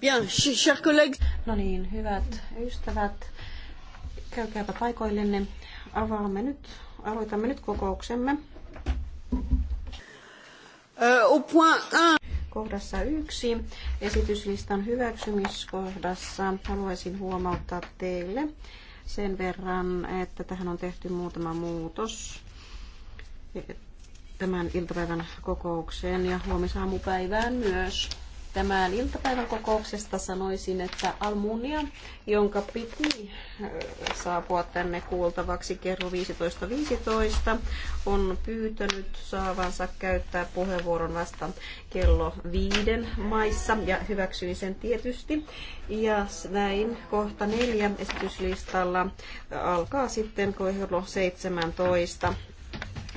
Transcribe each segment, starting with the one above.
Bien, chers collègues. No niin, hyvät ystävät, käykääpä paikoillenne. Avaamme nyt, aloitamme nyt kokouksemme. Euh, au point 1. Kohdassa yksi, esityslistan hyväksymiskohdassa, haluaisin huomauttaa teille sen verran, että tähän on tehty muutama muutos tämän iltapäivän kokoukseen ja huomisaamupäivään myös tämän iltapäivän kokouksesta sanoisin, että Almunia, jonka piti saapua tänne kuultavaksi kerro 15.15, 15, on pyytänyt saavansa käyttää puheenvuoron vasta kello viiden maissa ja hyväksyin sen tietysti. Ja näin kohta neljä esityslistalla alkaa sitten kello 17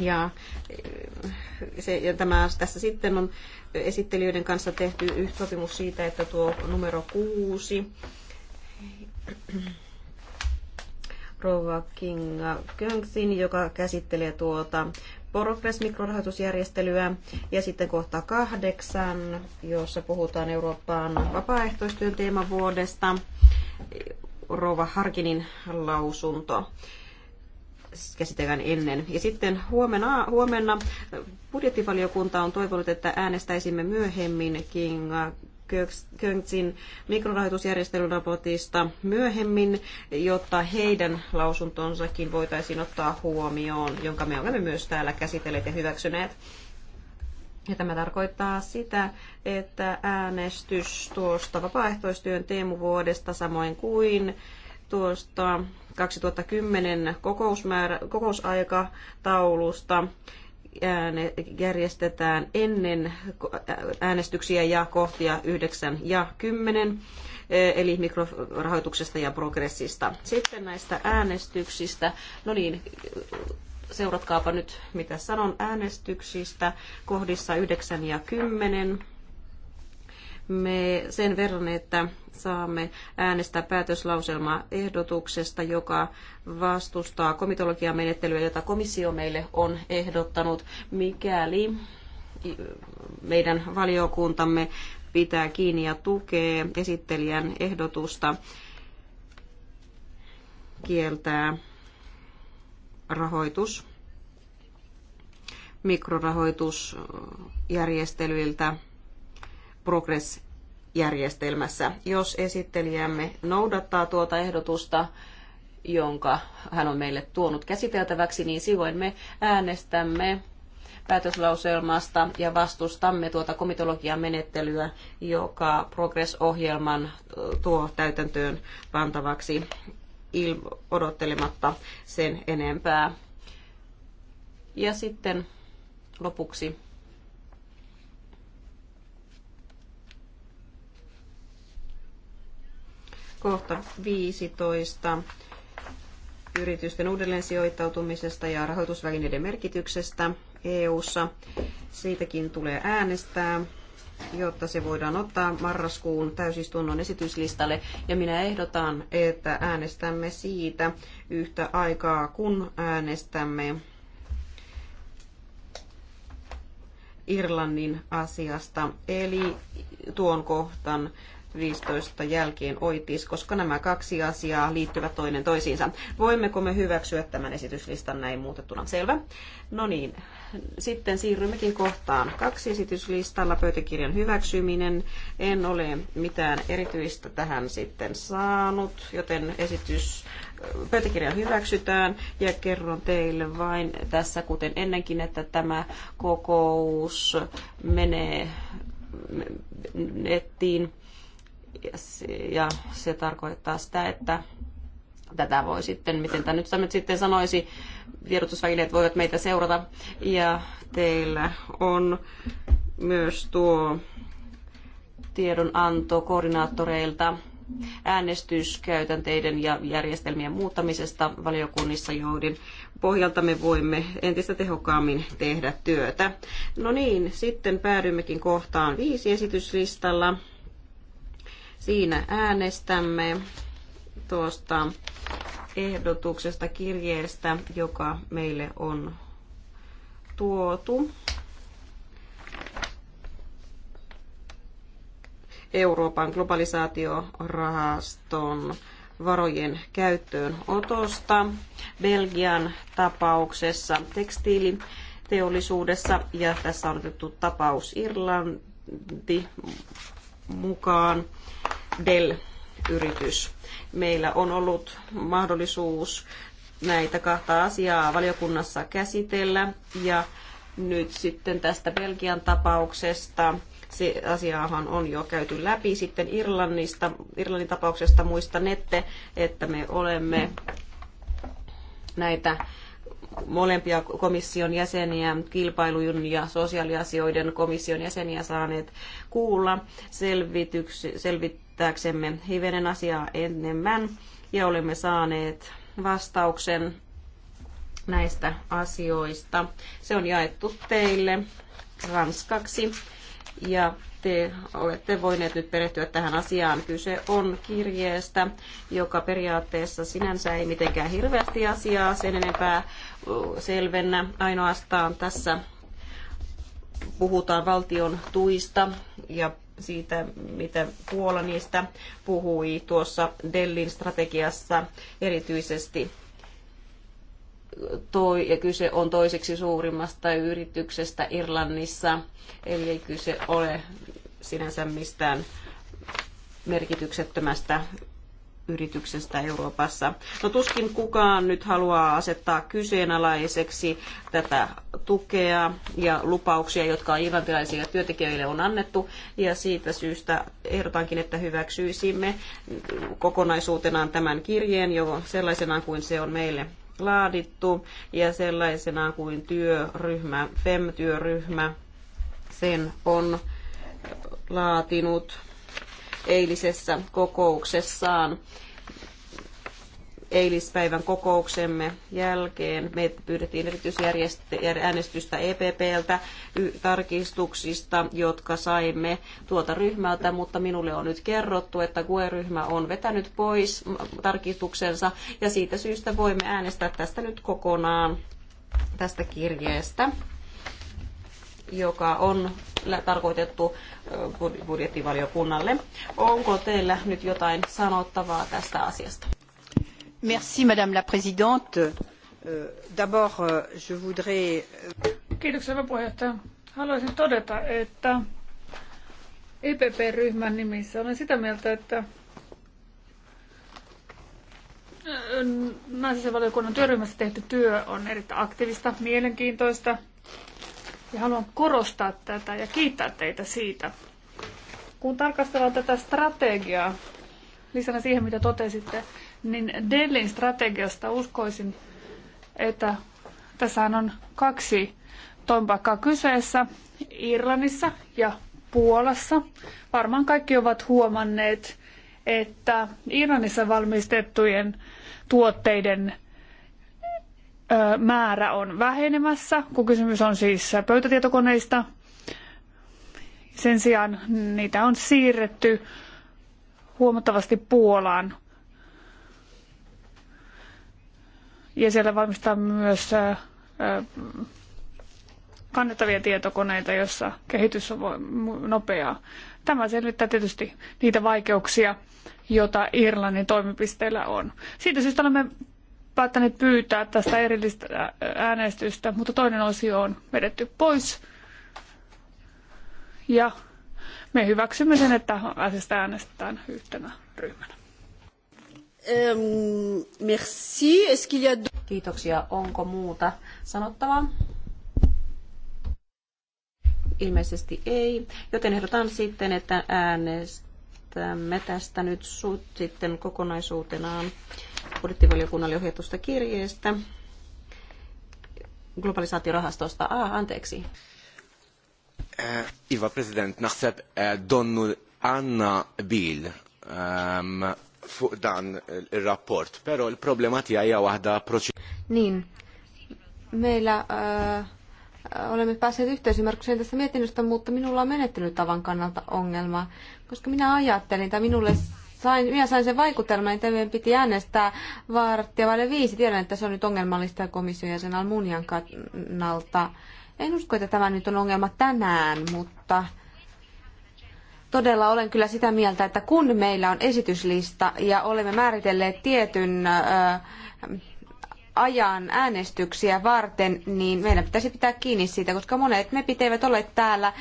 ja, eh, se, ja tämä, tässä sitten on esittelijöiden kanssa tehty sopimus siitä, että tuo numero kuusi Rova Kinga Köngsin, joka käsittelee tuota Progress-mikrorahoitusjärjestelyä ja sitten kohta kahdeksan, jossa puhutaan Euroopan vapaaehtoistyön teemavuodesta. Rova Harkinin lausunto käsitellään ennen. Ja sitten huomenna, huomenna budjettivaliokunta on toivonut, että äänestäisimme myöhemmin Kinga Köntsin mikrorahoitusjärjestelyraportista myöhemmin, jotta heidän lausuntonsakin voitaisiin ottaa huomioon, jonka me olemme myös täällä käsitelleet ja hyväksyneet. Ja tämä tarkoittaa sitä, että äänestys tuosta vapaaehtoistyön teemuvuodesta samoin kuin tuosta 2010 kokousmäärä, kokousaikataulusta järjestetään ennen äänestyksiä ja kohtia 9 ja 10, eh, eli mikrorahoituksesta ja progressista. Sitten näistä äänestyksistä, no niin, seuratkaapa nyt, mitä sanon äänestyksistä kohdissa 9 ja 10. Me sen verran, että saamme äänestää päätöslauselmaa ehdotuksesta, joka vastustaa komitologiamenettelyä, jota komissio meille on ehdottanut, mikäli äh, meidän valiokuntamme pitää kiinni ja tukee esittelijän ehdotusta kieltää rahoitus mikrorahoitusjärjestelyiltä progress järjestelmässä. Jos esittelijämme noudattaa tuota ehdotusta, jonka hän on meille tuonut käsiteltäväksi, niin silloin me äänestämme päätöslauselmasta ja vastustamme tuota komitologian menettelyä, joka Progress-ohjelman tuo täytäntöön pantavaksi odottelematta sen enempää. Ja sitten lopuksi kohta 15 yritysten uudelleen sijoittautumisesta ja rahoitusvälineiden merkityksestä EU:ssa. Siitäkin tulee äänestää, jotta se voidaan ottaa marraskuun täysistunnon esityslistalle. Ja minä ehdotan, että äänestämme siitä yhtä aikaa, kun äänestämme Irlannin asiasta, eli tuon kohtan 15 jälkeen oitis, koska nämä kaksi asiaa liittyvät toinen toisiinsa. Voimmeko me hyväksyä tämän esityslistan näin muutettuna? Selvä. No niin, sitten siirrymmekin kohtaan kaksi esityslistalla pöytäkirjan hyväksyminen. En ole mitään erityistä tähän sitten saanut, joten esitys pöytäkirja hyväksytään ja kerron teille vain tässä kuten ennenkin, että tämä kokous menee nettiin ja se tarkoittaa sitä, että tätä voi sitten, miten tämä nyt sitten sanoisi, tiedotusvälineet voivat meitä seurata. Ja teillä on myös tuo tiedonanto koordinaattoreilta äänestyskäytänteiden ja järjestelmien muuttamisesta valiokunnissa, joiden pohjalta me voimme entistä tehokkaammin tehdä työtä. No niin, sitten päädymmekin kohtaan viisi esityslistalla. Siinä äänestämme tuosta ehdotuksesta kirjeestä, joka meille on tuotu. Euroopan globalisaatiorahaston varojen käyttöön otosta Belgian tapauksessa tekstiiliteollisuudessa ja tässä on otettu tapaus Irlanti mukaan Dell-yritys. Meillä on ollut mahdollisuus näitä kahta asiaa valiokunnassa käsitellä ja nyt sitten tästä Belgian tapauksesta se asiaahan on jo käyty läpi. Sitten Irlannista, Irlannin tapauksesta muistanette, että me olemme näitä molempia komission jäseniä, kilpailujen ja sosiaaliasioiden komission jäseniä saaneet kuulla selvityksi, selvit, käsittääksemme hivenen asiaa enemmän ja olemme saaneet vastauksen näistä asioista. Se on jaettu teille ranskaksi ja te olette voineet nyt perehtyä tähän asiaan. Kyse on kirjeestä, joka periaatteessa sinänsä ei mitenkään hirveästi asiaa sen enempää selvennä. Ainoastaan tässä puhutaan valtion tuista ja siitä, mitä Puola niistä puhui tuossa Dellin strategiassa erityisesti toi, ja kyse on toiseksi suurimmasta yrityksestä Irlannissa, eli ei kyse ole sinänsä mistään merkityksettömästä yrityksestä Euroopassa. No tuskin kukaan nyt haluaa asettaa kyseenalaiseksi tätä tukea ja lupauksia, jotka irlantilaisille työntekijöille on annettu. Ja siitä syystä ehdotankin, että hyväksyisimme kokonaisuutenaan tämän kirjeen jo sellaisenaan kuin se on meille laadittu ja sellaisena kuin työryhmä, FEM-työryhmä, sen on laatinut eilisessä kokouksessaan eilispäivän kokouksemme jälkeen. Me pyydettiin erityisäänestystä EPPltä tarkistuksista, jotka saimme tuolta ryhmältä, mutta minulle on nyt kerrottu, että GUE-ryhmä on vetänyt pois tarkistuksensa ja siitä syystä voimme äänestää tästä nyt kokonaan tästä kirjeestä joka on tarkoitettu budjettivaliokunnalle. Onko teillä nyt jotain sanottavaa tästä asiasta? Merci, Madame la Présidente. Euh, d'abord, euh, je voudrais... Euh, Kiitoksia, puheenjohtaja. Haluaisin todeta, että EPP-ryhmän nimissä olen sitä mieltä, että valiokunnan työryhmässä tehty työ on erittäin aktiivista, mielenkiintoista ja haluan korostaa tätä ja kiittää teitä siitä. Kun tarkastellaan tätä strategiaa, lisänä siihen mitä totesitte, niin Dellin strategiasta uskoisin, että tässä on kaksi toimipaikkaa kyseessä, Irlannissa ja Puolassa. Varmaan kaikki ovat huomanneet, että Irlannissa valmistettujen tuotteiden määrä on vähenemässä, kun kysymys on siis pöytätietokoneista. Sen sijaan niitä on siirretty huomattavasti Puolaan. Ja siellä valmistetaan myös kannettavia tietokoneita, joissa kehitys on nopeaa. Tämä selvittää tietysti niitä vaikeuksia, joita Irlannin toimipisteillä on. Siitä syystä olemme päättäneet pyytää tästä erillistä äänestystä, mutta toinen osio on vedetty pois. Ja me hyväksymme sen, että asiasta äänestetään yhtenä ryhmänä. merci. Kiitoksia. Onko muuta sanottavaa? Ilmeisesti ei, joten ehdotan sitten, että äänestämme tästä nyt sitten kokonaisuutenaan budjettivaliokunnalle ohjatusta kirjeestä globalisaatiorahastosta. Ah, anteeksi. Äh, Iva president, nachsep äh, eh, donnu Anna Bill. ähm, dan raport pero il-problema tiegħi hija waħda Niin, meillä äh, olemme päässeet yhteisymmärrykseen tästä mietinnöstä, mutta minulla on menettelytavan kannalta ongelma, koska minä ajattelin, tai minulle sain, minä sain sen vaikutelman, että meidän piti äänestää varttia vaille viisi. Tiedän, että se on nyt ongelmallista komission jäsen Almunian kannalta. En usko, että tämä nyt on ongelma tänään, mutta todella olen kyllä sitä mieltä, että kun meillä on esityslista ja olemme määritelleet tietyn ajan äänestyksiä varten, niin meidän pitäisi pitää kiinni siitä, koska monet me eivät ole täällä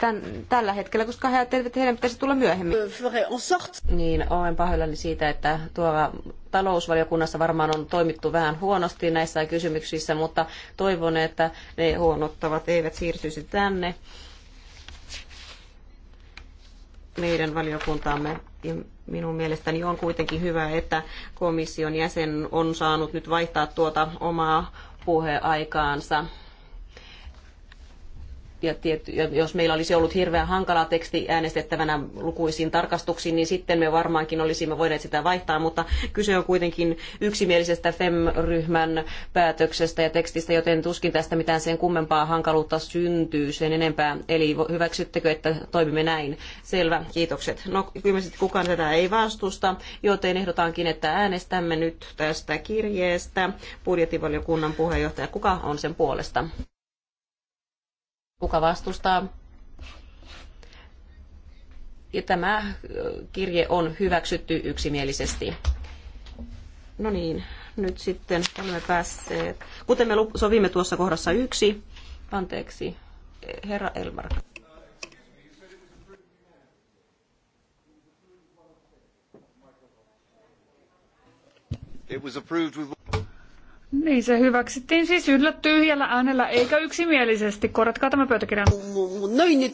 tämän, tällä hetkellä, koska he ajattelevat, että heidän pitäisi tulla myöhemmin. Euh, niin, olen pahoillani siitä, että tuolla talousvaliokunnassa varmaan on toimittu vähän huonosti näissä kysymyksissä, mutta toivon, että ne huonottavat eivät siirtyisi tänne meidän valiokuntaamme minun mielestäni on kuitenkin hyvä, että komission jäsen on saanut nyt vaihtaa tuota omaa puheaikaansa ja tiety, jos meillä olisi ollut hirveän hankala teksti äänestettävänä lukuisiin tarkastuksiin, niin sitten me varmaankin olisimme voineet sitä vaihtaa, mutta kyse on kuitenkin yksimielisestä FEM-ryhmän päätöksestä ja tekstistä, joten tuskin tästä mitään sen kummempaa hankaluutta syntyy sen enempää. Eli hyväksyttekö, että toimimme näin? Selvä, kiitokset. No ilmeisesti kukaan tätä ei vastusta, joten ehdotankin, että äänestämme nyt tästä kirjeestä budjettivaliokunnan puheenjohtaja. Kuka on sen puolesta? kuka vastustaa. Ja tämä kirje on hyväksytty yksimielisesti. No niin, nyt sitten olemme päässeet. Kuten me sovimme tuossa kohdassa yksi, anteeksi, herra Elmar. It was approved with niin, se hyväksyttiin siis yllä tyhjällä äänellä eikä yksimielisesti. Korjatkaa tämä pöytäkirjan. No, niin,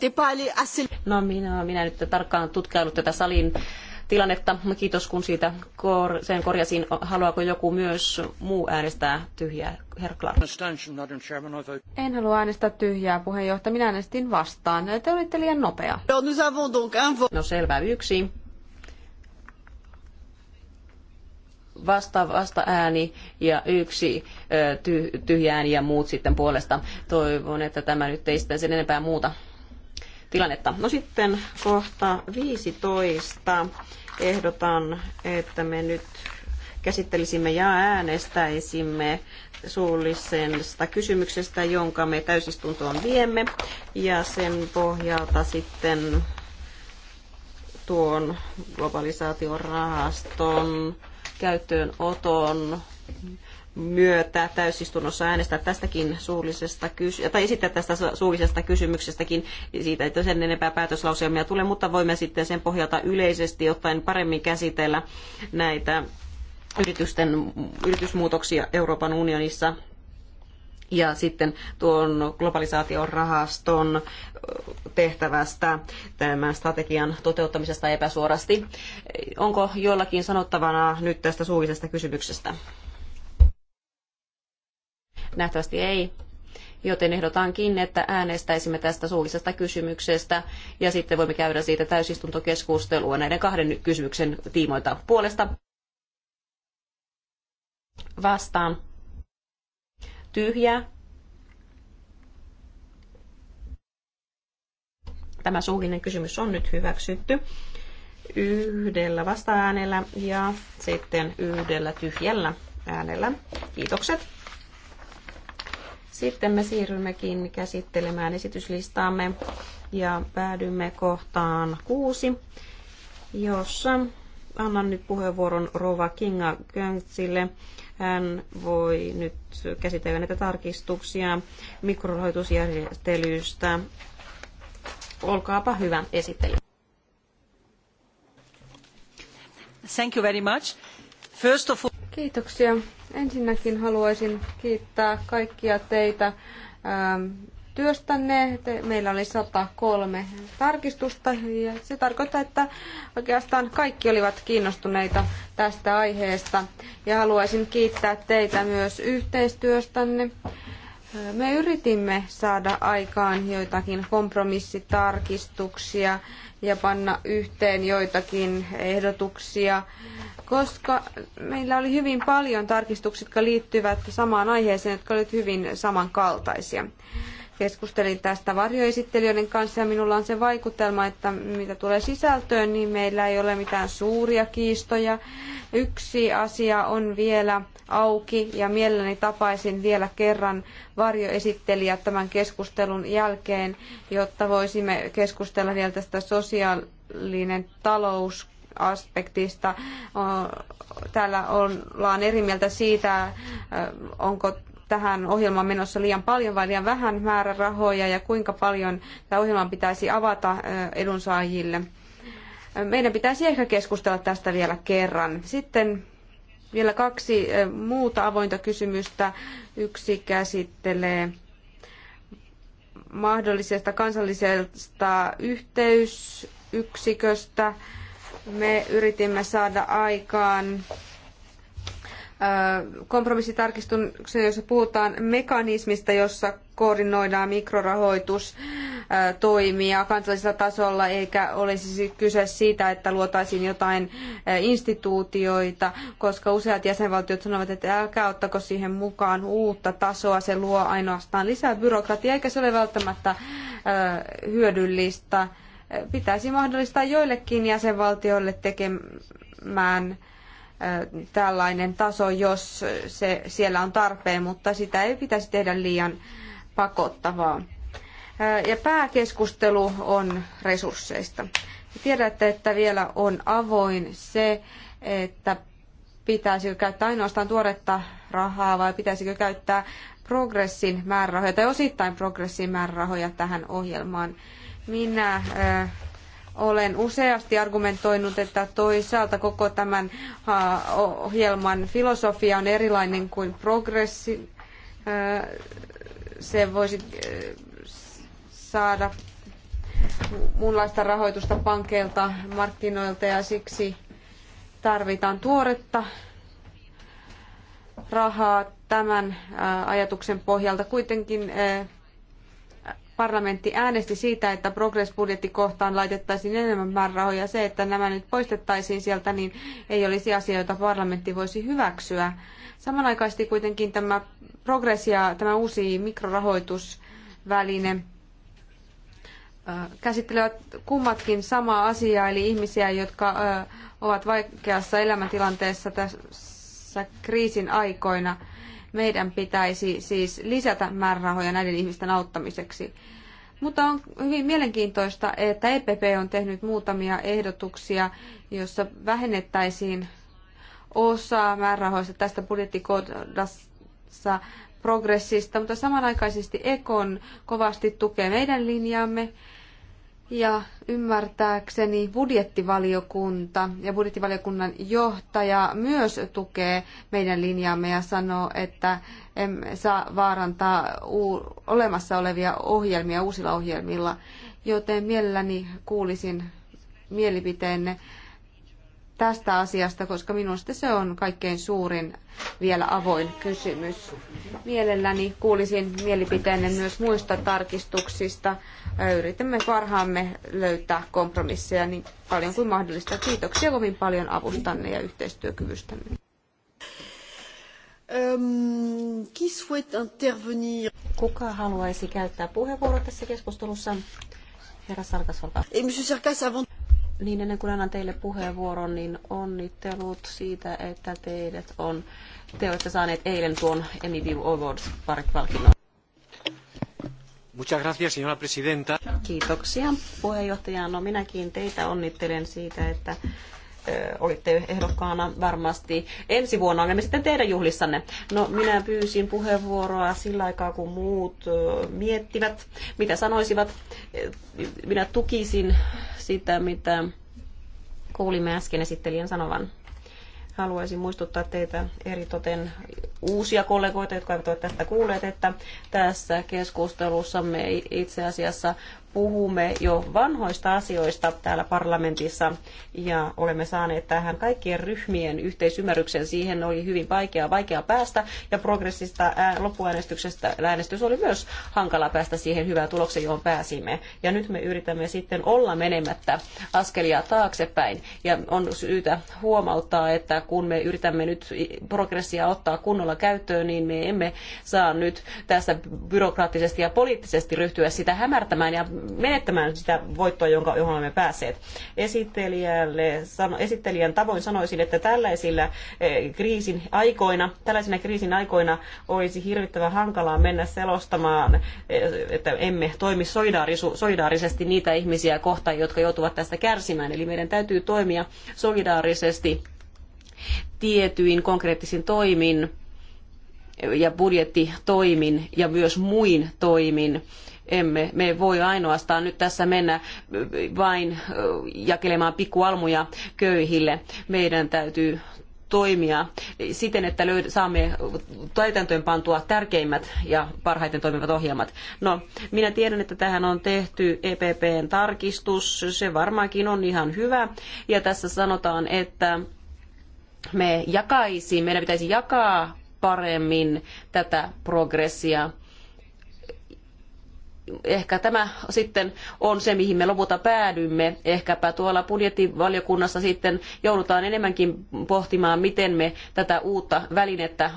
no minä, minä nyt tarkkaan tutkailut tätä salin tilannetta. Kiitos kun siitä kor- sen korjasin. Haluaako joku myös muu äänestää tyhjää? Clark. En halua äänestää tyhjää, puheenjohtaja. Minä äänestin vastaan. Te olitte liian nopea. No selvä yksi vasta, vasta ääni ja yksi ääni ja muut sitten puolesta. Toivon, että tämä nyt ei sitten sen enempää muuta tilannetta. No sitten kohta 15 ehdotan, että me nyt käsittelisimme ja äänestäisimme suullisesta kysymyksestä, jonka me täysistuntoon viemme. Ja sen pohjalta sitten tuon globalisaation rahaston käyttöönoton myötä täysistunnossa äänestää tästäkin suullisesta kysy- tai esittää tästä suullisesta kysymyksestäkin siitä, että sen enempää päätöslauselmia tulee, mutta voimme sitten sen pohjalta yleisesti ottaen paremmin käsitellä näitä yritysten, yritysmuutoksia Euroopan unionissa ja sitten tuon globalisaation rahaston tehtävästä tämän strategian toteuttamisesta epäsuorasti. Onko jollakin sanottavana nyt tästä suullisesta kysymyksestä? Nähtävästi ei joten ehdotankin, että äänestäisimme tästä suullisesta kysymyksestä ja sitten voimme käydä siitä täysistuntokeskustelua näiden kahden kysymyksen tiimoilta puolesta. Vastaan tyhjää. Tämä suullinen kysymys on nyt hyväksytty yhdellä vasta-äänellä ja sitten yhdellä tyhjällä äänellä. Kiitokset. Sitten me siirrymmekin käsittelemään esityslistaamme ja päädymme kohtaan kuusi, jossa annan nyt puheenvuoron Rova Kinga Köntsille hän voi nyt käsitellä näitä tarkistuksia mikrorahoitusjärjestelyistä. Olkaapa hyvä esittely. Thank you very much. First of all... Kiitoksia. Ensinnäkin haluaisin kiittää kaikkia teitä ähm, työstänne. meillä oli 103 tarkistusta ja se tarkoittaa, että oikeastaan kaikki olivat kiinnostuneita tästä aiheesta. Ja haluaisin kiittää teitä myös yhteistyöstänne. Me yritimme saada aikaan joitakin kompromissitarkistuksia ja panna yhteen joitakin ehdotuksia, koska meillä oli hyvin paljon tarkistuksia, jotka liittyvät samaan aiheeseen, jotka olivat hyvin samankaltaisia. Keskustelin tästä varjoesittelijöiden kanssa ja minulla on se vaikutelma, että mitä tulee sisältöön, niin meillä ei ole mitään suuria kiistoja. Yksi asia on vielä auki ja mielelläni tapaisin vielä kerran varjoesittelijät tämän keskustelun jälkeen, jotta voisimme keskustella vielä tästä sosiaalinen talous aspektista. Täällä ollaan eri mieltä siitä, onko tähän ohjelmaan menossa liian paljon vai liian vähän määrärahoja ja kuinka paljon tämä ohjelma pitäisi avata edunsaajille. Meidän pitäisi ehkä keskustella tästä vielä kerran. Sitten vielä kaksi muuta avointa kysymystä. Yksi käsittelee mahdollisesta kansallisesta yhteysyksiköstä. Me yritimme saada aikaan kompromissitarkistuksen, jossa puhutaan mekanismista, jossa koordinoidaan mikrorahoitustoimia kansallisella tasolla, eikä olisi siis kyse siitä, että luotaisiin jotain eh, instituutioita, koska useat jäsenvaltiot sanovat, että älkää ottako siihen mukaan uutta tasoa, se luo ainoastaan lisää byrokratiaa, eikä se ole välttämättä eh, hyödyllistä. Eh, pitäisi mahdollistaa joillekin jäsenvaltioille tekemään tällainen taso, jos se siellä on tarpeen, mutta sitä ei pitäisi tehdä liian pakottavaa. Ja pääkeskustelu on resursseista. Tiedätte, että vielä on avoin se, että pitäisikö käyttää ainoastaan tuoretta rahaa vai pitäisikö käyttää progressin määrärahoja tai osittain progressin määrärahoja tähän ohjelmaan. Minä äh, olen useasti argumentoinut, että toisaalta koko tämän ohjelman filosofia on erilainen kuin progressi. Se voisi saada muunlaista rahoitusta pankeilta, markkinoilta ja siksi tarvitaan tuoretta rahaa tämän ajatuksen pohjalta. Kuitenkin parlamentti äänesti siitä, että progress-budjettikohtaan laitettaisiin enemmän määrärahoja. Se, että nämä nyt poistettaisiin sieltä, niin ei olisi asia, jota parlamentti voisi hyväksyä. Samanaikaisesti kuitenkin tämä progress ja tämä uusi mikrorahoitusväline käsittelevät kummatkin samaa asiaa, eli ihmisiä, jotka ovat vaikeassa elämäntilanteessa tässä kriisin aikoina meidän pitäisi siis lisätä määrärahoja näiden ihmisten auttamiseksi. Mutta on hyvin mielenkiintoista, että EPP on tehnyt muutamia ehdotuksia, joissa vähennettäisiin osaa määrärahoista tästä budjettikohdassa progressista, mutta samanaikaisesti Ekon kovasti tukee meidän linjaamme ja ymmärtääkseni budjettivaliokunta ja budjettivaliokunnan johtaja myös tukee meidän linjaamme ja sanoo, että emme saa vaarantaa olemassa olevia ohjelmia uusilla ohjelmilla, joten mielelläni kuulisin mielipiteenne tästä asiasta, koska minusta se on kaikkein suurin vielä avoin kysymys. Mielelläni kuulisin mielipiteenne myös muista tarkistuksista. Yritämme parhaamme löytää kompromisseja niin paljon kuin mahdollista. Kiitoksia kovin paljon avustanne ja yhteistyökyvystänne. Kuka haluaisi käyttää puheenvuoro tässä keskustelussa? Herra Sarkas, olkaa. Niin ennen kuin annan teille puheenvuoron, niin onnittelut siitä, että teidät on, te olette saaneet eilen tuon Emmy View Awards palkinnon. Muchas gracias, señora presidenta. Kiitoksia puheenjohtaja. No minäkin teitä onnittelen siitä, että olitte ehdokkaana varmasti ensi vuonna. Olemme sitten teidän juhlissanne. No, minä pyysin puheenvuoroa sillä aikaa, kun muut miettivät, mitä sanoisivat. Minä tukisin sitä, mitä kuulimme äsken esittelijän sanovan. Haluaisin muistuttaa teitä eritoten uusia kollegoita, jotka eivät ole tästä kuulleet, että tässä keskustelussa me itse asiassa puhumme jo vanhoista asioista täällä parlamentissa ja olemme saaneet tähän kaikkien ryhmien yhteisymmärryksen. Siihen oli hyvin vaikea, vaikea päästä ja progressista loppuäänestyksestä äänestys oli myös hankala päästä siihen hyvään tulokseen, johon pääsimme. Ja nyt me yritämme sitten olla menemättä askelia taaksepäin ja on syytä huomauttaa, että kun me yritämme nyt progressia ottaa kunnolla käyttöön, niin me emme saa nyt tässä byrokraattisesti ja poliittisesti ryhtyä sitä hämärtämään ja menettämään sitä voittoa, jonka, johon olemme päässeet. Esittelijälle, esittelijän tavoin sanoisin, että tällaisilla eh, kriisin aikoina, tällaisina kriisin aikoina olisi hirvittävän hankalaa mennä selostamaan, eh, että emme toimi solidaarisesti niitä ihmisiä kohtaan, jotka joutuvat tästä kärsimään. Eli meidän täytyy toimia solidaarisesti tietyin konkreettisin toimin ja budjettitoimin ja myös muin toimin emme me voi ainoastaan nyt tässä mennä vain jakelemaan pikkualmuja köyhille. Meidän täytyy toimia siten, että löyd- saamme täytäntöön pantua tärkeimmät ja parhaiten toimivat ohjelmat. No, minä tiedän, että tähän on tehty EPPn tarkistus. Se varmaankin on ihan hyvä. Ja tässä sanotaan, että me jakaisi, meidän pitäisi jakaa paremmin tätä progressia ehkä tämä sitten on se, mihin me lopulta päädymme. Ehkäpä tuolla budjettivaliokunnassa sitten joudutaan enemmänkin pohtimaan, miten me tätä uutta välinettä,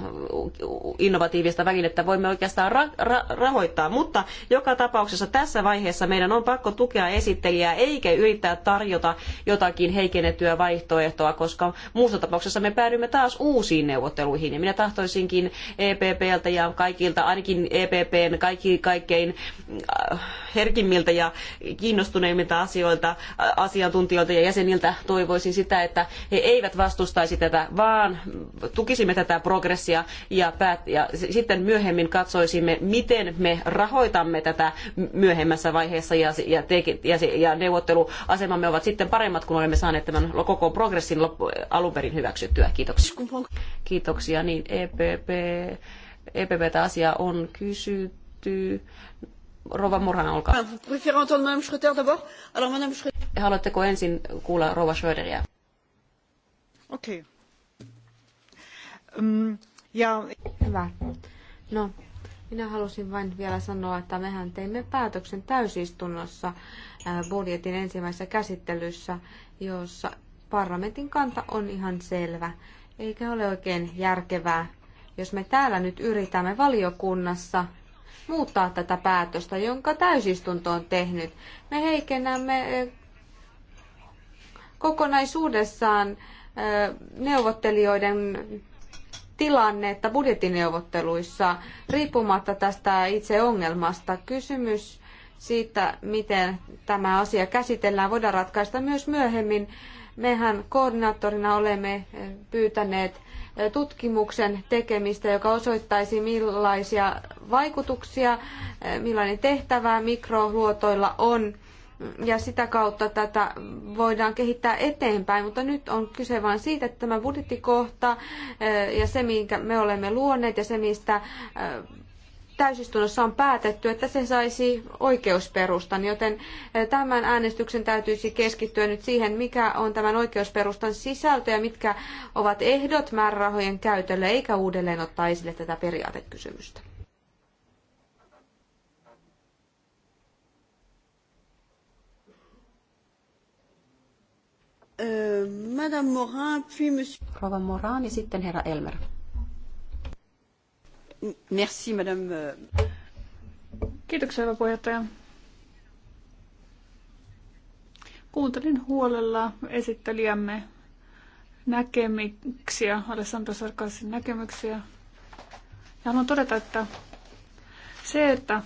innovatiivista välinettä voimme oikeastaan ra ra rahoittaa. Mutta joka tapauksessa tässä vaiheessa meidän on pakko tukea esittelijää, eikä yrittää tarjota jotakin heikennettyä vaihtoehtoa, koska muussa tapauksessa me päädymme taas uusiin neuvotteluihin. Ja minä tahtoisinkin EPPltä ja kaikilta, ainakin EPPn kaikki, kaikkein Äh, herkimmiltä ja kiinnostuneimmilta asioilta, äh, asiantuntijoilta ja jäseniltä toivoisin sitä, että he eivät vastustaisi tätä, vaan tukisimme tätä progressia ja, päät- ja sitten myöhemmin katsoisimme, miten me rahoitamme tätä myöhemmässä vaiheessa ja, ja, te- ja, ja neuvotteluasemamme ovat sitten paremmat, kun olemme saaneet tämän koko progressin lop- alun perin hyväksyttyä. Kiitoksia. Kiitoksia. Niin EPP, EPPtä asia on kysytty Rova Murhan, olkaa. Ah, haluatteko ensin kuulla rouva Schröderiä? Okei. Ehm, ja... Hyvä. No, minä halusin vain vielä sanoa, että mehän teimme päätöksen täysistunnossa äh, budjetin ensimmäisessä käsittelyssä, jossa parlamentin kanta on ihan selvä. Eikä ole oikein järkevää, jos me täällä nyt yritämme valiokunnassa muuttaa tätä päätöstä, jonka täysistunto on tehnyt. Me heikennämme kokonaisuudessaan neuvottelijoiden tilannetta budjettineuvotteluissa riippumatta tästä itse ongelmasta. Kysymys siitä, miten tämä asia käsitellään, voidaan ratkaista myös myöhemmin. Mehän koordinaattorina olemme pyytäneet tutkimuksen tekemistä, joka osoittaisi millaisia vaikutuksia, millainen tehtävä mikroluotoilla on ja sitä kautta tätä voidaan kehittää eteenpäin, mutta nyt on kyse vain siitä, että tämä budjettikohta ja se, minkä me olemme luoneet ja se, mistä täysistunnossa on päätetty, että se saisi oikeusperustan, joten eh, tämän äänestyksen täytyisi keskittyä nyt siihen, mikä on tämän oikeusperustan sisältö ja mitkä ovat ehdot määrärahojen käytölle, eikä uudelleen ottaa esille tätä periaatekysymystä. Euh, Madame Morin, puis Monsieur... Rova Morin ja sitten herra Elmer. Merci, madame. Euh. Kiitoksia, hyvä puheenjohtaja. Kuuntelin huolella esittelijämme näkemyksiä, Alessandro Sarkasin näkemyksiä. Ja haluan todeta, että se, että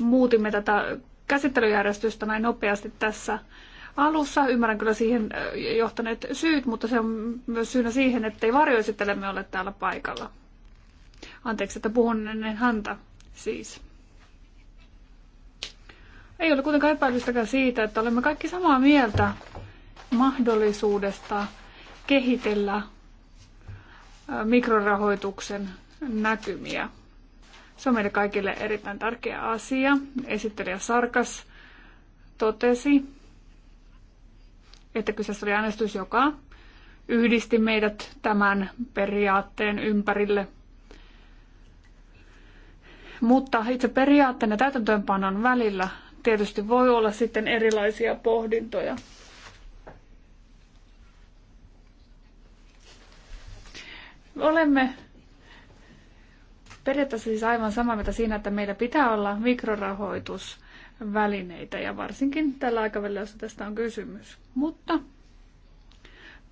muutimme tätä käsittelyjärjestystä näin nopeasti tässä alussa. Ymmärrän kyllä siihen johtaneet syyt, mutta se on myös syynä siihen, että ei varjoesittelemme ole täällä paikalla. Anteeksi, että puhun ennen häntä siis. Ei ole kuitenkaan epäilystäkään siitä, että olemme kaikki samaa mieltä mahdollisuudesta kehitellä mikrorahoituksen näkymiä. Se on meille kaikille erittäin tärkeä asia. Esittelijä Sarkas totesi, että kyseessä oli äänestys, joka yhdisti meidät tämän periaatteen ympärille. Mutta itse periaatteen ja täytäntöönpanon välillä tietysti voi olla sitten erilaisia pohdintoja. Olemme periaatteessa siis aivan samaa mitä siinä, että meillä pitää olla mikrorahoitus välineitä ja varsinkin tällä aikavälillä, jos tästä on kysymys. Mutta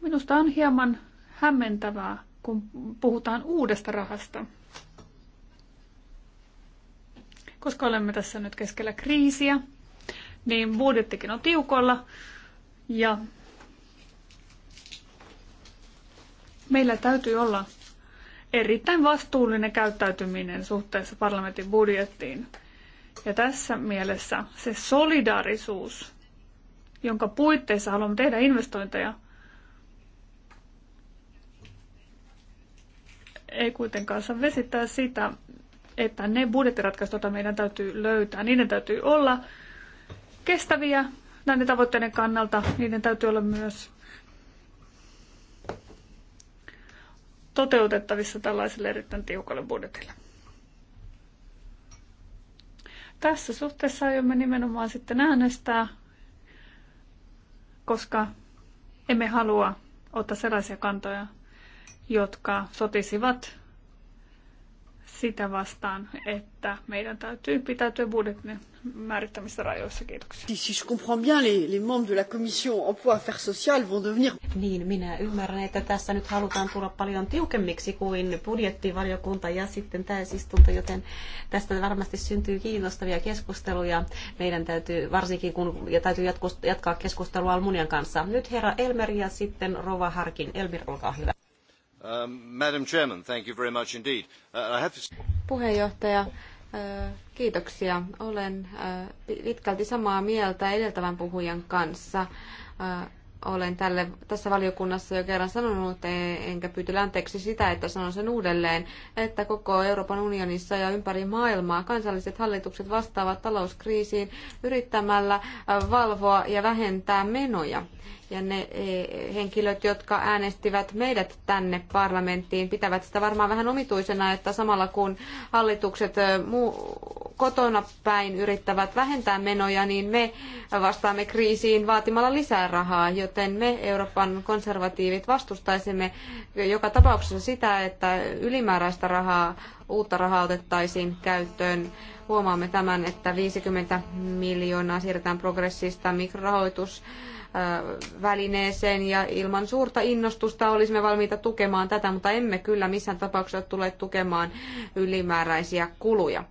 minusta on hieman hämmentävää, kun puhutaan uudesta rahasta. Koska olemme tässä nyt keskellä kriisiä, niin budjettikin on tiukolla ja meillä täytyy olla erittäin vastuullinen käyttäytyminen suhteessa parlamentin budjettiin. Ja tässä mielessä se solidaarisuus, jonka puitteissa haluamme tehdä investointeja, ei kuitenkaan saa vesittää sitä, että ne budjettiratkaisut, joita meidän täytyy löytää, niiden täytyy olla kestäviä näiden tavoitteiden kannalta. Niiden täytyy olla myös toteutettavissa tällaiselle erittäin tiukalle budjetille. Tässä suhteessa aiomme nimenomaan sitten äänestää, koska emme halua ottaa sellaisia kantoja, jotka sotisivat sitä vastaan, että meidän täytyy pitäytyä budjetin määrittämissä rajoissa. Kiitoksia. Si je comprends bien, les, les membres de la commission emploi affaires sociales vont devenir... Niin, minä ymmärrän, että tässä nyt halutaan tulla paljon tiukemmiksi kuin budjettivaliokunta ja sitten täysistunto, joten tästä varmasti syntyy kiinnostavia keskusteluja. Meidän täytyy, varsinkin kun ja täytyy jatkaa keskustelua Almunian kanssa. Nyt herra Elmer ja sitten Rova Harkin. Elmer, olkaa hyvä. Um, Madam uh, Puheenjohtaja, uh, kiitoksia. Olen uh, pitkälti samaa mieltä edeltävän puhujan kanssa. Olen tälle, tässä valiokunnassa jo kerran sanonut, e, enkä pyytänyt anteeksi sitä, että sanon sen uudelleen, että koko Euroopan unionissa ja ympäri maailmaa kansalliset hallitukset vastaavat talouskriisiin yrittämällä valvoa ja vähentää menoja. Ja ne e, henkilöt, jotka äänestivät meidät tänne parlamenttiin, pitävät sitä varmaan vähän omituisena, että samalla kun hallitukset e, muu, kotona päin yrittävät vähentää menoja, niin me vastaamme kriisiin vaatimalla lisää rahaa, joten me Euroopan konservatiivit vastustaisimme joka tapauksessa sitä, että ylimääräistä rahaa, uutta rahaa otettaisiin käyttöön. Huomaamme tämän, että 50 miljoonaa siirretään progressista mikrorahoitus välineeseen ja ilman suurta innostusta olisimme valmiita tukemaan tätä, mutta emme kyllä missään tapauksessa tule tukemaan ylimääräisiä kuluja.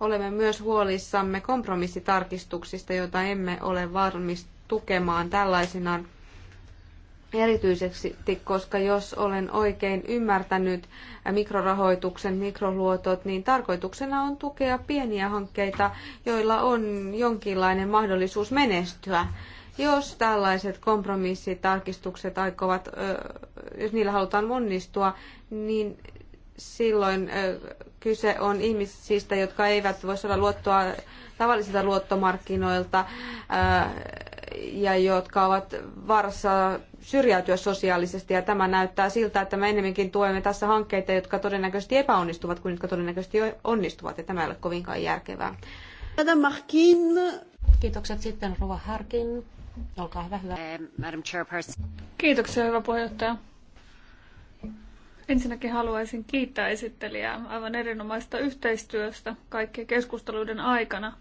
Olemme myös huolissamme kompromissitarkistuksista, joita emme ole varmis tukemaan tällaisinaan erityisesti, koska jos olen oikein ymmärtänyt mikrorahoituksen mikroluotot, niin tarkoituksena on tukea pieniä hankkeita, joilla on jonkinlainen mahdollisuus menestyä. Jos tällaiset kompromissitarkistukset aikovat, jos niillä halutaan onnistua, niin silloin kyse on ihmisistä, jotka eivät voi saada luottoa tavallisilta luottomarkkinoilta ja jotka ovat varassa syrjäytyä sosiaalisesti. Ja tämä näyttää siltä, että me enemmänkin tuemme tässä hankkeita, jotka todennäköisesti epäonnistuvat kuin jotka todennäköisesti onnistuvat. Ja tämä ei ole kovinkaan järkevää. Kiitokset sitten Rova Harkin. Olkaa hyvä, hyvä. Eh, Madam Chairperson. Kiitoksia, hyvä puheenjohtaja. Ensinnäkin haluaisin kiittää esittelijää aivan erinomaista yhteistyöstä kaikkien keskusteluiden aikana.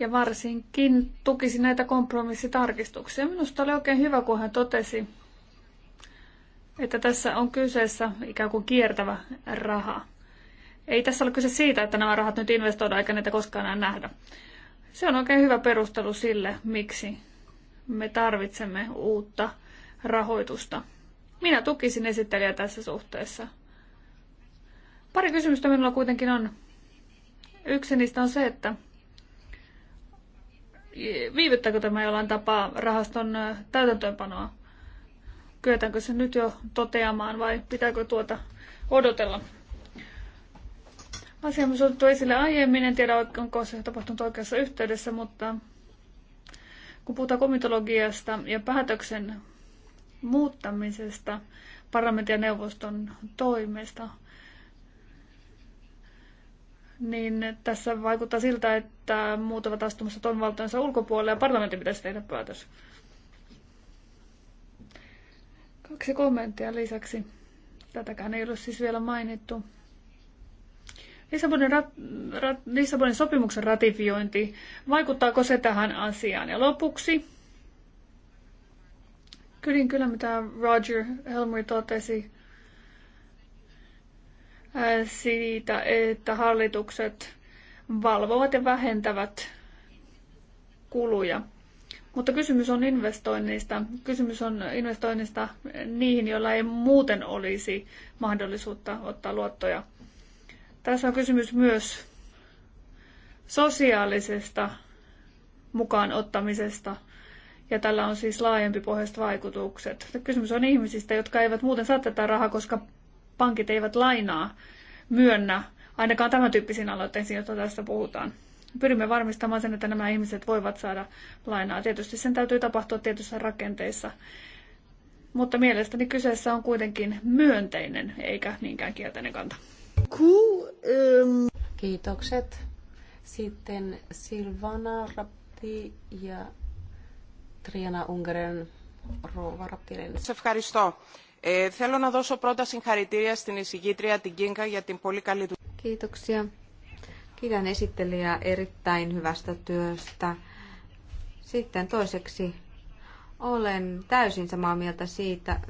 Ja varsinkin tukisi näitä kompromissitarkistuksia. Minusta oli oikein hyvä, kun hän totesi, että tässä on kyseessä ikään kuin kiertävä raha. Ei tässä ole kyse siitä, että nämä rahat nyt investoidaan eikä niitä koskaan enää nähdä. Se on oikein hyvä perustelu sille, miksi me tarvitsemme uutta rahoitusta. Minä tukisin esittelijä tässä suhteessa. Pari kysymystä minulla kuitenkin on. Yksi niistä on se, että viivyttääkö tämä jollain tapaa rahaston täytäntöönpanoa? Kyetäänkö se nyt jo toteamaan vai pitääkö tuota odotella? Asia on otettu esille aiemmin, en tiedä onko se tapahtunut oikeassa yhteydessä, mutta kun puhutaan komitologiasta ja päätöksen muuttamisesta parlamentin ja neuvoston toimesta, niin tässä vaikuttaa siltä, että muut ovat astumassa toimivaltaansa ulkopuolelle ja parlamentti pitäisi tehdä päätös. Kaksi kommenttia lisäksi. Tätäkään ei ole siis vielä mainittu. Lissabonin, rat- rat- Lissabonin sopimuksen ratifiointi, vaikuttaako se tähän asiaan? Ja lopuksi, kyllä, kyllä mitä Roger Helmer totesi siitä, että hallitukset valvovat ja vähentävät kuluja. Mutta kysymys on investoinneista. Kysymys on investoinnista niihin, joilla ei muuten olisi mahdollisuutta ottaa luottoja tässä on kysymys myös sosiaalisesta mukaan ottamisesta. Ja tällä on siis laajempi pohjaiset vaikutukset. Kysymys on ihmisistä, jotka eivät muuten saa tätä rahaa, koska pankit eivät lainaa myönnä ainakaan tämän tyyppisiin aloitteisiin, joita tästä puhutaan. Pyrimme varmistamaan sen, että nämä ihmiset voivat saada lainaa. Tietysti sen täytyy tapahtua tietyissä rakenteissa. Mutta mielestäni kyseessä on kuitenkin myönteinen eikä niinkään kielteinen kanta. Kiitokset. Sitten Silvana Rapti ja Triana Ungaren Rova Raptinen. Σε ευχαριστώ. Ε, θέλω να δώσω πρώτα συγχαρητήρια στην εισηγήτρια την Κίνκα για την πολύ καλή Kiitoksia. Kiitän esittelijää erittäin hyvästä työstä. Sitten toiseksi olen täysin samaa mieltä siitä,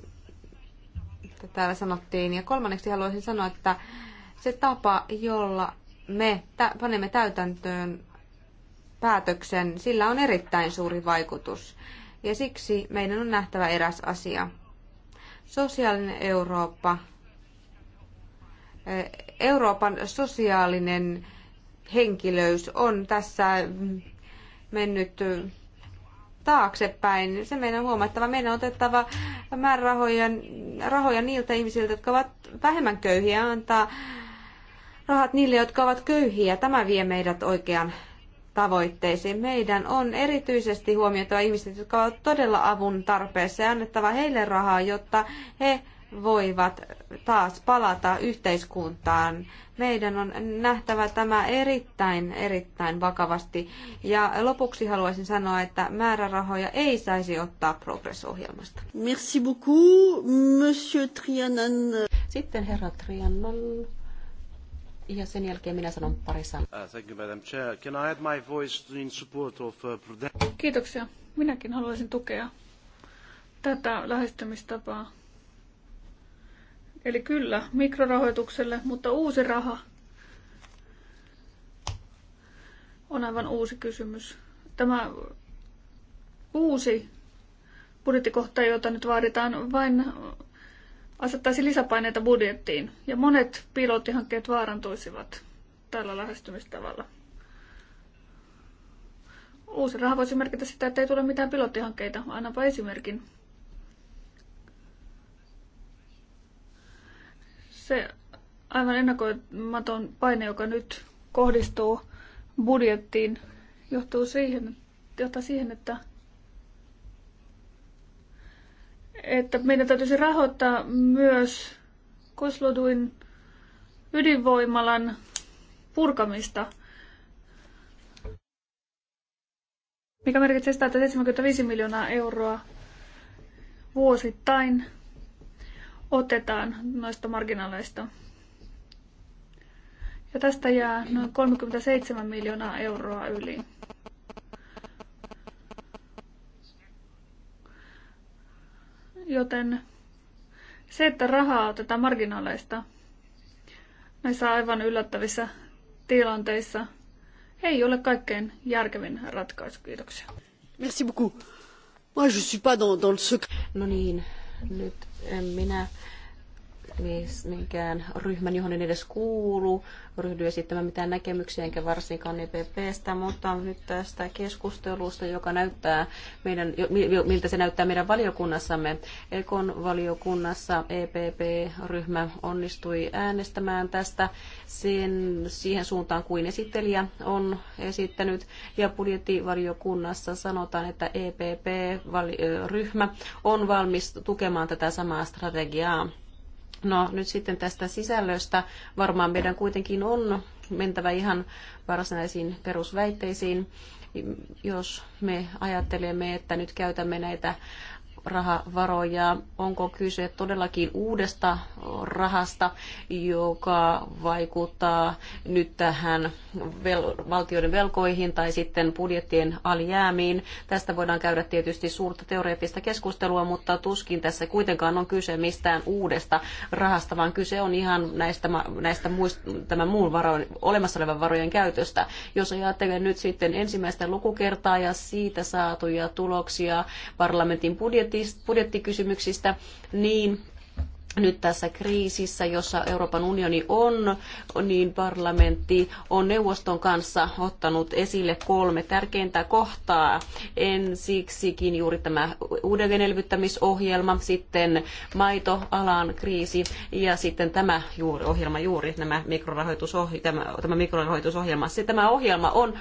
että täällä sanottiin. Ja kolmanneksi haluaisin sanoa, että se tapa, jolla me panemme täytäntöön päätöksen, sillä on erittäin suuri vaikutus. Ja siksi meidän on nähtävä eräs asia. Sosiaalinen Eurooppa, eh, Euroopan sosiaalinen henkilöys on tässä mennyt taaksepäin. Se meidän on huomattava. Meidän on otettava määrärahoja rahoja niiltä ihmisiltä, jotka ovat vähemmän köyhiä, antaa rahat niille, jotka ovat köyhiä. Tämä vie meidät oikean tavoitteisiin. Meidän on erityisesti huomioitava ihmiset, jotka ovat todella avun tarpeessa ja annettava heille rahaa, jotta he voivat taas palata yhteiskuntaan. Meidän on nähtävä tämä erittäin, erittäin vakavasti. Ja lopuksi haluaisin sanoa, että määrärahoja ei saisi ottaa progressohjelmasta. Merci beaucoup, Monsieur Trianon. Sitten herra Trianon ja sen jälkeen minä sanon pari sanaa. Ah, Kiitoksia. Minäkin haluaisin tukea tätä lähestymistapaa. Eli kyllä, mikrorahoitukselle, mutta uusi raha on aivan uusi kysymys. Tämä uusi budjettikohta, jota nyt vaaditaan vain asettaisi lisäpaineita budjettiin ja monet pilottihankkeet vaarantuisivat tällä lähestymistavalla. Uusi raha voisi merkitä sitä, että ei tule mitään pilottihankkeita. Annanpa esimerkin. Se aivan ennakoimaton paine, joka nyt kohdistuu budjettiin, johtuu siihen, johtaa siihen, että että meidän täytyisi rahoittaa myös Kosloduin ydinvoimalan purkamista, mikä merkitsee sitä, että 75 miljoonaa euroa vuosittain otetaan noista marginaaleista. Ja tästä jää noin 37 miljoonaa euroa yli. Joten se, että rahaa otetaan marginaaleista näissä aivan yllättävissä tilanteissa, ei ole kaikkein järkevin ratkaisu. Kiitoksia. Merci beaucoup. Moi, je suis pas dans, dans le secret. No niin, nyt en minä minkään ryhmän, johon en edes kuulu, ryhdy esittämään mitään näkemyksiä, enkä varsinkaan EPPstä, mutta nyt tästä keskustelusta, joka näyttää meidän, miltä se näyttää meidän valiokunnassamme. Ekon valiokunnassa EPP-ryhmä onnistui äänestämään tästä sen, siihen suuntaan kuin esittelijä on esittänyt, ja budjettivaliokunnassa sanotaan, että EPP-ryhmä on valmis tukemaan tätä samaa strategiaa. No nyt sitten tästä sisällöstä varmaan meidän kuitenkin on mentävä ihan varsinaisiin perusväitteisiin. Jos me ajattelemme, että nyt käytämme näitä rahavaroja? Onko kyse todellakin uudesta rahasta, joka vaikuttaa nyt tähän vel- valtioiden velkoihin tai sitten budjettien alijäämiin? Tästä voidaan käydä tietysti suurta teoreettista keskustelua, mutta tuskin tässä kuitenkaan on kyse mistään uudesta rahasta, vaan kyse on ihan näistä, näistä muist- tämän muun varoin, olemassa olevan varojen käytöstä. Jos ajattelen nyt sitten ensimmäistä lukukertaa ja siitä saatuja tuloksia parlamentin budjetti budjettikysymyksistä, niin nyt tässä kriisissä, jossa Euroopan unioni on, niin parlamentti on neuvoston kanssa ottanut esille kolme tärkeintä kohtaa. Ensiksikin juuri tämä elvyttämisohjelma sitten maitoalan kriisi ja sitten tämä juuri, ohjelma juuri, nämä mikrorahoitusohjelma, tämä, tämä mikrorahoitusohjelma. Se, tämä ohjelma on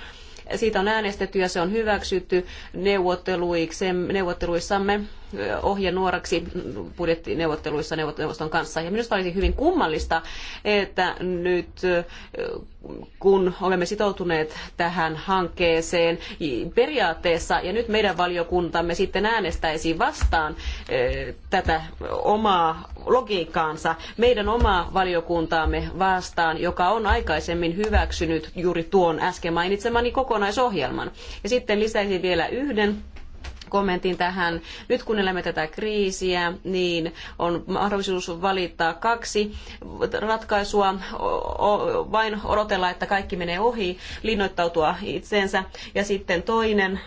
siitä on äänestetty ja se on hyväksytty neuvotteluissamme ohjenuoraksi budjettineuvotteluissa neuvoston kanssa. Ja minusta olisi hyvin kummallista, että nyt kun olemme sitoutuneet tähän hankkeeseen periaatteessa, ja nyt meidän valiokuntamme sitten äänestäisi vastaan eh, tätä omaa logiikkaansa, meidän omaa valiokuntaamme vastaan, joka on aikaisemmin hyväksynyt juuri tuon äsken mainitsemani kokonaisohjelman. Ja sitten lisäisin vielä yhden kommentin tähän. Nyt kun elämme tätä kriisiä, niin on mahdollisuus valittaa kaksi ratkaisua. Vain odotella, että kaikki menee ohi, linnoittautua itseensä. Ja sitten toinen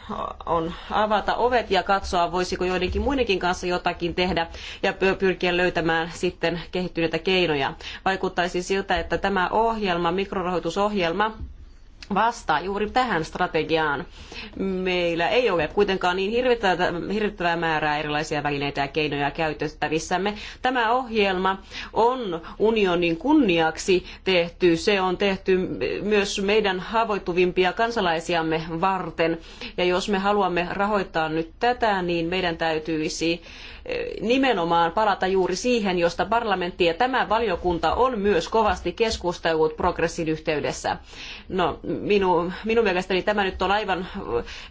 on avata ovet ja katsoa, voisiko joidenkin muidenkin kanssa jotakin tehdä ja pyrkiä löytämään sitten kehittyneitä keinoja. Vaikuttaisi siltä, että tämä ohjelma, mikrorahoitusohjelma, vastaa juuri tähän strategiaan. Meillä ei ole kuitenkaan niin hirvittävää määrää erilaisia välineitä ja keinoja käytettävissämme. Tämä ohjelma on unionin kunniaksi tehty. Se on tehty myös meidän haavoittuvimpia kansalaisiamme varten. Ja jos me haluamme rahoittaa nyt tätä, niin meidän täytyisi nimenomaan palata juuri siihen, josta parlamentti ja tämä valiokunta on myös kovasti keskustellut progressin yhteydessä. No, minu, minun mielestäni tämä nyt on aivan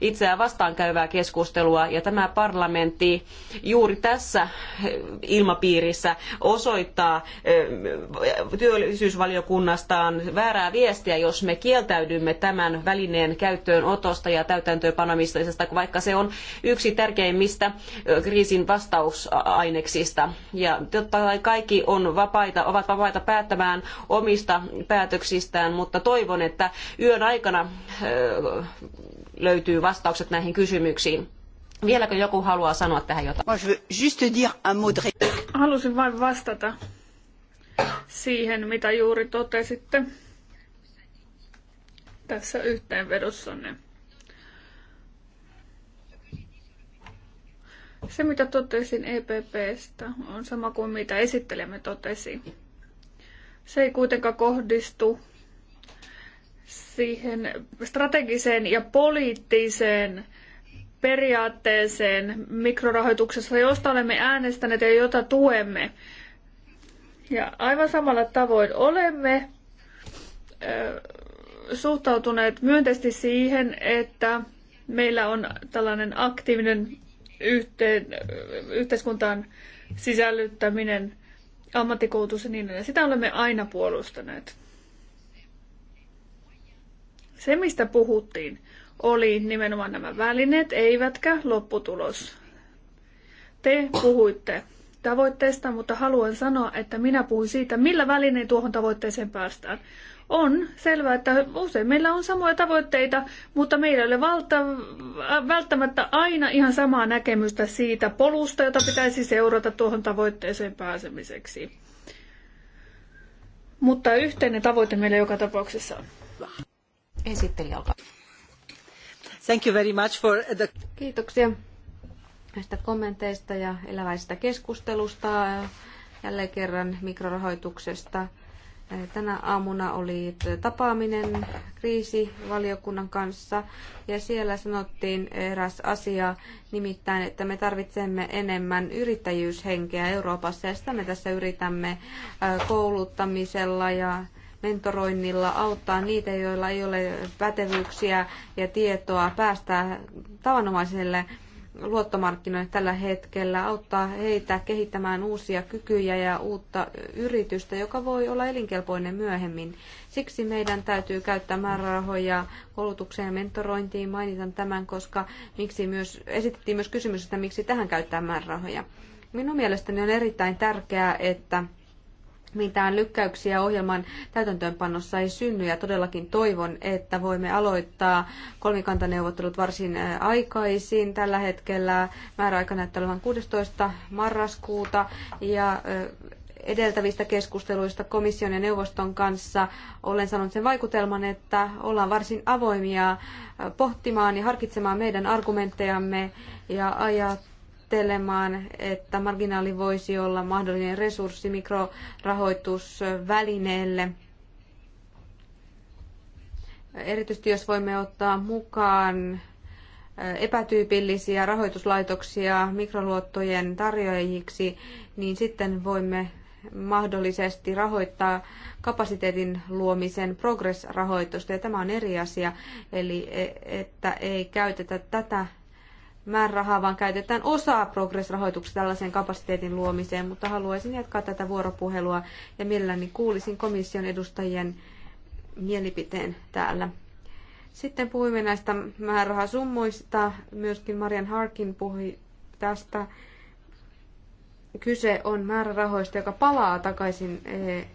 itseään vastaan käyvää keskustelua ja tämä parlamentti juuri tässä ilmapiirissä osoittaa työllisyysvaliokunnastaan väärää viestiä, jos me kieltäydymme tämän välineen käyttöönotosta ja täytäntöönpanomisesta, vaikka se on yksi tärkeimmistä kriisin vastauksia ohjausaineksista. Ja totta kai kaikki on vapaita, ovat vapaita päättämään omista päätöksistään, mutta toivon, että yön aikana löytyy vastaukset näihin kysymyksiin. Vieläkö joku haluaa sanoa tähän jotain? Halusin vain vastata siihen, mitä juuri totesitte tässä yhteenvedossanne. Se, mitä totesin EPPstä, on sama kuin mitä esittelemme totesi. Se ei kuitenkaan kohdistu siihen strategiseen ja poliittiseen periaatteeseen mikrorahoituksessa, josta olemme äänestäneet ja jota tuemme. Ja aivan samalla tavoin olemme suhtautuneet myönteisesti siihen, että meillä on tällainen aktiivinen yhteen, yhteiskuntaan sisällyttäminen, ammattikoulutus ja niin edelleen. Sitä olemme aina puolustaneet. Se, mistä puhuttiin, oli nimenomaan nämä välineet, eivätkä lopputulos. Te puhuitte tavoitteesta, mutta haluan sanoa, että minä puhuin siitä, millä välinein tuohon tavoitteeseen päästään on selvää, että usein meillä on samoja tavoitteita, mutta meillä ei ole valta, äh, välttämättä aina ihan samaa näkemystä siitä polusta, jota pitäisi seurata tuohon tavoitteeseen pääsemiseksi. Mutta yhteinen tavoite meillä joka tapauksessa on. Thank you very much for the... Kiitoksia näistä kommenteista ja eläväisestä keskustelusta jälleen kerran mikrorahoituksesta Tänä aamuna oli tapaaminen kriisivaliokunnan kanssa ja siellä sanottiin eräs asia, nimittäin, että me tarvitsemme enemmän yrittäjyyshenkeä Euroopassa ja sitä me tässä yritämme kouluttamisella ja mentoroinnilla auttaa niitä, joilla ei ole pätevyyksiä ja tietoa päästä tavanomaiselle luottomarkkinoille tällä hetkellä, auttaa heitä kehittämään uusia kykyjä ja uutta yritystä, joka voi olla elinkelpoinen myöhemmin. Siksi meidän täytyy käyttää määrärahoja koulutukseen ja mentorointiin. Mainitan tämän, koska miksi myös, esitettiin myös kysymys, että miksi tähän käyttää määrärahoja. Minun mielestäni on erittäin tärkeää, että mitään lykkäyksiä ohjelman täytäntöönpannossa ei synny ja todellakin toivon, että voimme aloittaa kolmikantaneuvottelut varsin aikaisin. Tällä hetkellä määräaika näyttää olevan 16. marraskuuta ja edeltävistä keskusteluista komission ja neuvoston kanssa olen saanut sen vaikutelman, että ollaan varsin avoimia pohtimaan ja harkitsemaan meidän argumenttejamme ja ajat ajattelemaan, että marginaali voisi olla mahdollinen resurssi mikrorahoitusvälineelle. Erityisesti jos voimme ottaa mukaan eh, epätyypillisiä rahoituslaitoksia mikroluottojen tarjoajiksi, niin sitten voimme mahdollisesti rahoittaa kapasiteetin luomisen progress-rahoitusta, ja tämä on eri asia, eli eh, että ei käytetä tätä määrärahaa, vaan käytetään osaa progress-rahoituksesta tällaisen kapasiteetin luomiseen, mutta haluaisin jatkaa tätä vuoropuhelua ja mielelläni kuulisin komission edustajien mielipiteen täällä. Sitten puhuimme näistä määrärahasummoista, myöskin Marian Harkin puhui tästä. Kyse on määrärahoista, joka palaa takaisin, eh,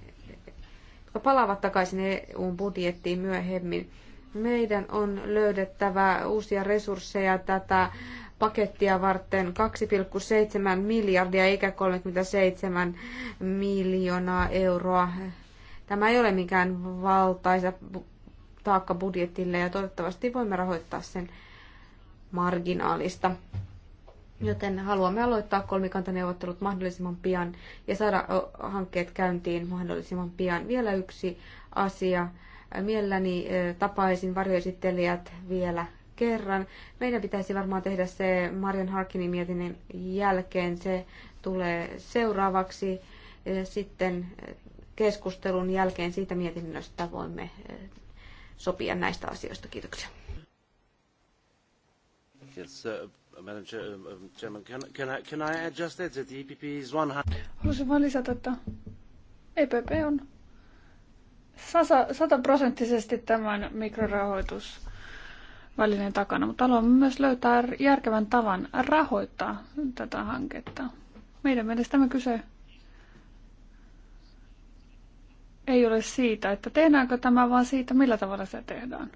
jotka palaavat takaisin EU-budjettiin myöhemmin. Meidän on löydettävä uusia resursseja tätä pakettia varten 2,7 miljardia eikä 37 miljoonaa euroa. Tämä ei ole mikään valtaisa taakka budjetille ja toivottavasti voimme rahoittaa sen marginaalista. Joten haluamme aloittaa kolmikantaneuvottelut mahdollisimman pian ja saada hankkeet käyntiin mahdollisimman pian. Vielä yksi asia Mielelläni eh, tapaisin varjoesittelijät vielä kerran. Meidän pitäisi varmaan tehdä se Marian Harkinin mietinnin jälkeen. Se tulee seuraavaksi eh, sitten eh, keskustelun jälkeen siitä mietinnöstä voimme sopia näistä asioista. Kiitoksia. Yes, e Haluaisin vain lisätä, että EPP on sataprosenttisesti tämän mikrorahoitusvälineen takana, mutta haluamme myös löytää järkevän tavan rahoittaa tätä hanketta. Meidän mielestämme kyse ei ole siitä, että tehdäänkö tämä, vaan siitä, millä tavalla se tehdään.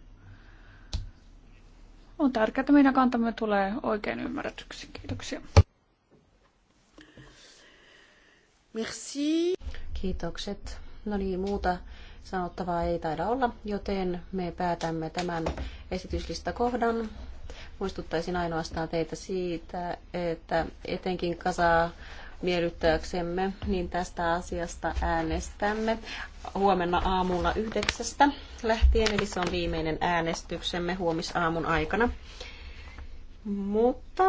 On tärkeää, että meidän kantamme tulee oikein ymmärretyksi. Kiitoksia. Merci. Kiitokset. No niin, muuta sanottavaa ei taida olla, joten me päätämme tämän esityslistakohdan. Muistuttaisin ainoastaan teitä siitä, että etenkin kasaa miellyttääksemme, niin tästä asiasta äänestämme huomenna aamulla yhdeksästä lähtien, eli se on viimeinen äänestyksemme huomisaamun aikana. Mutta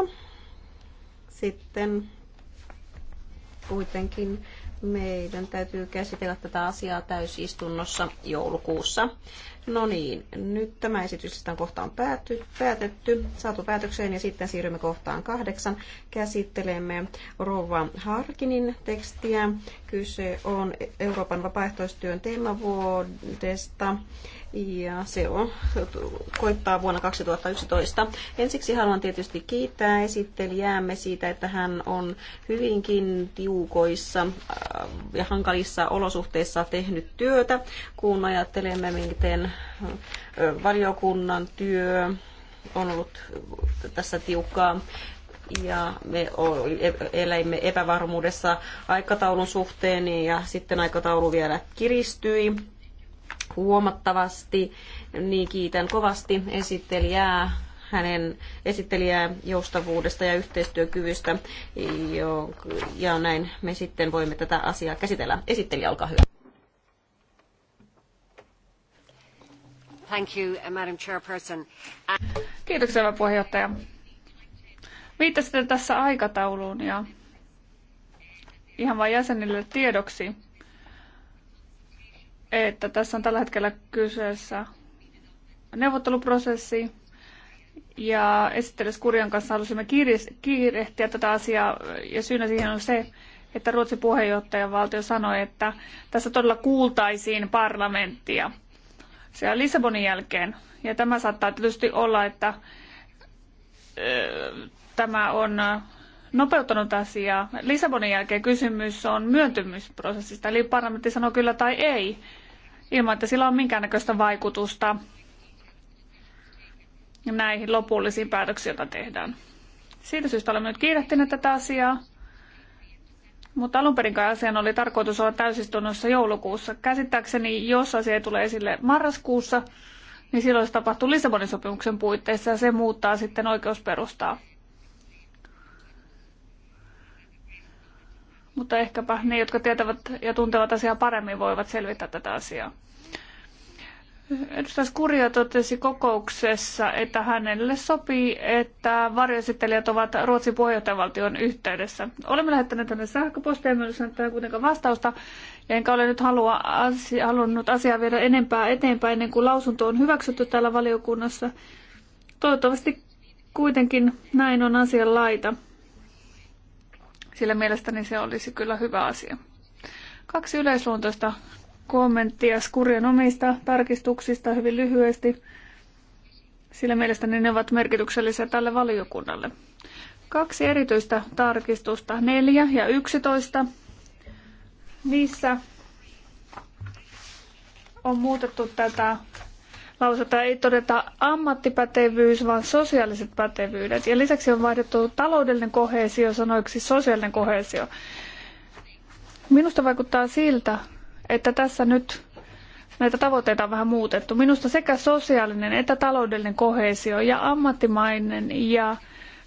sitten kuitenkin meidän täytyy käsitellä tätä asiaa täysistunnossa joulukuussa. No niin, nyt tämä esitys on kohtaan pääty, päätetty, saatu päätökseen ja sitten siirrymme kohtaan kahdeksan. Käsittelemme Rova Harkinin tekstiä. Kyse on Euroopan vapaaehtoistyön teemavuodesta ja se on, koittaa vuonna 2011. Ensiksi haluan tietysti kiittää esittelijäämme siitä, että hän on hyvinkin tiukoissa äh, ja hankalissa olosuhteissa tehnyt työtä, kun ajattelemme, miten valiokunnan työ on ollut tässä tiukkaa ja me e, eläimme epävarmuudessa aikataulun suhteen ja sitten aikataulu vielä kiristyi huomattavasti, niin kiitän kovasti esittelijää hänen esittelijää joustavuudesta ja yhteistyökyvystä. Ja näin me sitten voimme tätä asiaa käsitellä. Esittelijä, olkaa hyvä. Thank you, Madam Chairperson. Kiitoksia, hyvä puheenjohtaja. Viittasitte tässä aikatauluun ja ihan vain jäsenille tiedoksi, että tässä on tällä hetkellä kyseessä neuvotteluprosessi, ja Kurjan kanssa halusimme kiirehtiä tätä asiaa, ja syynä siihen on se, että Ruotsin valtio sanoi, että tässä todella kuultaisiin parlamenttia siellä Lissabonin jälkeen. Ja tämä saattaa tietysti olla, että tämä on nopeuttanut asiaa. Lissabonin jälkeen kysymys on myöntymysprosessista, eli parlamentti sanoo kyllä tai ei ilman, että sillä on minkäännäköistä vaikutusta näihin lopullisiin päätöksiin, joita tehdään. Siitä syystä olemme nyt kiirehtineet tätä asiaa, mutta alun perin kai asian oli tarkoitus olla täysistunnossa joulukuussa. Käsittääkseni, jos asia tulee esille marraskuussa, niin silloin se tapahtuu Lissabonin sopimuksen puitteissa ja se muuttaa sitten oikeusperustaa. mutta ehkäpä ne, jotka tietävät ja tuntevat asiaa paremmin, voivat selvittää tätä asiaa. Edustaja skuria totesi kokouksessa, että hänelle sopii, että varjoesittelijät ovat Ruotsin puheenjohtajavaltion yhteydessä. Olemme lähettäneet tänne sähköpostia, emme ole saaneet kuitenkaan vastausta, enkä ole nyt halua asia, halunnut asiaa viedä enempää eteenpäin ennen kuin lausunto on hyväksytty täällä valiokunnassa. Toivottavasti kuitenkin näin on asian laita sillä mielestäni se olisi kyllä hyvä asia. Kaksi yleisluontoista kommenttia Skurien omista tarkistuksista hyvin lyhyesti, sillä mielestäni ne ovat merkityksellisiä tälle valiokunnalle. Kaksi erityistä tarkistusta, 4 ja 11. Niissä on muutettu tätä lausetta ei todeta ammattipätevyys, vaan sosiaaliset pätevyydet. Ja lisäksi on vaihdettu taloudellinen kohesio sanoiksi sosiaalinen kohesio. Minusta vaikuttaa siltä, että tässä nyt näitä tavoitteita on vähän muutettu. Minusta sekä sosiaalinen että taloudellinen kohesio ja ammattimainen ja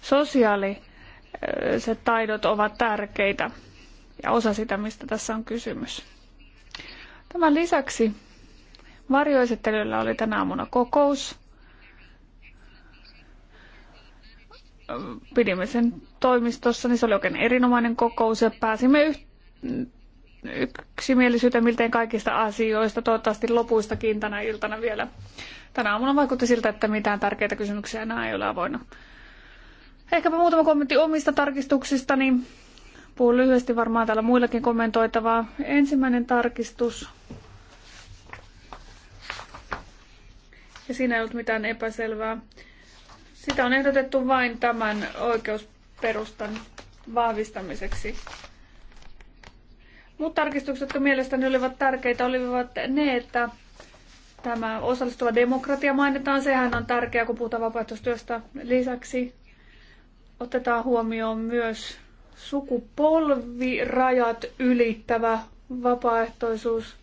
sosiaaliset taidot ovat tärkeitä ja osa sitä, mistä tässä on kysymys. Tämän lisäksi Varjoesittelyllä oli tänä aamuna kokous. Pidimme sen toimistossa, niin se oli oikein erinomainen kokous ja pääsimme yh- yksimielisyyteen miltei kaikista asioista, toivottavasti lopuistakin tänä iltana vielä. Tänä aamuna vaikutti siltä, että mitään tärkeitä kysymyksiä enää ei ole avoinna. Ehkäpä muutama kommentti omista tarkistuksistani. Puhun lyhyesti varmaan täällä muillakin kommentoitavaa. Ensimmäinen tarkistus ja siinä ei ollut mitään epäselvää. Sitä on ehdotettu vain tämän oikeusperustan vahvistamiseksi. Muut tarkistukset, jotka mielestäni olivat tärkeitä, olivat ne, että tämä osallistuva demokratia mainitaan. Sehän on tärkeää, kun puhutaan vapaaehtoistyöstä lisäksi. Otetaan huomioon myös sukupolvirajat ylittävä vapaaehtoisuus.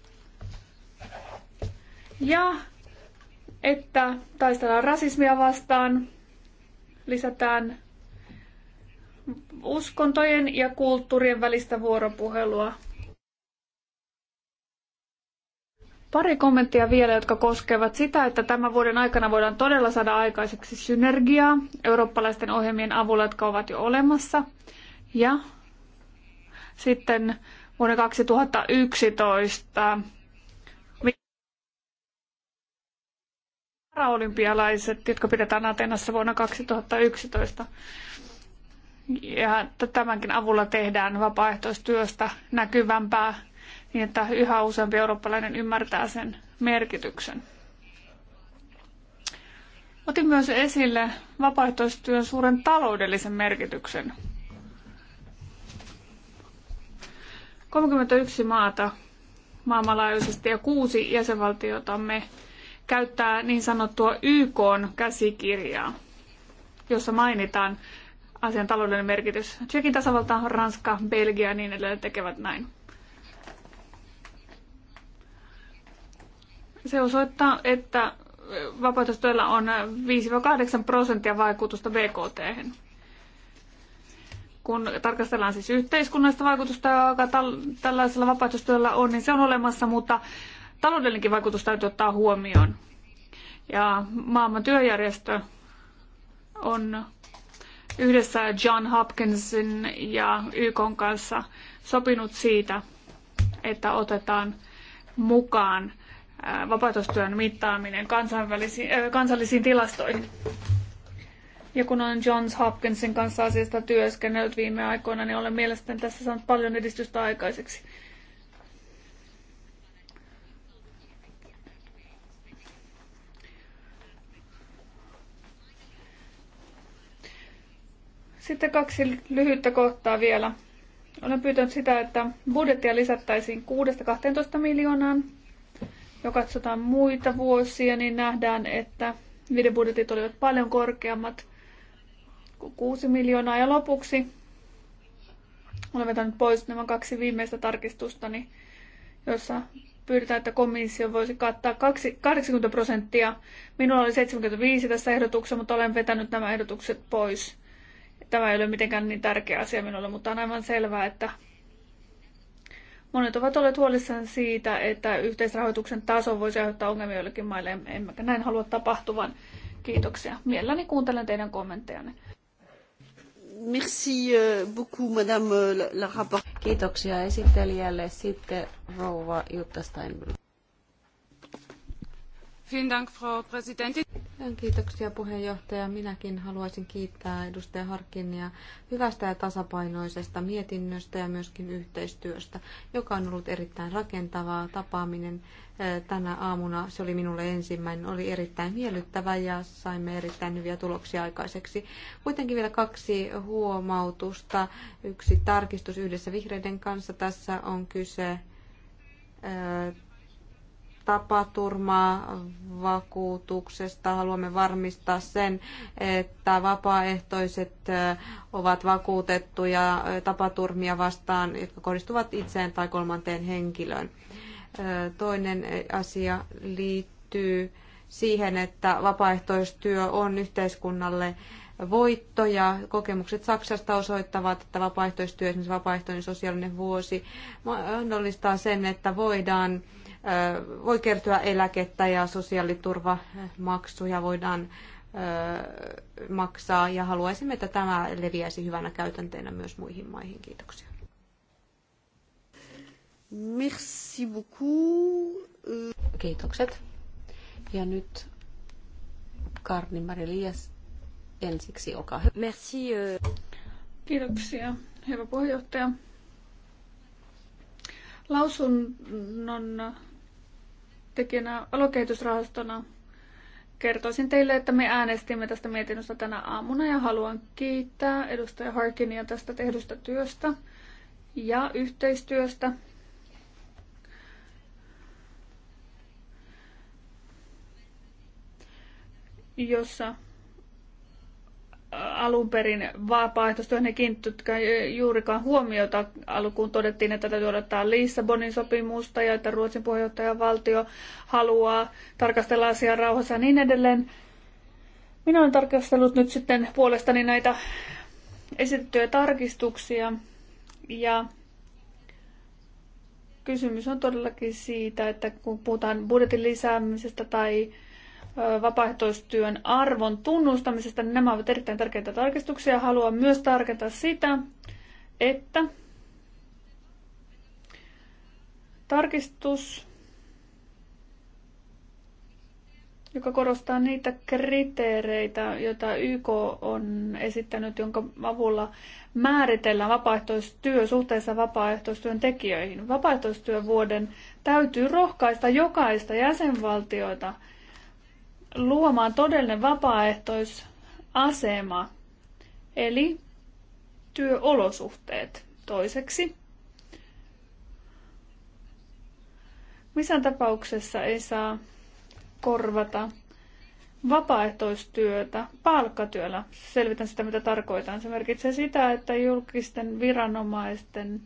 Ja että taistellaan rasismia vastaan, lisätään uskontojen ja kulttuurien välistä vuoropuhelua. Pari kommenttia vielä, jotka koskevat sitä, että tämän vuoden aikana voidaan todella saada aikaiseksi synergiaa eurooppalaisten ohjelmien avulla, jotka ovat jo olemassa. Ja sitten vuonna 2011 paraolympialaiset, jotka pidetään Atenassa vuonna 2011. Ja tämänkin avulla tehdään vapaaehtoistyöstä näkyvämpää niin, että yhä useampi eurooppalainen ymmärtää sen merkityksen. Otin myös esille vapaaehtoistyön suuren taloudellisen merkityksen. 31 maata maailmanlaajuisesti ja kuusi jäsenvaltiotamme käyttää niin sanottua YK käsikirjaa, jossa mainitaan asian taloudellinen merkitys. Tsekin tasavalta, Ranska, Belgia ja niin edelleen tekevät näin. Se osoittaa, että vapautustyöllä on 5-8 prosenttia vaikutusta BKT. Kun tarkastellaan siis yhteiskunnallista vaikutusta, joka tällaisella vapautustyöllä on, niin se on olemassa, mutta taloudellinenkin vaikutus täytyy ottaa huomioon. Ja maailman työjärjestö on yhdessä John Hopkinsin ja YK kanssa sopinut siitä, että otetaan mukaan vapaaehtoistyön mittaaminen kansainvälisiin, kansallisiin tilastoihin. Ja kun olen Johns Hopkinsin kanssa asiasta työskennellyt viime aikoina, niin olen mielestäni tässä saanut paljon edistystä aikaiseksi. Sitten kaksi lyhyttä kohtaa vielä. Olen pyytänyt sitä, että budjettia lisättäisiin 6-12 miljoonaan. Jo katsotaan muita vuosia, niin nähdään, että niiden budjetit olivat paljon korkeammat kuin 6 miljoonaa. Ja lopuksi olen vetänyt pois nämä kaksi viimeistä tarkistustani, jossa pyydetään, että komissio voisi kattaa 80 prosenttia. Minulla oli 75 tässä ehdotuksessa, mutta olen vetänyt nämä ehdotukset pois. Tämä ei ole mitenkään niin tärkeä asia minulle, mutta on aivan selvää, että monet ovat olleet huolissaan siitä, että yhteisrahoituksen taso voisi aiheuttaa ongelmia joillekin maille. Emmekä näin halua tapahtuvan. Kiitoksia. Mielelläni kuuntelen teidän kommenttejanne. Merci euh, beaucoup, madame euh, la Kiitoksia esittelijälle. Sitten rouva Jutta Steinberg. Kiitoksia puheenjohtaja. Minäkin haluaisin kiittää edustaja Harkinia hyvästä ja tasapainoisesta mietinnöstä ja myöskin yhteistyöstä, joka on ollut erittäin rakentavaa tapaaminen eh, tänä aamuna. Se oli minulle ensimmäinen, oli erittäin miellyttävä ja saimme erittäin hyviä tuloksia aikaiseksi. Kuitenkin vielä kaksi huomautusta. Yksi tarkistus yhdessä vihreiden kanssa. Tässä on kyse eh, tapaturmaa vakuutuksesta. Haluamme varmistaa sen, että vapaaehtoiset ovat vakuutettuja tapaturmia vastaan, jotka kohdistuvat itseen tai kolmanteen henkilöön. Toinen asia liittyy siihen, että vapaaehtoistyö on yhteiskunnalle voitto ja kokemukset Saksasta osoittavat, että vapaaehtoistyö, esimerkiksi vapaaehtoinen sosiaalinen vuosi, mahdollistaa sen, että voidaan voi kertyä eläkettä ja sosiaaliturvamaksuja voidaan maksaa ja haluaisimme, että tämä leviäisi hyvänä käytänteenä myös muihin maihin. Kiitoksia. Merci beaucoup. Kiitokset. Ja nyt Karni Marilias ensiksi, olkaa hyvä. Merci. Kiitoksia, hyvä puheenjohtaja. Lausunnon tekijänä alokehitysrahastona kertoisin teille, että me äänestimme tästä mietinnöstä tänä aamuna ja haluan kiittää edustaja Harkinia tästä tehdystä työstä ja yhteistyöstä. jossa alun perin vapaaehtoistyöhön ei kiinnitetty eh, juurikaan huomiota. Alkuun todettiin, että täytyy odottaa Lissabonin sopimusta ja että Ruotsin puheenjohtajavaltio haluaa tarkastella asiaa rauhassa ja niin edelleen. Minä olen tarkastellut nyt sitten puolestani näitä esitettyjä tarkistuksia ja kysymys on todellakin siitä, että kun puhutaan budjetin lisäämisestä tai vapaaehtoistyön arvon tunnustamisesta, niin nämä ovat erittäin tärkeitä tarkistuksia. Haluan myös tarkentaa sitä, että tarkistus, joka korostaa niitä kriteereitä, joita YK on esittänyt, jonka avulla määritellään vapaaehtoistyö suhteessa vapaaehtoistyön tekijöihin. Vapaaehtoistyövuoden täytyy rohkaista jokaista jäsenvaltiota luomaan todellinen vapaaehtoisasema, eli työolosuhteet toiseksi. Missään tapauksessa ei saa korvata vapaaehtoistyötä palkkatyöllä. Selvitän sitä, mitä tarkoitan. Se merkitsee sitä, että julkisten viranomaisten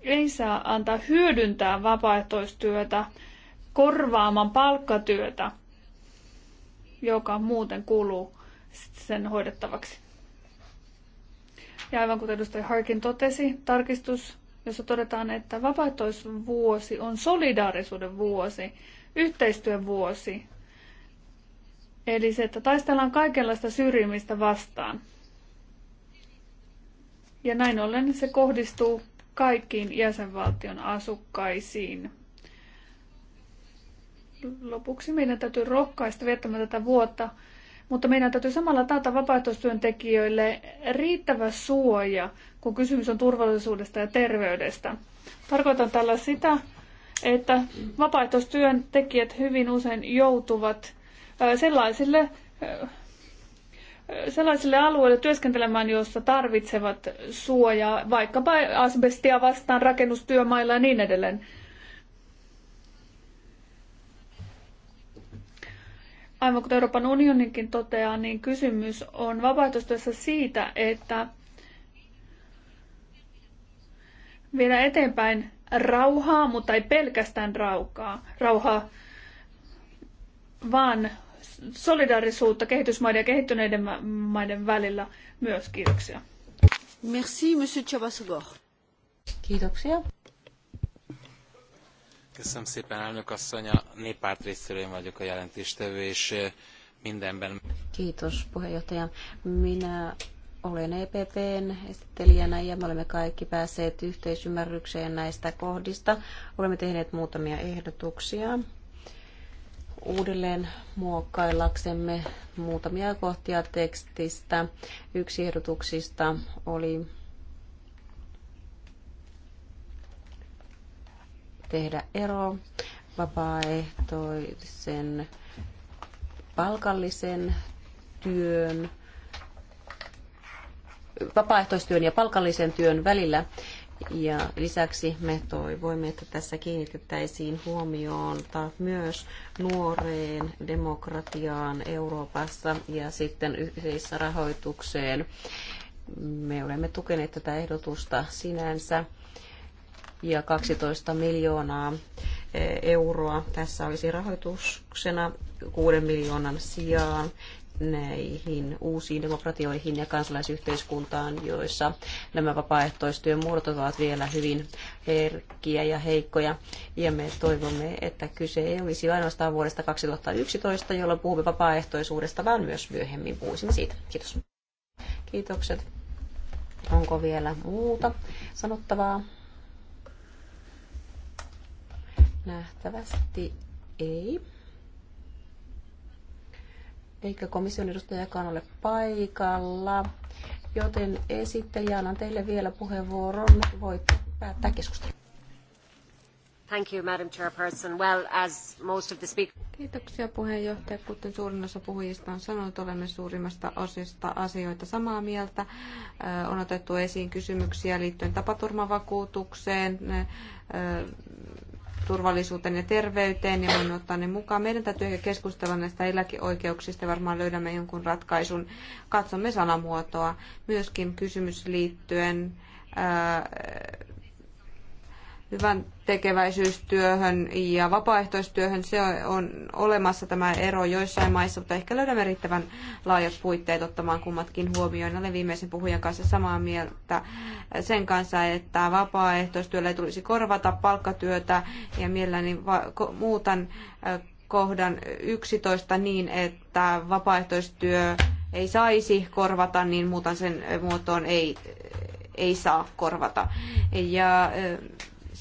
ei saa antaa hyödyntää vapaaehtoistyötä korvaamaan palkkatyötä – joka muuten kuuluu sen hoidettavaksi. Ja aivan kuten edustaja Harkin totesi, tarkistus, jossa todetaan, että vapaaehtoisvuosi on solidaarisuuden vuosi, yhteistyön vuosi. Eli se, että taistellaan kaikenlaista syrjimistä vastaan. Ja näin ollen se kohdistuu kaikkiin jäsenvaltion asukkaisiin lopuksi meidän täytyy rohkaista viettämään tätä vuotta, mutta meidän täytyy samalla taata vapaaehtoistyöntekijöille riittävä suoja, kun kysymys on turvallisuudesta ja terveydestä. Tarkoitan tällä sitä, että vapaaehtoistyöntekijät hyvin usein joutuvat sellaisille, sellaisille alueille työskentelemään, joissa tarvitsevat suojaa, vaikkapa asbestia vastaan rakennustyömailla ja niin edelleen. aivan kuten Euroopan unioninkin toteaa, niin kysymys on vapaaehtoistyössä siitä, että viedä eteenpäin rauhaa, mutta ei pelkästään raukaa. rauhaa vaan solidaarisuutta kehitysmaiden ja kehittyneiden maiden välillä myös. Kiitoksia. Merci, Monsieur Chavasogor. Kiitoksia. Köszönöm szépen, elnök asszony. A néppárt részéről én vagyok a jelentéstevő, és mindenben... Kiitos puheenjohtaja. Minä olen EPPn esittelijänä ja me olemme kaikki päässeet yhteisymmärrykseen näistä kohdista. Olemme tehneet muutamia ehdotuksia uudelleen muokkaillaksemme muutamia kohtia tekstistä. Yksi ehdotuksista oli tehdä ero vapaaehtoisen palkallisen työn, vapaaehtoistyön ja palkallisen työn välillä. Ja lisäksi me toivoimme, että tässä kiinnitettäisiin huomioon myös nuoreen demokratiaan Euroopassa ja sitten yhteisrahoitukseen. Me olemme tukeneet tätä ehdotusta sinänsä ja 12 miljoonaa eh, euroa. Tässä olisi rahoituksena 6 miljoonan sijaan näihin uusiin demokratioihin ja kansalaisyhteiskuntaan, joissa nämä vapaaehtoistyön muodot ovat vielä hyvin herkkiä ja heikkoja. Ja me toivomme, että kyse ei olisi ainoastaan vuodesta 2011, jolloin puhumme vapaaehtoisuudesta, vaan myös myöhemmin puhuisimme siitä. Kiitos. Kiitokset. Onko vielä muuta sanottavaa? Nähtävästi ei. Eikä komission edustajakaan ole paikalla, joten esittelijä annan teille vielä puheenvuoron. Voitte päättää keskustelun. Thank you, Madam Chairperson. Well, as most of the speakers... Kiitoksia puheenjohtaja. Kuten suurin osa puhujista on sanonut, olemme suurimmasta osista asioita samaa mieltä. On otettu esiin kysymyksiä liittyen tapaturmavakuutukseen, turvallisuuteen ja terveyteen ja voimme ottaa ne mukaan. Meidän täytyy ehkä keskustella näistä eläkeoikeuksista, varmaan löydämme jonkun ratkaisun. Katsomme sanamuotoa. Myöskin kysymys liittyen ää, hyvän tekeväisyystyöhön ja vapaaehtoistyöhön. Se on olemassa tämä ero joissain maissa, mutta ehkä löydämme riittävän laajat puitteet ottamaan kummatkin huomioon. Olen viimeisen puhujan kanssa samaa mieltä sen kanssa, että vapaaehtoistyöllä ei tulisi korvata palkkatyötä ja mielelläni muutan kohdan 11 niin, että vapaaehtoistyö ei saisi korvata, niin muutan sen muotoon ei, ei saa korvata. Ja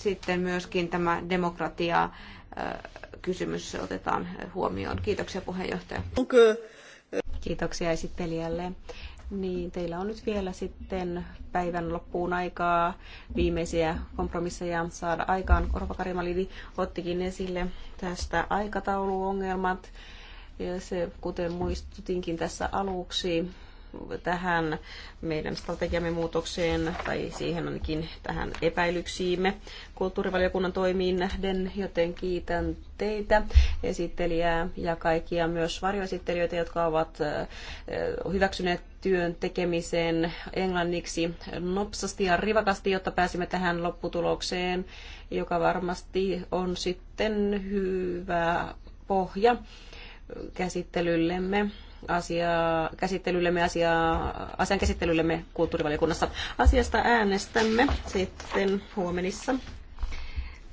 sitten myöskin tämä demokratia äh, kysymys otetaan huomioon. Kiitoksia puheenjohtaja. Äh, Kiitoksia esittelijälle. Niin, teillä on nyt vielä sitten päivän loppuun aikaa viimeisiä kompromisseja saada aikaan. Korva Karimalidi ottikin esille tästä aikatauluongelmat. Ja se, kuten muistutinkin tässä aluksi, tähän meidän strategiamme muutokseen tai siihen ainakin tähän epäilyksiimme kulttuurivaliokunnan toimiin nähden, joten kiitän teitä, esittelijää ja kaikkia myös varjoesittelijöitä, jotka ovat hyväksyneet työn tekemiseen englanniksi nopsasti ja rivakasti, jotta pääsimme tähän lopputulokseen, joka varmasti on sitten hyvä pohja käsittelyllemme asiaa, käsittelyllemme asia asian käsittelyllemme kulttuurivaliokunnassa. Asiasta äänestämme sitten huomenissa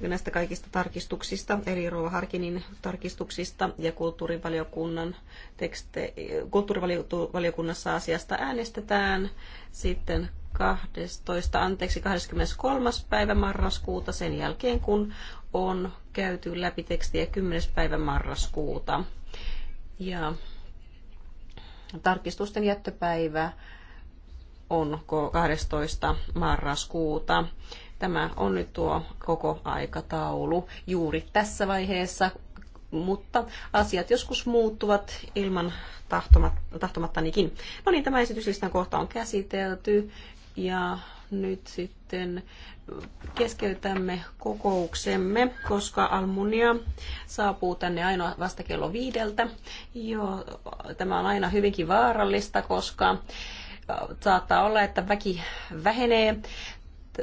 näistä kaikista tarkistuksista, eli Rova Harkinin tarkistuksista ja kulttuurivaliokunnan tekste, kulttuurivaliokunnassa asiasta äänestetään sitten 12, anteeksi 23. päivä marraskuuta sen jälkeen, kun on käyty läpi tekstiä 10. päivä marraskuuta. Ja Tarkistusten jättöpäivä on 12. marraskuuta. Tämä on nyt tuo koko aikataulu juuri tässä vaiheessa, mutta asiat joskus muuttuvat ilman tahtomattanikin. No niin, tämä esityslistan kohta on käsitelty ja nyt sitten keskeytämme kokouksemme, koska Almunia saapuu tänne aina vasta kello viideltä. Jo, tämä on aina hyvinkin vaarallista, koska saattaa olla, että väki vähenee,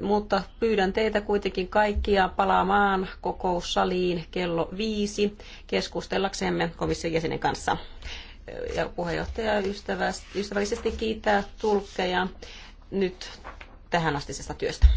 mutta pyydän teitä kuitenkin kaikkia palaamaan kokoussaliin kello viisi keskustellaksemme komission jäsenen kanssa. Ja puheenjohtaja ystävällisesti kiittää tulkkeja nyt tähän astisesta työstä.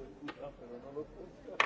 non lo funziona.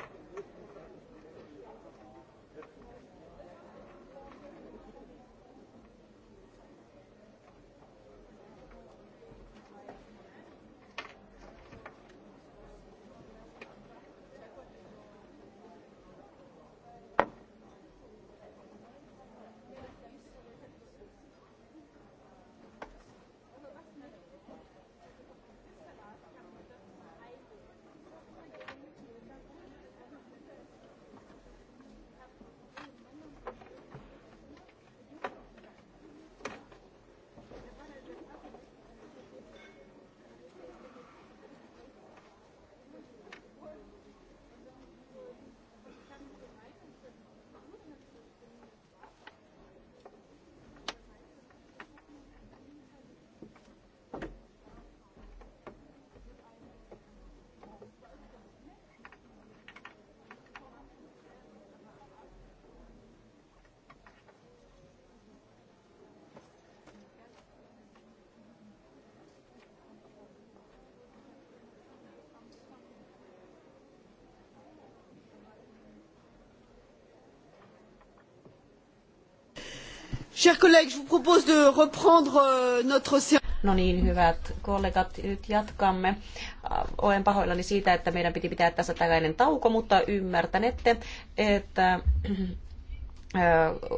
Chers collègues, je vous propose de reprendre euh, notre No niin, hyvät kollegat, nyt jatkamme. Äh, olen pahoillani siitä, että meidän piti pitää tässä tällainen tauko, mutta ymmärtänette, että äh,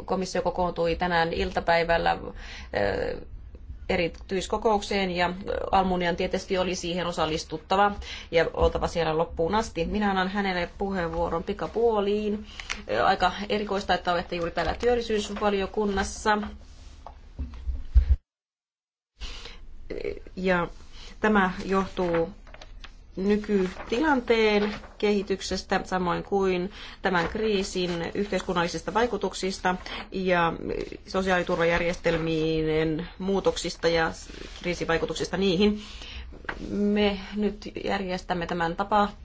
komissio kokoontui tänään iltapäivällä äh, erityiskokoukseen ja Almunian tietysti oli siihen osallistuttava ja oltava siellä loppuun asti. Minä annan hänelle puheenvuoron pikapuoliin. Aika erikoista, että olette juuri täällä työllisyysvaliokunnassa. Ja tämä johtuu nykytilanteen kehityksestä, samoin kuin tämän kriisin yhteiskunnallisista vaikutuksista ja sosiaaliturvajärjestelmien muutoksista ja kriisivaikutuksista niihin. Me nyt järjestämme tämän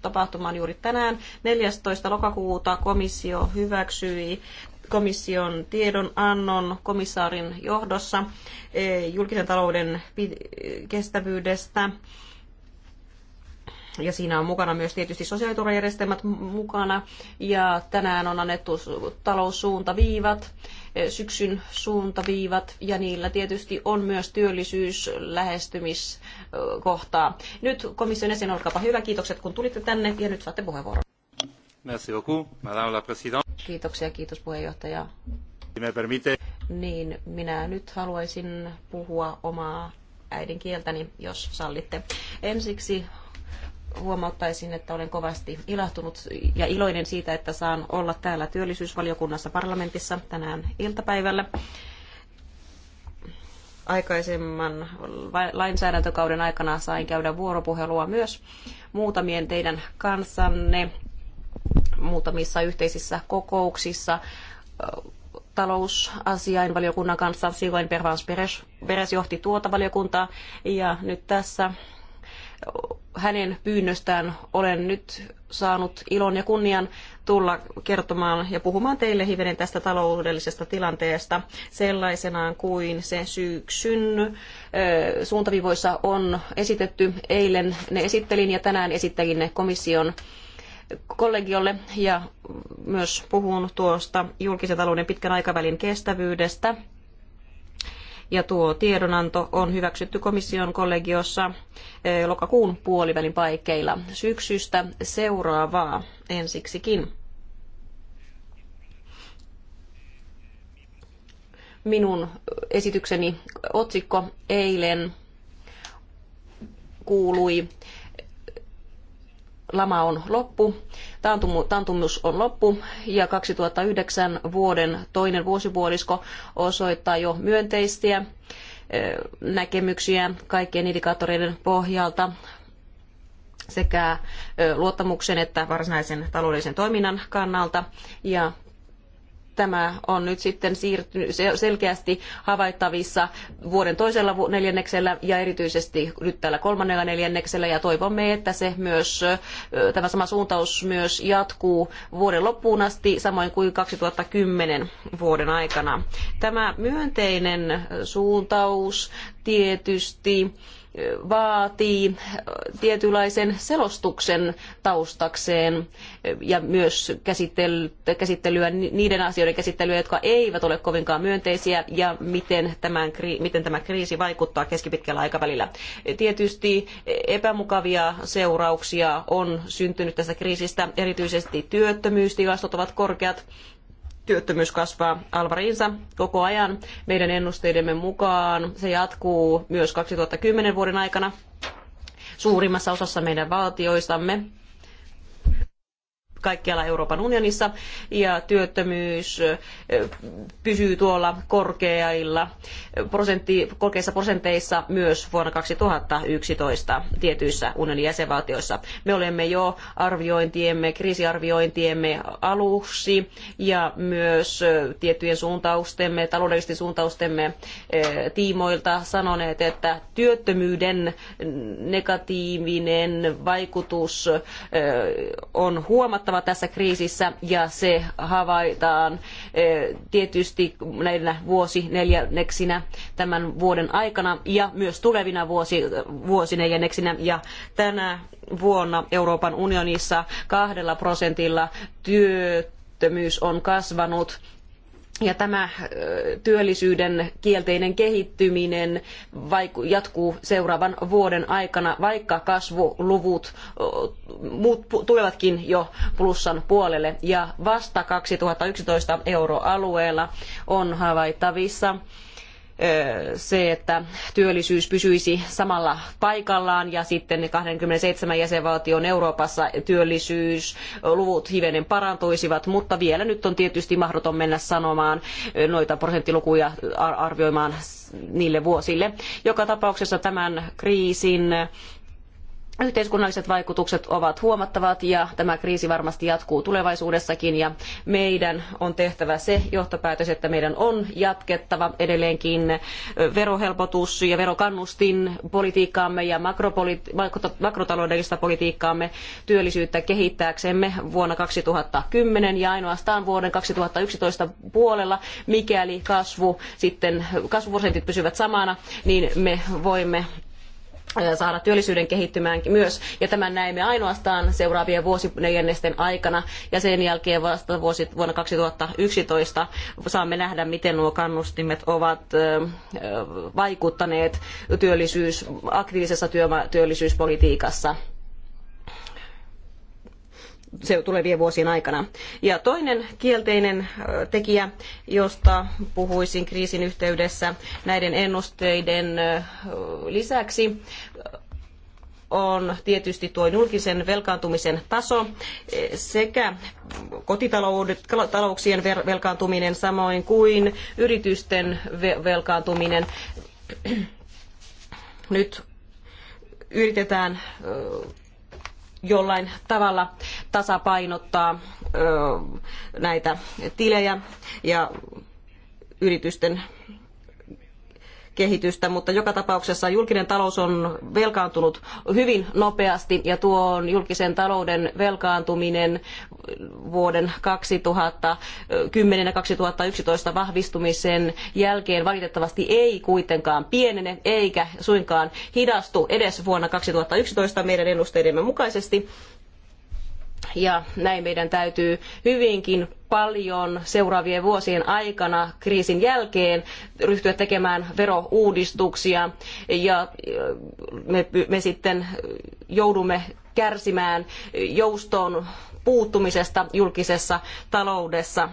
tapahtuman juuri tänään. 14. lokakuuta komissio hyväksyi komission tiedonannon komissaarin johdossa eh, julkisen talouden kestävyydestä ja siinä on mukana myös tietysti sosiaaliturvajärjestelmät mukana. Ja tänään on annettu taloussuuntaviivat, eh, syksyn suuntaviivat ja niillä tietysti on myös työllisyyslähestymiskohtaa. Nyt komission jäsen, olkaapa hyvä. Kiitokset kun tulitte tänne ja nyt saatte puheenvuoron. Merci beaucoup, madame la présidente. Kiitoksia, kiitos puheenjohtaja. Niin, minä nyt haluaisin puhua omaa äidinkieltäni, jos sallitte. Ensiksi huomauttaisin, että olen kovasti ilahtunut ja iloinen siitä, että saan olla täällä työllisyysvaliokunnassa parlamentissa tänään iltapäivällä. Aikaisemman lainsäädäntökauden aikana sain käydä vuoropuhelua myös muutamien teidän kanssanne muutamissa yhteisissä kokouksissa talousasiainvaliokunnan kanssa. Silloin Pervans Peres johti tuota valiokuntaa ja nyt tässä hänen pyynnöstään olen nyt saanut ilon ja kunnian tulla kertomaan ja puhumaan teille hivenen tästä taloudellisesta tilanteesta sellaisenaan kuin se syksyn suuntavivoissa on esitetty. Eilen ne esittelin ja tänään esittelin ne komission kollegiolle ja myös puhun tuosta julkisen talouden pitkän aikavälin kestävyydestä – ja tuo tiedonanto on hyväksytty komission kollegiossa eh, lokakuun puolivälin paikkeilla syksystä seuraavaa ensiksikin. Minun esitykseni otsikko eilen kuului lama on loppu, taantumus on loppu ja 2009 vuoden toinen vuosipuolisko osoittaa jo myönteisiä eh, näkemyksiä kaikkien indikaattoreiden pohjalta sekä eh, luottamuksen että varsinaisen taloudellisen toiminnan kannalta. Ja Tämä on nyt sitten siirtynyt selkeästi havaittavissa vuoden toisella neljänneksellä ja erityisesti nyt tällä kolmannella neljänneksellä ja toivomme, että se myös, tämä sama suuntaus myös jatkuu vuoden loppuun asti, samoin kuin 2010 vuoden aikana. Tämä myönteinen suuntaus tietysti vaatii tietynlaisen selostuksen taustakseen ja myös käsittelyä, niiden asioiden käsittelyä, jotka eivät ole kovinkaan myönteisiä ja miten, tämän, miten tämä kriisi vaikuttaa keskipitkällä aikavälillä. Tietysti epämukavia seurauksia on syntynyt tästä kriisistä, erityisesti työttömyystilastot ovat korkeat työttömyys kasvaa alvariinsa koko ajan. Meidän ennusteidemme mukaan se jatkuu myös 2010 vuoden aikana suurimmassa osassa meidän valtioistamme kaikkialla Euroopan unionissa ja työttömyys pysyy tuolla korkeilla, prosentti, korkeissa prosenteissa myös vuonna 2011 tietyissä unionin jäsenvaltioissa. Me olemme jo arviointiemme, kriisiarviointiemme aluksi ja myös tiettyjen suuntaustemme, taloudellisten suuntaustemme tiimoilta sanoneet, että työttömyyden negatiivinen vaikutus on huomattava huomattava tässä kriisissä ja se havaitaan eh, tietysti näinä vuosineljänneksinä tämän vuoden aikana ja myös tulevina vuosi, vuosineljänneksinä ja tänä vuonna Euroopan unionissa kahdella prosentilla työttömyys on kasvanut ja tämä työllisyyden kielteinen kehittyminen jatkuu seuraavan vuoden aikana, vaikka kasvuluvut tulevatkin jo plussan puolelle. Ja vasta 2011 euroalueella on havaittavissa se, että työllisyys pysyisi samalla paikallaan ja sitten 27 jäsenvaltion Euroopassa työllisyysluvut hivenen parantuisivat, mutta vielä nyt on tietysti mahdoton mennä sanomaan noita prosenttilukuja arvioimaan niille vuosille. Joka tapauksessa tämän kriisin Yhteiskunnalliset vaikutukset ovat huomattavat ja tämä kriisi varmasti jatkuu tulevaisuudessakin ja meidän on tehtävä se johtopäätös, että meidän on jatkettava edelleenkin verohelpotus ja verokannustin politiikkaamme ja makrotaloudellista politiikkaamme työllisyyttä kehittääksemme vuonna 2010 ja ainoastaan vuoden 2011 puolella, mikäli kasvu sitten, kasvuprosentit pysyvät samana, niin me voimme saada työllisyyden kehittymään myös. Ja tämän näemme ainoastaan seuraavien vuosineljännesten aikana ja sen jälkeen vasta vuosi, vuonna 2011 saamme nähdä, miten nuo kannustimet ovat vaikuttaneet työllisyys, aktiivisessa työllisyyspolitiikassa se tulevien vuosien aikana. Ja toinen kielteinen tekijä, josta puhuisin kriisin yhteydessä näiden ennusteiden lisäksi, on tietysti tuo julkisen velkaantumisen taso e, sekä kotitalouksien velkaantuminen samoin kuin yritysten velkaantuminen. Nyt yritetään jollain tavalla tasapainottaa näitä tilejä ja yritysten kehitystä, mutta joka tapauksessa julkinen talous on velkaantunut hyvin nopeasti ja tuo julkisen talouden velkaantuminen vuoden 2010 ja 2011 vahvistumisen jälkeen valitettavasti ei kuitenkaan pienene eikä suinkaan hidastu edes vuonna 2011 meidän ennusteidemme mukaisesti ja näin meidän täytyy hyvinkin paljon seuraavien vuosien aikana kriisin jälkeen ryhtyä tekemään verouudistuksia ja äh, me, me sitten joudumme kärsimään jouston puuttumisesta julkisessa taloudessa.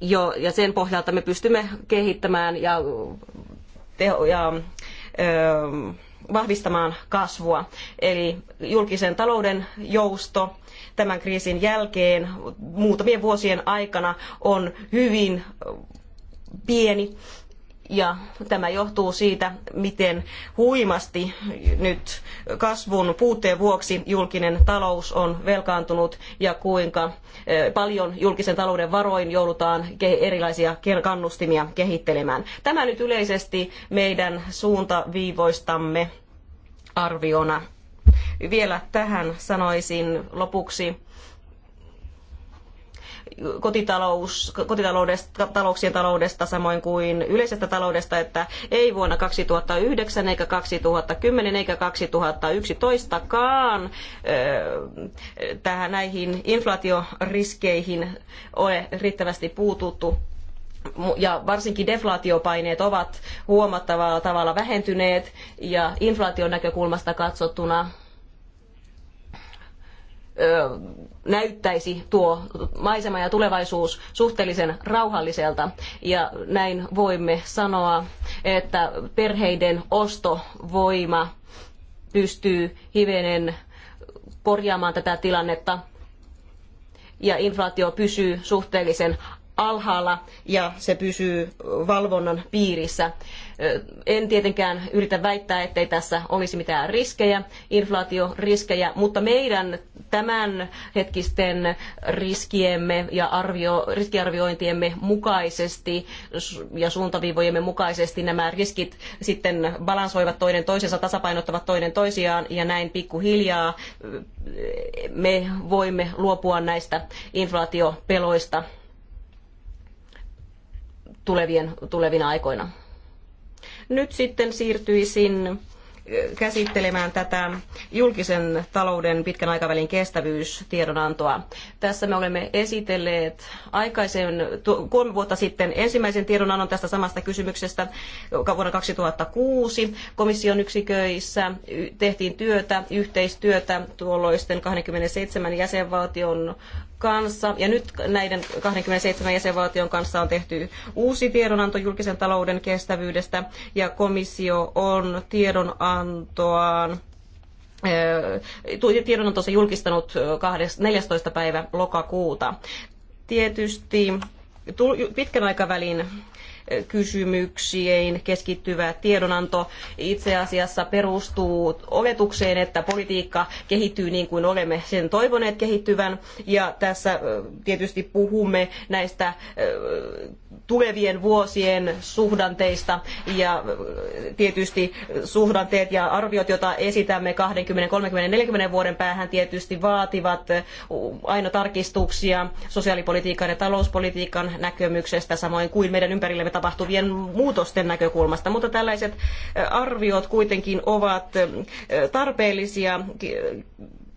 Jo, ja sen pohjalta me pystymme kehittämään ja, teho, ja öö, vahvistamaan kasvua. Eli julkisen talouden jousto tämän kriisin jälkeen muutamien vuosien aikana on hyvin pieni ja tämä johtuu siitä, miten huimasti nyt kasvun puutteen vuoksi julkinen talous on velkaantunut ja kuinka eh, paljon julkisen talouden varoin joudutaan erilaisia kannustimia kehittelemään. Tämä nyt yleisesti meidän suuntaviivoistamme arviona. Vielä tähän sanoisin lopuksi kotitalous, kotitaloudesta, talouksien taloudesta samoin kuin yleisestä taloudesta, että ei vuonna 2009 eikä 2010 eikä 2011kaan tähän näihin inflaatioriskeihin ole riittävästi puututtu ja varsinkin deflaatiopaineet ovat huomattavalla tavalla vähentyneet ja inflaation näkökulmasta katsottuna näyttäisi tuo maisema ja tulevaisuus suhteellisen rauhalliselta. Ja näin voimme sanoa, että perheiden ostovoima pystyy hivenen korjaamaan tätä tilannetta ja inflaatio pysyy suhteellisen alhaalla ja se pysyy valvonnan piirissä. En tietenkään yritä väittää, ettei tässä olisi mitään riskejä, inflaatioriskejä, mutta meidän tämän hetkisten riskiemme ja arvio, riskiarviointiemme mukaisesti ja suuntaviivojemme mukaisesti nämä riskit sitten balansoivat toinen toisensa, tasapainottavat toinen toisiaan ja näin pikkuhiljaa me voimme luopua näistä inflaatiopeloista tulevien, tulevina aikoina. Nyt sitten siirtyisin käsittelemään tätä julkisen talouden pitkän aikavälin kestävyystiedonantoa. Tässä me olemme esitelleet aikaisen kolme vuotta sitten ensimmäisen tiedonannon tästä samasta kysymyksestä vuonna 2006. Komission yksiköissä tehtiin työtä, yhteistyötä tuolloisten 27 jäsenvaltion kanssa, ja nyt näiden 27 jäsenvaltion kanssa on tehty uusi tiedonanto julkisen talouden kestävyydestä, ja komissio on tiedonanto tiedonantoaan tiedonantonsa julkistanut 14. päivä lokakuuta. Tietysti pitkän aikavälin kysymyksiin keskittyvä tiedonanto itse asiassa perustuu oletukseen, että politiikka kehittyy niin kuin olemme sen toivoneet kehittyvän. Ja tässä tietysti puhumme näistä tulevien vuosien suhdanteista ja tietysti suhdanteet ja arviot, joita esitämme 20, 30, 40 vuoden päähän tietysti vaativat aina tarkistuksia sosiaalipolitiikan ja talouspolitiikan näkemyksestä, samoin kuin meidän ympärillemme tapahtuvien muutosten näkökulmasta, mutta tällaiset arviot kuitenkin ovat tarpeellisia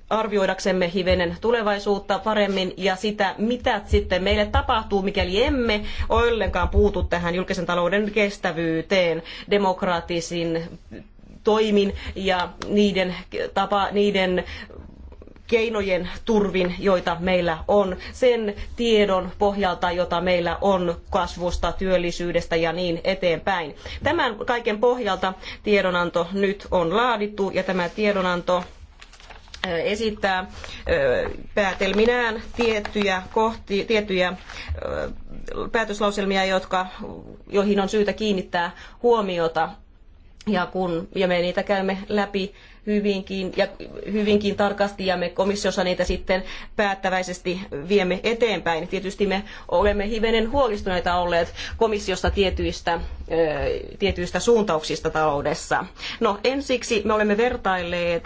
arvioidaksemme hivenen tulevaisuutta paremmin ja sitä, mitä sitten meille tapahtuu, mikäli emme ollenkaan puutu tähän julkisen talouden kestävyyteen demokraattisin toimin ja niiden, tapa, niiden keinojen turvin, joita meillä on, sen tiedon pohjalta, jota meillä on kasvusta, työllisyydestä ja niin eteenpäin. Tämän kaiken pohjalta tiedonanto nyt on laadittu ja tämä tiedonanto äh, esittää äh, päätelminään tiettyjä, kohti, tiettyjä äh, päätöslauselmia, jotka, joihin on syytä kiinnittää huomiota. Ja kun ja me niitä käymme läpi hyvinkin, ja hyvinkin tarkasti ja me komissiossa niitä sitten päättäväisesti viemme eteenpäin. Tietysti me olemme hivenen huolestuneita olleet komissiossa tietyistä, tietyistä suuntauksista taloudessa. No ensiksi me olemme vertailleet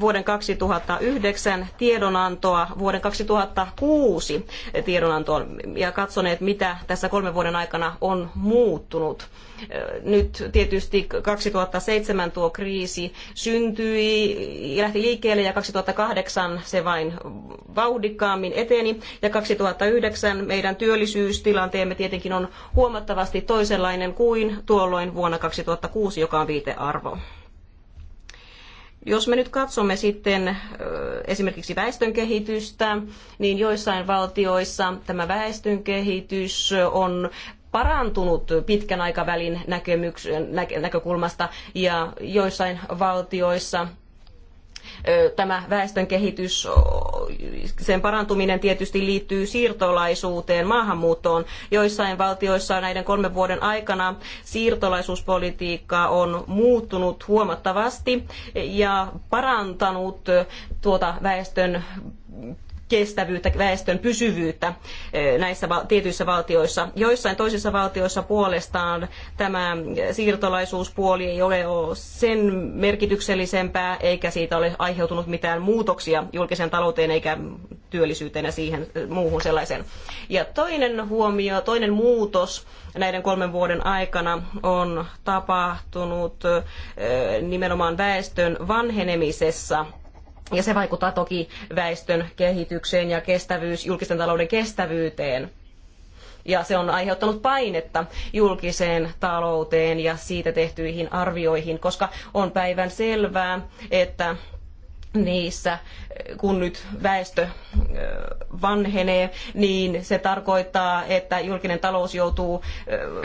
vuoden 2009 tiedonantoa vuoden 2006 tiedonantoon ja katsoneet, mitä tässä kolmen vuoden aikana on muuttunut. Nyt tietysti 2007 tuo kriisi syntyi, lähti liikkeelle ja 2008 se vain vauhdikkaammin eteni ja 2009 meidän työllisyystilanteemme tietenkin on huomattavasti toisenlainen kuin tuolloin vuonna 2006, joka on viitearvo. Jos me nyt katsomme sitten esimerkiksi väestön kehitystä, niin joissain valtioissa tämä väestön kehitys on parantunut pitkän aikavälin näkökulmasta ja joissain valtioissa Tämä väestön kehitys, sen parantuminen tietysti liittyy siirtolaisuuteen, maahanmuuttoon. Joissain valtioissa näiden kolmen vuoden aikana siirtolaisuuspolitiikka on muuttunut huomattavasti ja parantanut tuota väestön kestävyyttä, väestön pysyvyyttä eh, näissä tietyissä valtioissa. Joissain toisissa valtioissa puolestaan tämä eh, siirtolaisuuspuoli ei ole sen merkityksellisempää, eikä siitä ole aiheutunut mitään muutoksia julkiseen talouteen eikä työllisyyteen ja siihen eh, muuhun sellaiseen. Ja toinen huomio, toinen muutos näiden kolmen vuoden aikana on tapahtunut nimenomaan väestön vanhenemisessa – ja se vaikuttaa toki väestön kehitykseen ja kestävyys, julkisen talouden kestävyyteen. Ja se on aiheuttanut painetta julkiseen talouteen ja siitä tehtyihin arvioihin, koska on päivän selvää, että niissä kun nyt väestö vanhenee, niin se tarkoittaa, että julkinen talous joutuu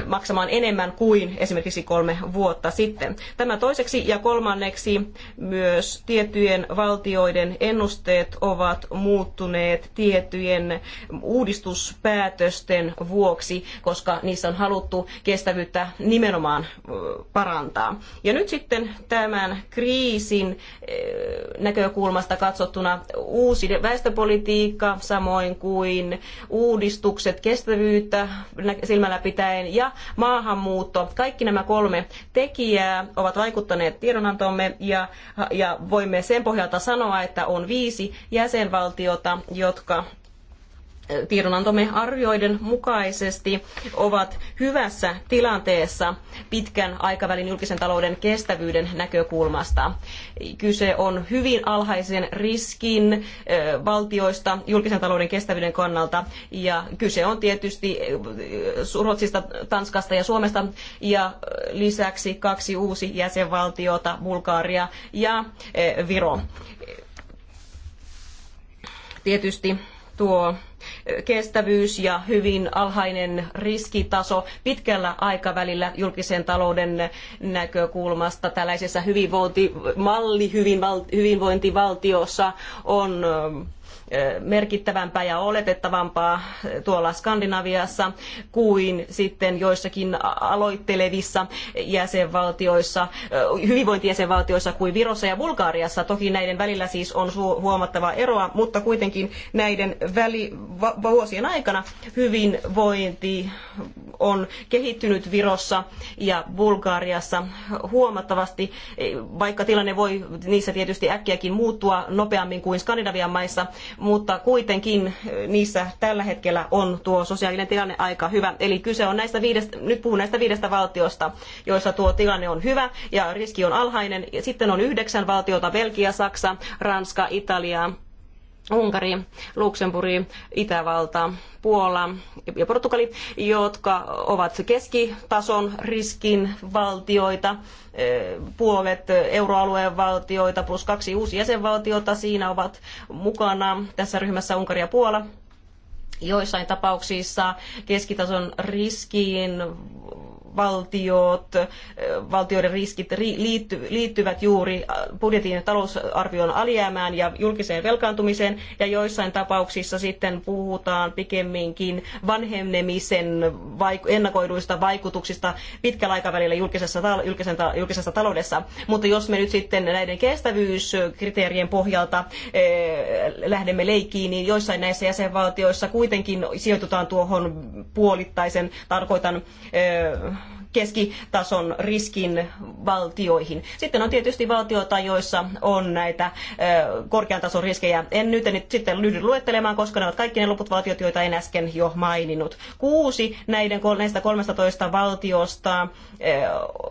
maksamaan enemmän kuin esimerkiksi kolme vuotta sitten. Tämä toiseksi ja kolmanneksi myös tiettyjen valtioiden ennusteet ovat muuttuneet tiettyjen uudistuspäätösten vuoksi, koska niissä on haluttu kestävyyttä nimenomaan parantaa. Ja nyt sitten tämän kriisin näkökulmasta katsottuna verrattuna uusi väestöpolitiikka, samoin kuin uudistukset kestävyyttä silmällä pitäen ja maahanmuutto. Kaikki nämä kolme tekijää ovat vaikuttaneet tiedonantomme ja, ja voimme sen pohjalta sanoa, että on viisi jäsenvaltiota, jotka tiedonantomme arvioiden mukaisesti ovat hyvässä tilanteessa pitkän aikavälin julkisen talouden kestävyyden näkökulmasta. Kyse on hyvin alhaisen riskin valtioista julkisen talouden kestävyyden kannalta ja kyse on tietysti Ruotsista, Tanskasta ja Suomesta ja lisäksi kaksi uusi jäsenvaltiota, Bulgaria ja Viro. Tietysti tuo kestävyys ja hyvin alhainen riskitaso pitkällä aikavälillä julkisen talouden näkökulmasta tällaisessa hyvinvointimalli hyvinvointivaltiossa on merkittävämpää ja oletettavampaa tuolla Skandinaviassa kuin sitten joissakin aloittelevissa jäsenvaltioissa, hyvinvointijäsenvaltioissa kuin Virossa ja Bulgariassa. Toki näiden välillä siis on huomattavaa eroa, mutta kuitenkin näiden väli, vuosien aikana hyvinvointi on kehittynyt Virossa ja Bulgariassa huomattavasti, vaikka tilanne voi niissä tietysti äkkiäkin muuttua nopeammin kuin Skandinavian maissa, mutta kuitenkin eh, niissä tällä hetkellä on tuo sosiaalinen tilanne aika hyvä. Eli kyse on näistä viidestä, nyt puhun näistä viidestä valtiosta, joissa tuo tilanne on hyvä ja riski on alhainen. Sitten on yhdeksän valtiota, Belgia, Saksa, Ranska, Italia, Unkari, Luxemburgi, Itävalta, Puola ja Portugali, jotka ovat keskitason riskin valtioita, puolet euroalueen valtioita plus kaksi uusi jäsenvaltiota. Siinä ovat mukana tässä ryhmässä Unkari ja Puola. Joissain tapauksissa keskitason riskiin valtiot, valtioiden riskit liittyvät juuri budjetin ja talousarvion alijäämään ja julkiseen velkaantumiseen, ja joissain tapauksissa sitten puhutaan pikemminkin vanhenemisen ennakoiduista vaikutuksista pitkällä aikavälillä julkisessa, taloudessa. Mutta jos me nyt sitten näiden kestävyyskriteerien pohjalta eh, lähdemme leikkiin, niin joissain näissä jäsenvaltioissa kuitenkin sijoitutaan tuohon puolittaisen, tarkoitan eh, keskitason riskin valtioihin. Sitten on tietysti valtioita, joissa on näitä korkean tason riskejä. En nyt, nyt sitten lyhdy luettelemaan, koska ne ovat kaikki ne loput valtiot, joita en äsken jo maininnut. Kuusi näiden, näistä 13 valtiosta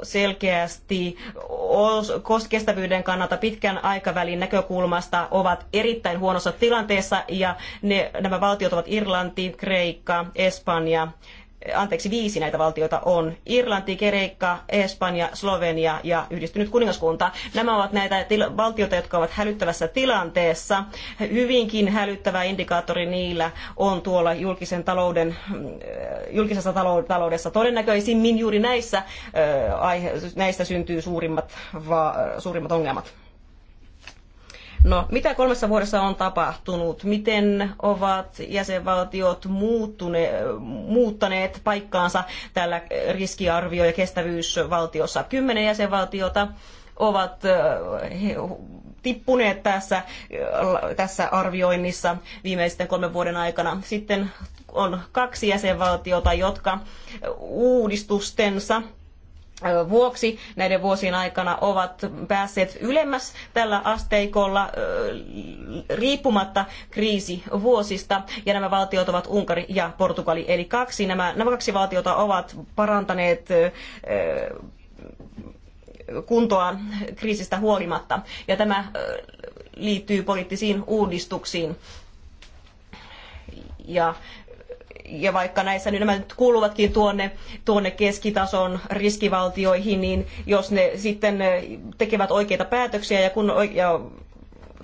selkeästi kestävyyden kannalta pitkän aikavälin näkökulmasta ovat erittäin huonossa tilanteessa ja ne, nämä valtiot ovat Irlanti, Kreikka, Espanja, anteeksi, viisi näitä valtioita on. Irlanti, Kreikka, Espanja, Slovenia ja yhdistynyt kuningaskunta. Nämä ovat näitä valtioita, jotka ovat hälyttävässä tilanteessa. Hyvinkin hälyttävä indikaattori niillä on tuolla julkisen talouden, äh, julkisessa taloudessa. Todennäköisimmin juuri näissä, äh, näistä syntyy suurimmat, suurimmat ongelmat. No, mitä kolmessa vuodessa on tapahtunut? Miten ovat jäsenvaltiot muuttune, muuttaneet paikkaansa tällä riskiarvio- ja kestävyysvaltiossa? Kymmenen jäsenvaltiota ovat tippuneet tässä, tässä arvioinnissa viimeisten kolmen vuoden aikana. Sitten on kaksi jäsenvaltiota, jotka uudistustensa vuoksi näiden vuosien aikana ovat päässeet ylemmäs tällä asteikolla riippumatta kriisivuosista. Ja nämä valtiot ovat Unkari ja Portugali. Eli kaksi, nämä, nämä kaksi valtiota ovat parantaneet kuntoa kriisistä huolimatta. Ja tämä liittyy poliittisiin uudistuksiin ja ja vaikka näissä niin nämä nyt kuuluvatkin tuonne, tuonne keskitason riskivaltioihin, niin jos ne sitten eh, tekevät oikeita päätöksiä ja, kun, ja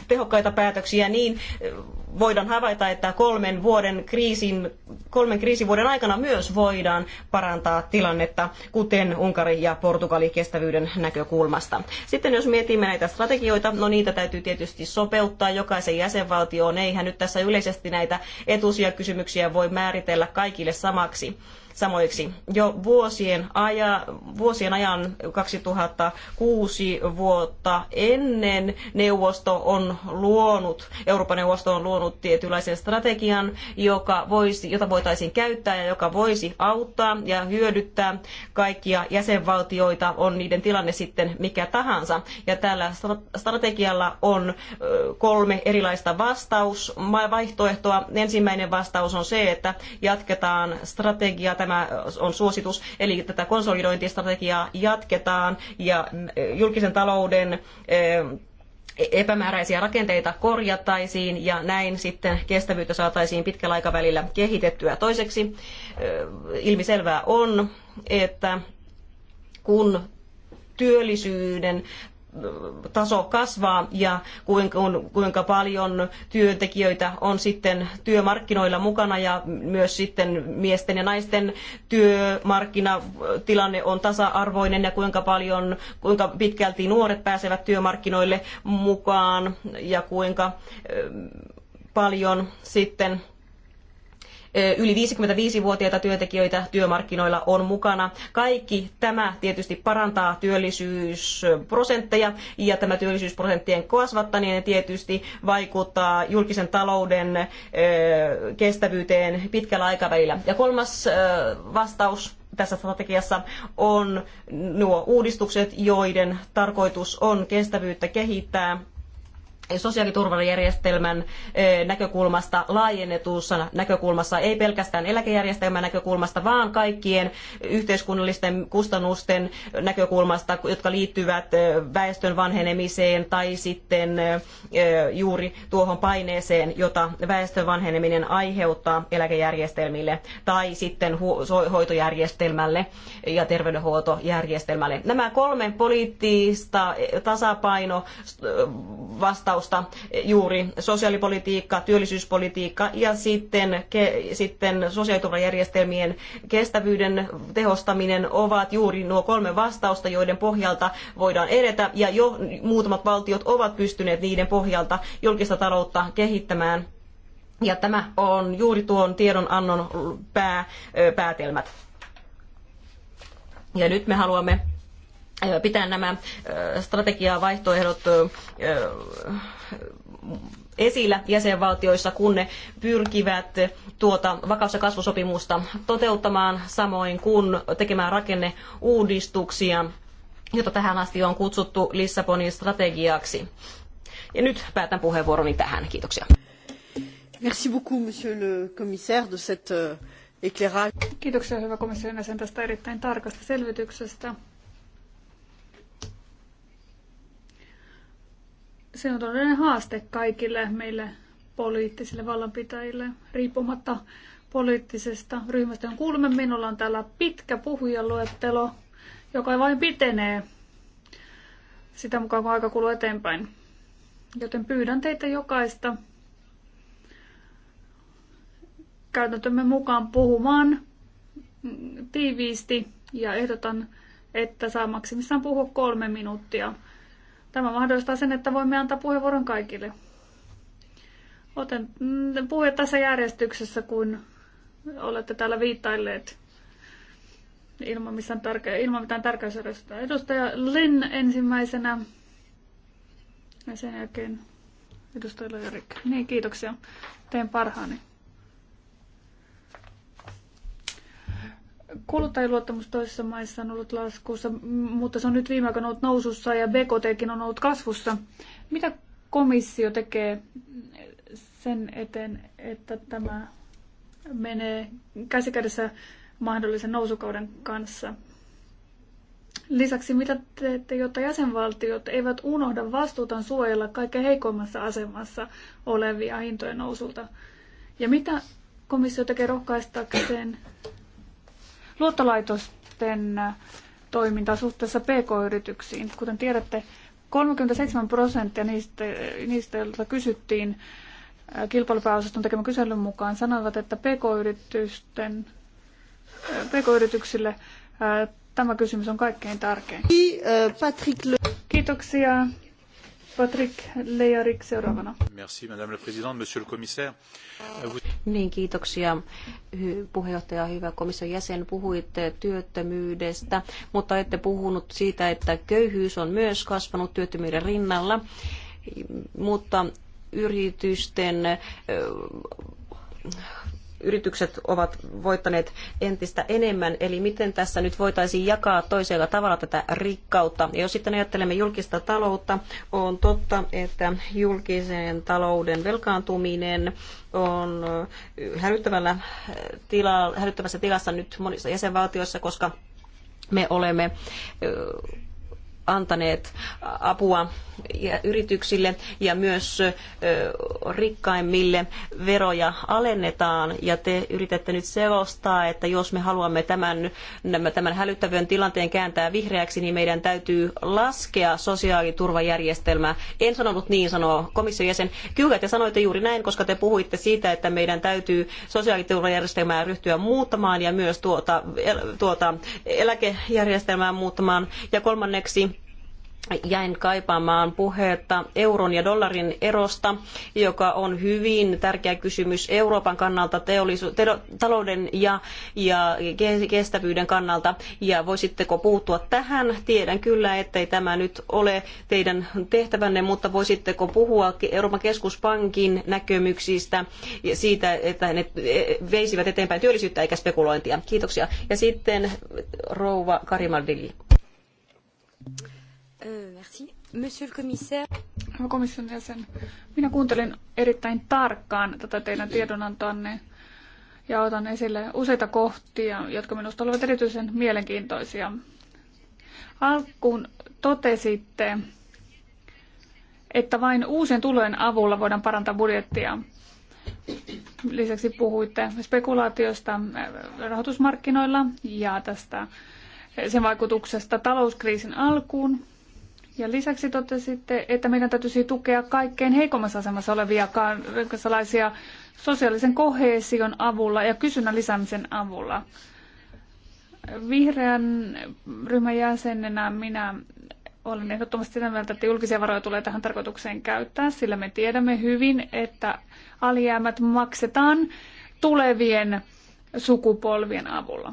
tehokkaita päätöksiä, niin eh, voidaan havaita, että kolmen, vuoden kriisin, kolmen kriisivuoden aikana myös voidaan parantaa tilannetta, kuten Unkari ja Portugali kestävyyden näkökulmasta. Sitten jos mietimme näitä strategioita, no niitä täytyy tietysti sopeuttaa jokaisen jäsenvaltioon. Eihän nyt tässä yleisesti näitä etusijakysymyksiä voi määritellä kaikille samaksi samoiksi. Jo vuosien, aja, vuosien ajan 2006 vuotta ennen neuvosto on luonut, Euroopan neuvosto on luonut tietynlaisen strategian, joka voisi, jota voitaisiin käyttää ja joka voisi auttaa ja hyödyttää kaikkia jäsenvaltioita, on niiden tilanne sitten mikä tahansa. Ja tällä strategialla on kolme erilaista vastausvaihtoehtoa. Ensimmäinen vastaus on se, että jatketaan strategiaa, tämä on suositus, eli tätä konsolidointistrategiaa jatketaan ja e, julkisen talouden e, epämääräisiä rakenteita korjattaisiin ja näin sitten kestävyyttä saataisiin pitkällä aikavälillä kehitettyä. Toiseksi e, ilmiselvää on, että kun työllisyyden taso kasvaa ja kuinka, paljon työntekijöitä on sitten työmarkkinoilla mukana ja myös sitten miesten ja naisten työmarkkinatilanne on tasa-arvoinen ja kuinka paljon, kuinka pitkälti nuoret pääsevät työmarkkinoille mukaan ja kuinka eh, paljon sitten yli 55-vuotiaita työntekijöitä työmarkkinoilla on mukana. Kaikki tämä tietysti parantaa työllisyysprosentteja ja tämä työllisyysprosenttien kasvattaminen tietysti vaikuttaa julkisen talouden kestävyyteen pitkällä aikavälillä. Ja kolmas vastaus tässä strategiassa on nuo uudistukset, joiden tarkoitus on kestävyyttä kehittää sosiaaliturvajärjestelmän näkökulmasta laajennetussa näkökulmassa, ei pelkästään eläkejärjestelmän näkökulmasta, vaan kaikkien yhteiskunnallisten kustannusten näkökulmasta, jotka liittyvät väestön vanhenemiseen tai sitten juuri tuohon paineeseen, jota väestön vanheneminen aiheuttaa eläkejärjestelmille tai sitten hoitojärjestelmälle ja terveydenhuoltojärjestelmälle. Nämä kolme poliittista tasapaino vastausta tausta eh, juuri sosiaalipolitiikka, työllisyyspolitiikka ja sitten, ke, sitten sosiaaliturvajärjestelmien kestävyyden tehostaminen ovat juuri nuo kolme vastausta, joiden pohjalta voidaan edetä ja jo muutamat valtiot ovat pystyneet niiden pohjalta julkista taloutta kehittämään. Ja tämä on juuri tuon tiedonannon pää, päätelmät. Ja nyt me haluamme pitää nämä strategiavaihtoehdot esillä jäsenvaltioissa, kun ne pyrkivät tuota vakaus- ja kasvusopimusta toteuttamaan, samoin kuin tekemään rakenneuudistuksia, jota tähän asti on kutsuttu Lissabonin strategiaksi. Ja nyt päätän puheenvuoroni tähän. Kiitoksia. Merci beaucoup, monsieur le commissaire, de cette euh, éclairage. Kiitoksia, hyvä komission jäsen, tästä erittäin tarkasta selvityksestä. Se on todellinen haaste kaikille meille poliittisille vallanpitäjille, riippumatta poliittisesta ryhmästä, On kuulemme, Minulla on täällä pitkä puhujaluettelo, joka vain pitenee sitä mukaan, kun aika kuluu eteenpäin. Joten pyydän teitä jokaista käytäntömme mukaan puhumaan tiiviisti ja ehdotan, että saa maksimissaan puhua kolme minuuttia. Tämä mahdollistaa sen, että voimme antaa puheenvuoron kaikille. Otan mm, puhe tässä järjestyksessä, kun olette täällä viittailleet ilman, missään tärkeä, ilman mitään tärkeysjärjestystä. Edustaja Lin ensimmäisenä ja sen jälkeen edustaja Jarik. Niin, kiitoksia. Teen parhaani. Kuluttajaluottamus toisissa maissa on ollut laskussa, mutta se on nyt viime aikoina ollut nousussa ja BKTkin on ollut kasvussa. Mitä komissio tekee sen eteen, että tämä menee käsikädessä mahdollisen nousukauden kanssa? Lisäksi mitä teette, jotta jäsenvaltiot eivät unohda vastuutan suojella kaikkein heikoimmassa asemassa olevia hintojen nousulta? Ja mitä komissio tekee rohkaistakseen luottolaitosten toimintaa suhteessa pk-yrityksiin. Kuten tiedätte, 37 prosenttia niistä, niistä joilta kysyttiin kilpailupääosaston tekemän kyselyn mukaan, sanovat, että pk-yritysten, pk-yrityksille tämä kysymys on kaikkein tärkein. Kiitoksia. Patrick Leijarik seuraavana. Merci, madame la présidente, monsieur le commissaire. Euh, niin, kiitoksia puheenjohtaja, hyvä komission jäsen. Puhuitte työttömyydestä, mutta ette puhunut siitä, että köyhyys on myös kasvanut työttömyyden rinnalla, mutta yritysten yritykset ovat voittaneet entistä enemmän, eli miten tässä nyt voitaisiin jakaa toisella tavalla tätä rikkautta. Ja jos sitten ajattelemme julkista taloutta, on totta, että julkisen talouden velkaantuminen on hälyttävällä tila, hälyttävässä tilassa nyt monissa jäsenvaltioissa, koska me olemme antaneet apua yrityksille ja myös rikkaimmille veroja alennetaan. Ja te yritätte nyt selostaa, että jos me haluamme tämän, tämän hälyttävän tilanteen kääntää vihreäksi, niin meidän täytyy laskea sosiaaliturvajärjestelmää. En sanonut niin, sanoo komission jäsen. Kyllä te sanoitte juuri näin, koska te puhuitte siitä, että meidän täytyy sosiaaliturvajärjestelmää ryhtyä muuttamaan ja myös tuota, tuota eläkejärjestelmää muuttamaan. Ja kolmanneksi jäin kaipaamaan puhetta euron ja dollarin erosta, joka on hyvin tärkeä kysymys Euroopan kannalta, teollisu- te- talouden ja, ja kestävyyden kannalta. Ja voisitteko puuttua tähän? Tiedän kyllä, ettei tämä nyt ole teidän tehtävänne, mutta voisitteko puhua Euroopan keskuspankin näkemyksistä ja siitä, että ne veisivät eteenpäin työllisyyttä eikä spekulointia. Kiitoksia. Ja sitten rouva Karimaldili. Euh, merci. Monsieur le commissaire. Komission jäsen, minä kuuntelin erittäin tarkkaan tätä teidän tiedonantoanne ja otan esille useita kohtia, jotka minusta olivat erityisen mielenkiintoisia. Alkuun totesitte, että vain uusien tulojen avulla voidaan parantaa budjettia. Lisäksi puhuitte spekulaatiosta äh, rahoitusmarkkinoilla ja tästä sen vaikutuksesta talouskriisin alkuun ja lisäksi totesitte, että meidän täytyisi tukea kaikkein heikommassa asemassa olevia kansalaisia sosiaalisen koheesion avulla ja kysynnän lisäämisen avulla. Vihreän ryhmän jäsenenä minä olen ehdottomasti sitä mieltä, että julkisia varoja tulee tähän tarkoitukseen käyttää, sillä me tiedämme hyvin, että alijäämät maksetaan tulevien sukupolvien avulla.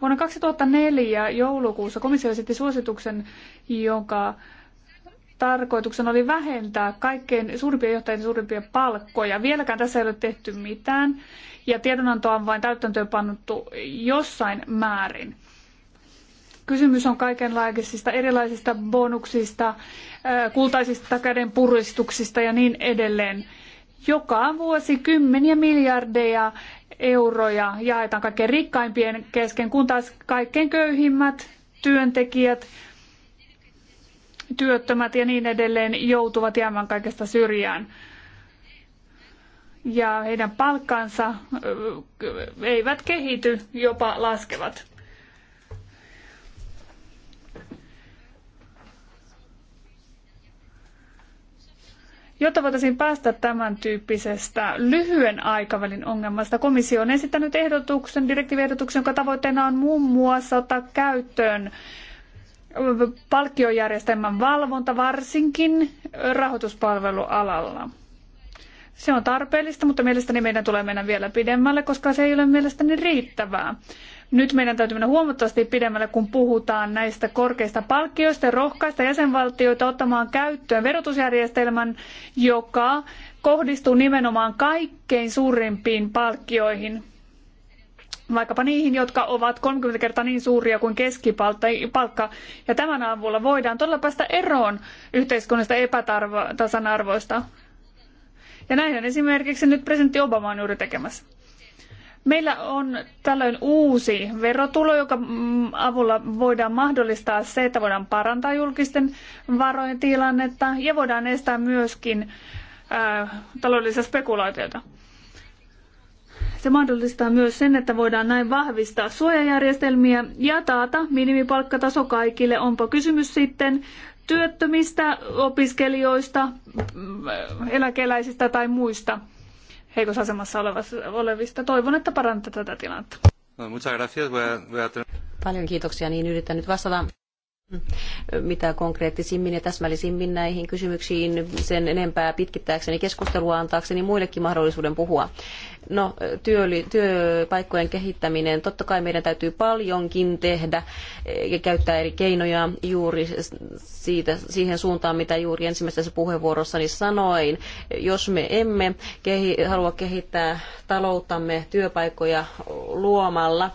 Vuonna 2004 joulukuussa komissio esitti suosituksen, jonka tarkoituksena oli vähentää kaikkein suurimpien johtajien suurimpia palkkoja. Vieläkään tässä ei ole tehty mitään ja tiedonantoa on vain täyttäntöön pannuttu jossain määrin. Kysymys on kaikenlaisista erilaisista bonuksista, kultaisista kädenpuristuksista ja niin edelleen. Joka vuosi kymmeniä miljardeja euroja jaetaan kaikkein rikkaimpien kesken, kun taas kaikkein köyhimmät työntekijät, työttömät ja niin edelleen joutuvat jäämään kaikesta syrjään. Ja heidän palkkansa eivät kehity, jopa laskevat. Jotta voitaisiin päästä tämän tyyppisestä lyhyen aikavälin ongelmasta, komissio on esittänyt ehdotuksen, direktiiviehdotuksen, jonka tavoitteena on muun muassa ottaa käyttöön palkkiojärjestelmän valvonta varsinkin rahoituspalvelualalla. Se on tarpeellista, mutta mielestäni meidän tulee mennä vielä pidemmälle, koska se ei ole mielestäni riittävää. Nyt meidän täytyy mennä huomattavasti pidemmälle, kun puhutaan näistä korkeista palkkioista ja rohkaista jäsenvaltioita ottamaan käyttöön verotusjärjestelmän, joka kohdistuu nimenomaan kaikkein suurimpiin palkkioihin vaikkapa niihin, jotka ovat 30 kertaa niin suuria kuin keskipalkka. Ja tämän avulla voidaan todella päästä eroon yhteiskunnallisista epätasan arvoista. Ja näinhän esimerkiksi nyt presidentti Obama on juuri tekemässä. Meillä on tällöin uusi verotulo, joka avulla voidaan mahdollistaa se, että voidaan parantaa julkisten varojen tilannetta ja voidaan estää myöskin äh, taloudellisia spekulaatioita. Se mahdollistaa myös sen, että voidaan näin vahvistaa suojajärjestelmiä ja taata minimipalkkataso kaikille, onpa kysymys sitten työttömistä, opiskelijoista, eläkeläisistä tai muista heikossa asemassa olevista. Toivon, että parannatte tätä tilannetta. No, Paljon kiitoksia, niin yritän nyt vastata mitä konkreettisimmin ja täsmällisimmin näihin kysymyksiin sen enempää pitkittääkseni keskustelua antaakseni muillekin mahdollisuuden puhua. No, työpaikkojen kehittäminen, totta kai meidän täytyy paljonkin tehdä ja käyttää eri keinoja juuri siitä, siihen suuntaan, mitä juuri ensimmäisessä puheenvuorossani sanoin. Jos me emme kehi, halua kehittää talouttamme työpaikkoja luomalla,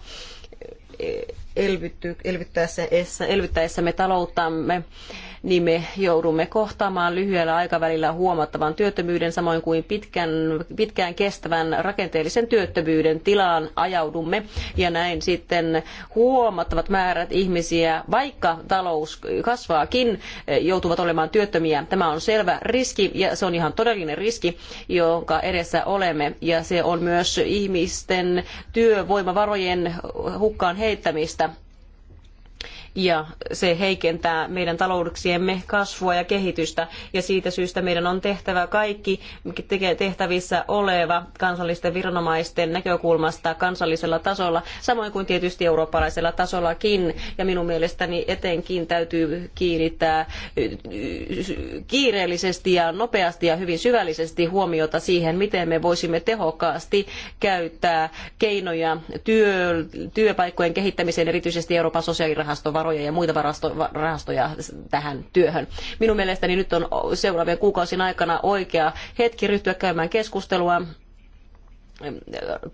elvyttäessä, elvyttäessämme talouttamme, niin me joudumme kohtaamaan lyhyellä aikavälillä huomattavan työttömyyden, samoin kuin pitkän, pitkään kestävän rakenteellisen työttömyyden tilaan ajaudumme. Ja näin sitten huomattavat määrät ihmisiä, vaikka talous kasvaakin, joutuvat olemaan työttömiä. Tämä on selvä riski ja se on ihan todellinen riski, jonka edessä olemme. Ja se on myös ihmisten työvoimavarojen hukkaan heittämistä ja se heikentää meidän talouksiemme kasvua ja kehitystä ja siitä syystä meidän on tehtävä kaikki tehtävissä oleva kansallisten viranomaisten näkökulmasta kansallisella tasolla, samoin kuin tietysti eurooppalaisella tasollakin ja minun mielestäni etenkin täytyy kiinnittää kiireellisesti ja nopeasti ja hyvin syvällisesti huomiota siihen, miten me voisimme tehokkaasti käyttää keinoja työ, työpaikkojen kehittämiseen erityisesti Euroopan sosiaalirahaston varoja ja muita varasto, rahastoja tähän työhön. Minun mielestäni nyt on seuraavien kuukausien aikana oikea hetki ryhtyä käymään keskustelua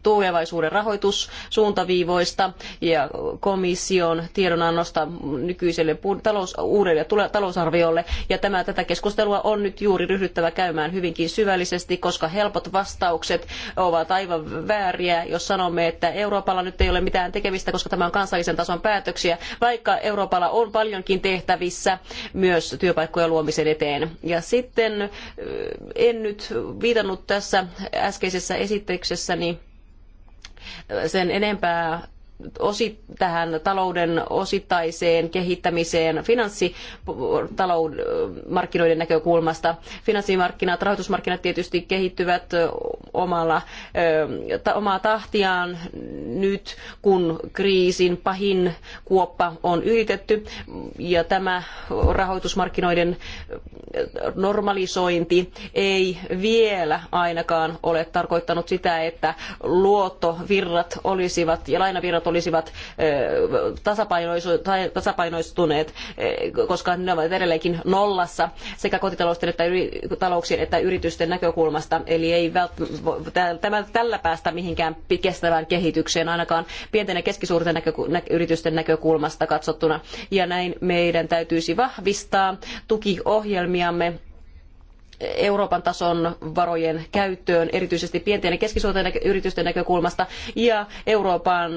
tulevaisuuden rahoitussuuntaviivoista ja komission tiedonannosta nykyiselle talous, uudelle talousarviolle. Ja tämä, tätä keskustelua on nyt juuri ryhdyttävä käymään hyvinkin syvällisesti, koska helpot vastaukset ovat aivan vääriä, jos sanomme, että Euroopalla nyt ei ole mitään tekemistä, koska tämä on kansallisen tason päätöksiä, vaikka Euroopalla on paljonkin tehtävissä myös työpaikkojen luomisen eteen. Ja sitten en nyt viitannut tässä äskeisessä esityksessä työssäni sen enempää osit tähän talouden osittaiseen kehittämiseen finanssimarkkinoiden näkökulmasta. Finanssimarkkinat, rahoitusmarkkinat tietysti kehittyvät omalla, ta, omaa tahtiaan nyt, kun kriisin pahin kuoppa on ylitetty ja tämä rahoitusmarkkinoiden normalisointi ei vielä ainakaan ole tarkoittanut sitä, että luottovirrat olisivat ja lainavirrat olisivat tasapainoistuneet, koska ne ovat edelleenkin nollassa sekä kotitalouksien että, yri, että yritysten näkökulmasta. Eli ei välttämättä tällä päästä mihinkään kestävään kehitykseen, ainakaan pienten ja keskisuurten näkö, nä, yritysten näkökulmasta katsottuna. Ja näin meidän täytyisi vahvistaa tukiohjelmiamme Euroopan tason varojen käyttöön, erityisesti pienten ja keskisuurten yritysten näkökulmasta, ja Euroopan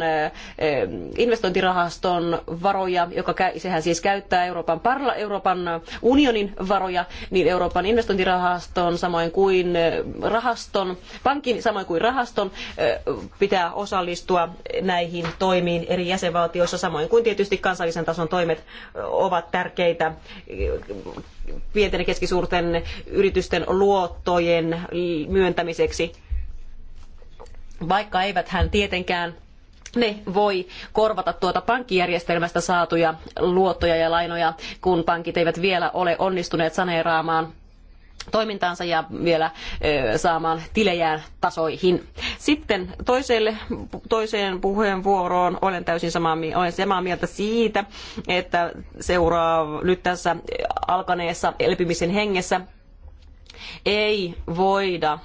investointirahaston varoja, joka sehän siis käyttää Euroopan, parla, Euroopan unionin varoja, niin Euroopan investointirahaston samoin kuin rahaston, pankin samoin kuin rahaston pitää osallistua näihin toimiin eri jäsenvaltioissa, samoin kuin tietysti kansallisen tason toimet ovat tärkeitä pienten ja keskisuurten yritysten yritysten luottojen myöntämiseksi, vaikka eivät hän tietenkään ne voi korvata tuota pankkijärjestelmästä saatuja luottoja ja lainoja, kun pankit eivät vielä ole onnistuneet saneeraamaan toimintaansa ja vielä saamaan tilejään tasoihin. Sitten toiselle, toiseen puheenvuoroon olen täysin samaa, olen samaa mieltä siitä, että seuraa nyt tässä alkaneessa elpymisen hengessä ei voida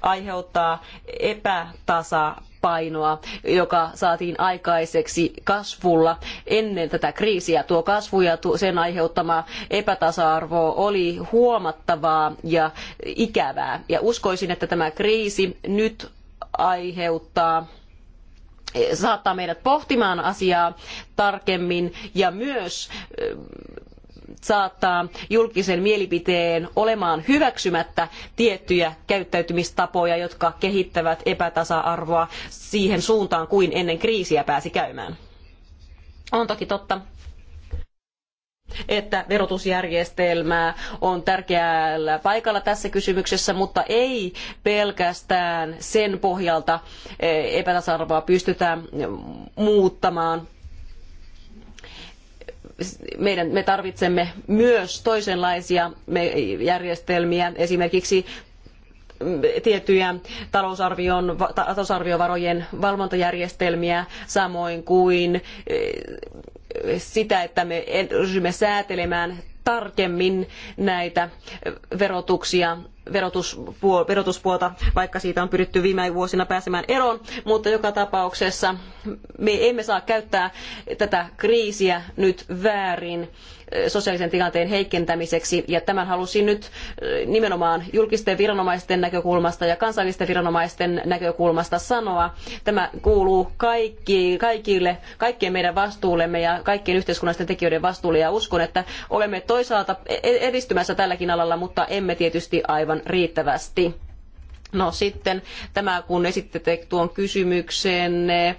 aiheuttaa epätasapainoa, joka saatiin aikaiseksi kasvulla ennen tätä kriisiä. Tuo kasvu ja sen aiheuttama epätasa-arvo oli huomattavaa ja ikävää. Ja uskoisin, että tämä kriisi nyt aiheuttaa saattaa meidät pohtimaan asiaa tarkemmin ja myös saattaa julkisen mielipiteen olemaan hyväksymättä tiettyjä käyttäytymistapoja, jotka kehittävät epätasa-arvoa siihen suuntaan kuin ennen kriisiä pääsi käymään. On toki totta, että verotusjärjestelmää on tärkeällä paikalla tässä kysymyksessä, mutta ei pelkästään sen pohjalta eh, epätasa-arvoa pystytään muuttamaan meidän, me tarvitsemme myös toisenlaisia järjestelmiä, esimerkiksi tiettyjä talousarvion, talousarviovarojen valvontajärjestelmiä, samoin kuin eh, sitä, että me ryhdymme säätelemään tarkemmin näitä verotuksia verotuspuolta, vaikka siitä on pyritty viime vuosina pääsemään eroon, mutta joka tapauksessa me emme saa käyttää tätä kriisiä nyt väärin eh, sosiaalisen tilanteen heikentämiseksi. Ja tämän halusin nyt eh, nimenomaan julkisten viranomaisten näkökulmasta ja kansallisten viranomaisten näkökulmasta sanoa. Tämä kuuluu kaikki, kaikille, kaikkien meidän vastuullemme ja kaikkien yhteiskunnallisten tekijöiden vastuulle. Ja uskon, että olemme toisaalta e- edistymässä tälläkin alalla, mutta emme tietysti aivan aivan riittävästi. No sitten tämä, kun esitette tuon kysymyksen eh,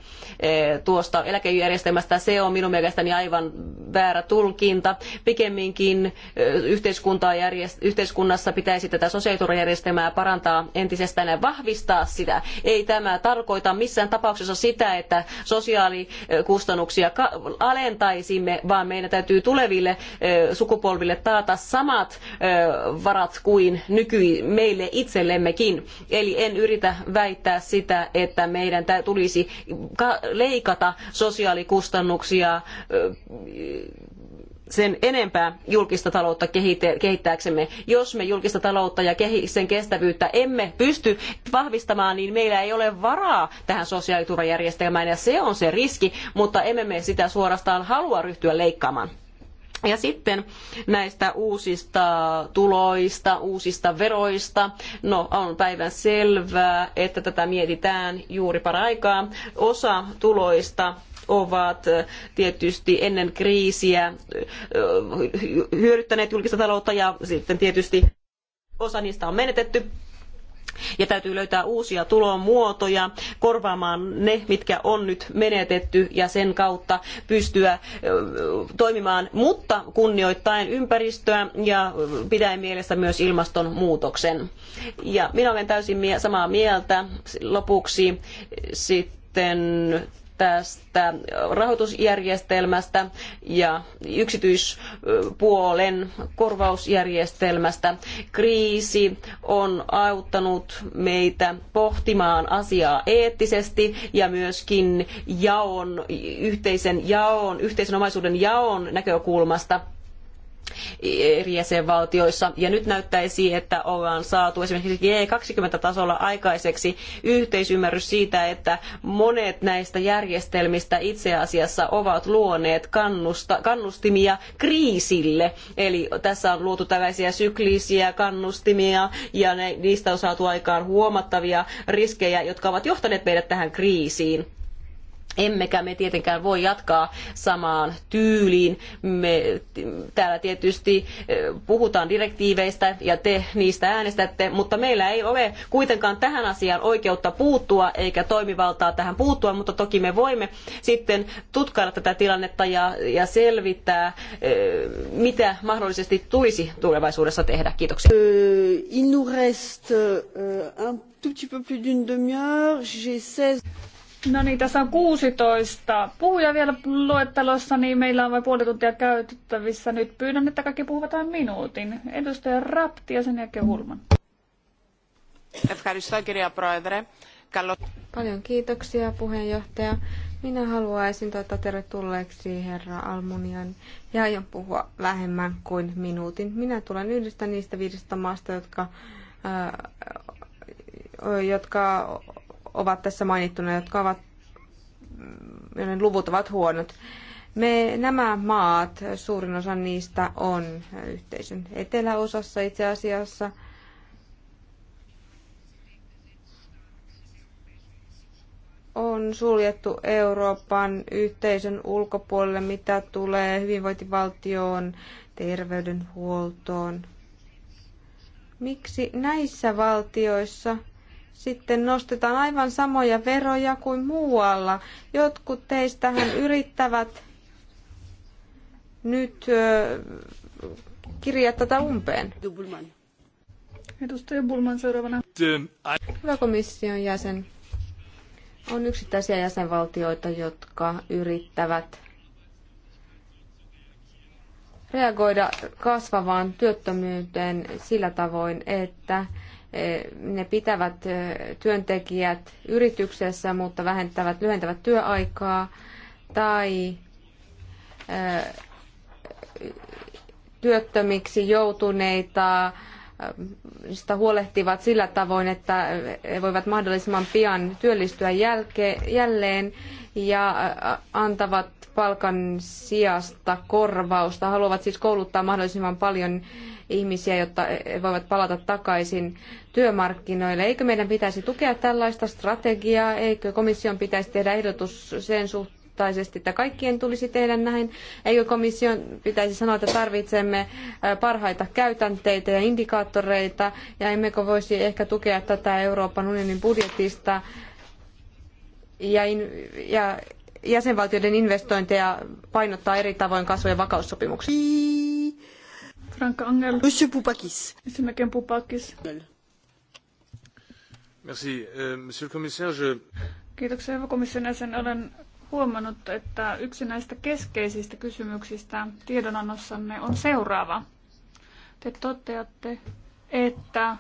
tuosta eläkejärjestelmästä, se on minun mielestäni aivan väärä tulkinta. Pikemminkin eh, yhteiskunnassa pitäisi tätä sosiaaliturvajärjestelmää parantaa entisestään ja vahvistaa sitä. Ei tämä tarkoita missään tapauksessa sitä, että sosiaalikustannuksia alentaisimme, vaan meidän täytyy tuleville eh, sukupolville taata samat varat kuin nyky meille itsellemmekin Eli en yritä väittää sitä, että meidän tulisi leikata sosiaalikustannuksia sen enempää julkista taloutta kehittääksemme. Jos me julkista taloutta ja sen kestävyyttä emme pysty vahvistamaan, niin meillä ei ole varaa tähän sosiaaliturvajärjestelmään ja se on se riski, mutta emme me sitä suorastaan halua ryhtyä leikkaamaan. Ja sitten näistä uusista tuloista, uusista veroista. No, on päivän selvää, että tätä mietitään juuri paraikaa. Osa tuloista ovat tietysti ennen kriisiä hyödyttäneet julkista taloutta ja sitten tietysti osa niistä on menetetty ja täytyy löytää uusia tulonmuotoja korvaamaan ne, mitkä on nyt menetetty ja sen kautta pystyä toimimaan, mutta kunnioittaen ympäristöä ja pitäen mielessä myös ilmastonmuutoksen. Ja minä olen täysin samaa mieltä lopuksi sitten tästä rahoitusjärjestelmästä ja yksityispuolen korvausjärjestelmästä. Kriisi on auttanut meitä pohtimaan asiaa eettisesti ja myöskin jaon, yhteisen jaon, yhteisen omaisuuden jaon näkökulmasta eri jäsenvaltioissa. Ja nyt näyttäisi, että ollaan saatu esimerkiksi G20-tasolla aikaiseksi yhteisymmärrys siitä, että monet näistä järjestelmistä itse asiassa ovat luoneet kannusta, kannustimia kriisille. Eli tässä on luotu tällaisia syklisiä kannustimia ja niistä on saatu aikaan huomattavia riskejä, jotka ovat johtaneet meidät tähän kriisiin Emmekä me tietenkään voi jatkaa samaan tyyliin. Me täällä tietysti e, puhutaan direktiiveistä ja te niistä äänestätte, mutta meillä ei ole kuitenkaan tähän asiaan oikeutta puuttua eikä toimivaltaa tähän puuttua, mutta toki me voimme sitten tutkailla tätä tilannetta ja, ja selvittää, e, mitä mahdollisesti tulisi tulevaisuudessa tehdä. Kiitoksia. Il nous reste e, un tout petit peu plus d'une demi-heure. J'ai 16... No niin, tässä on 16 puhuja vielä luettelossa, niin meillä on vain puoli tuntia käytettävissä. Nyt pyydän, että kaikki puhuvat vain minuutin. Edustaja Rapti ja sen jälkeen Hulman. Paljon kiitoksia puheenjohtaja. Minä haluaisin tuota tervetulleeksi herra Almunian ja aion puhua vähemmän kuin minuutin. Minä tulen yhdestä niistä viidestä maasta, jotka, äh, jotka ovat tässä mainittuna, jotka ovat, joiden luvut ovat huonot. Me, nämä maat, suurin osa niistä on yhteisön eteläosassa itse asiassa. On suljettu Euroopan yhteisön ulkopuolelle, mitä tulee hyvinvointivaltioon, terveydenhuoltoon. Miksi näissä valtioissa – sitten nostetaan aivan samoja veroja kuin muualla. Jotkut teistähän yrittävät nyt kirjaa tätä umpeen. Edustaja Bulman seuraavana. Hyvä komission jäsen. On yksittäisiä jäsenvaltioita, jotka yrittävät reagoida kasvavaan työttömyyteen sillä tavoin, että Eh, ne pitävät eh, työntekijät yrityksessä, mutta vähentävät, lyhentävät työaikaa tai eh, työttömiksi joutuneita sitä huolehtivat sillä tavoin, että he voivat mahdollisimman pian työllistyä jälleen ja antavat palkan sijasta korvausta. Haluavat siis kouluttaa mahdollisimman paljon ihmisiä, jotta he voivat palata takaisin työmarkkinoille. Eikö meidän pitäisi tukea tällaista strategiaa? Eikö komission pitäisi tehdä ehdotus sen suhtaisesti, että kaikkien tulisi tehdä näin. Eikö komission pitäisi sanoa, että tarvitsemme parhaita käytänteitä ja indikaattoreita, ja emmekö voisi ehkä tukea tätä Euroopan unionin budjetista ja, in, ja jäsenvaltioiden investointeja painottaa eri tavoin kasvu- ja vakaussopimuksia? Frank Angel. Monsieur Poupakis. Monsieur Pupakis. Merci, euh, monsieur le commissaire. Je... Kiitoksia, hyvä komission jäsen. Olen huomannut, että yksi näistä keskeisistä kysymyksistä tiedonannossanne on seuraava. Te toteatte, että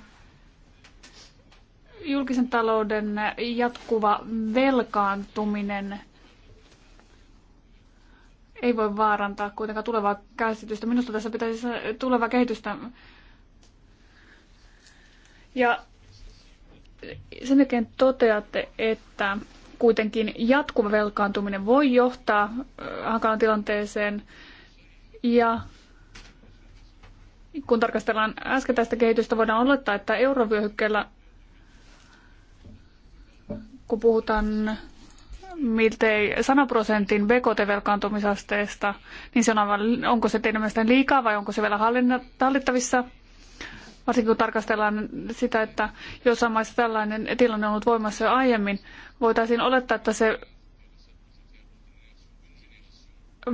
julkisen talouden jatkuva velkaantuminen ei voi vaarantaa kuitenkaan tulevaa käsitystä. Minusta tässä pitäisi tulevaa kehitystä. Ja sen jälkeen toteatte, että kuitenkin jatkuva velkaantuminen voi johtaa hankalan tilanteeseen. Ja kun tarkastellaan äsken tästä kehitystä, voidaan olettaa, että eurovyöhykkeellä, kun puhutaan miltei 100 prosentin BKT-velkaantumisasteesta, niin se on aivan, onko se teidän mielestänne liikaa vai onko se vielä hallittavissa? varsinkin kun tarkastellaan sitä, että jossain maissa tällainen tilanne on ollut voimassa jo aiemmin, voitaisiin olettaa, että se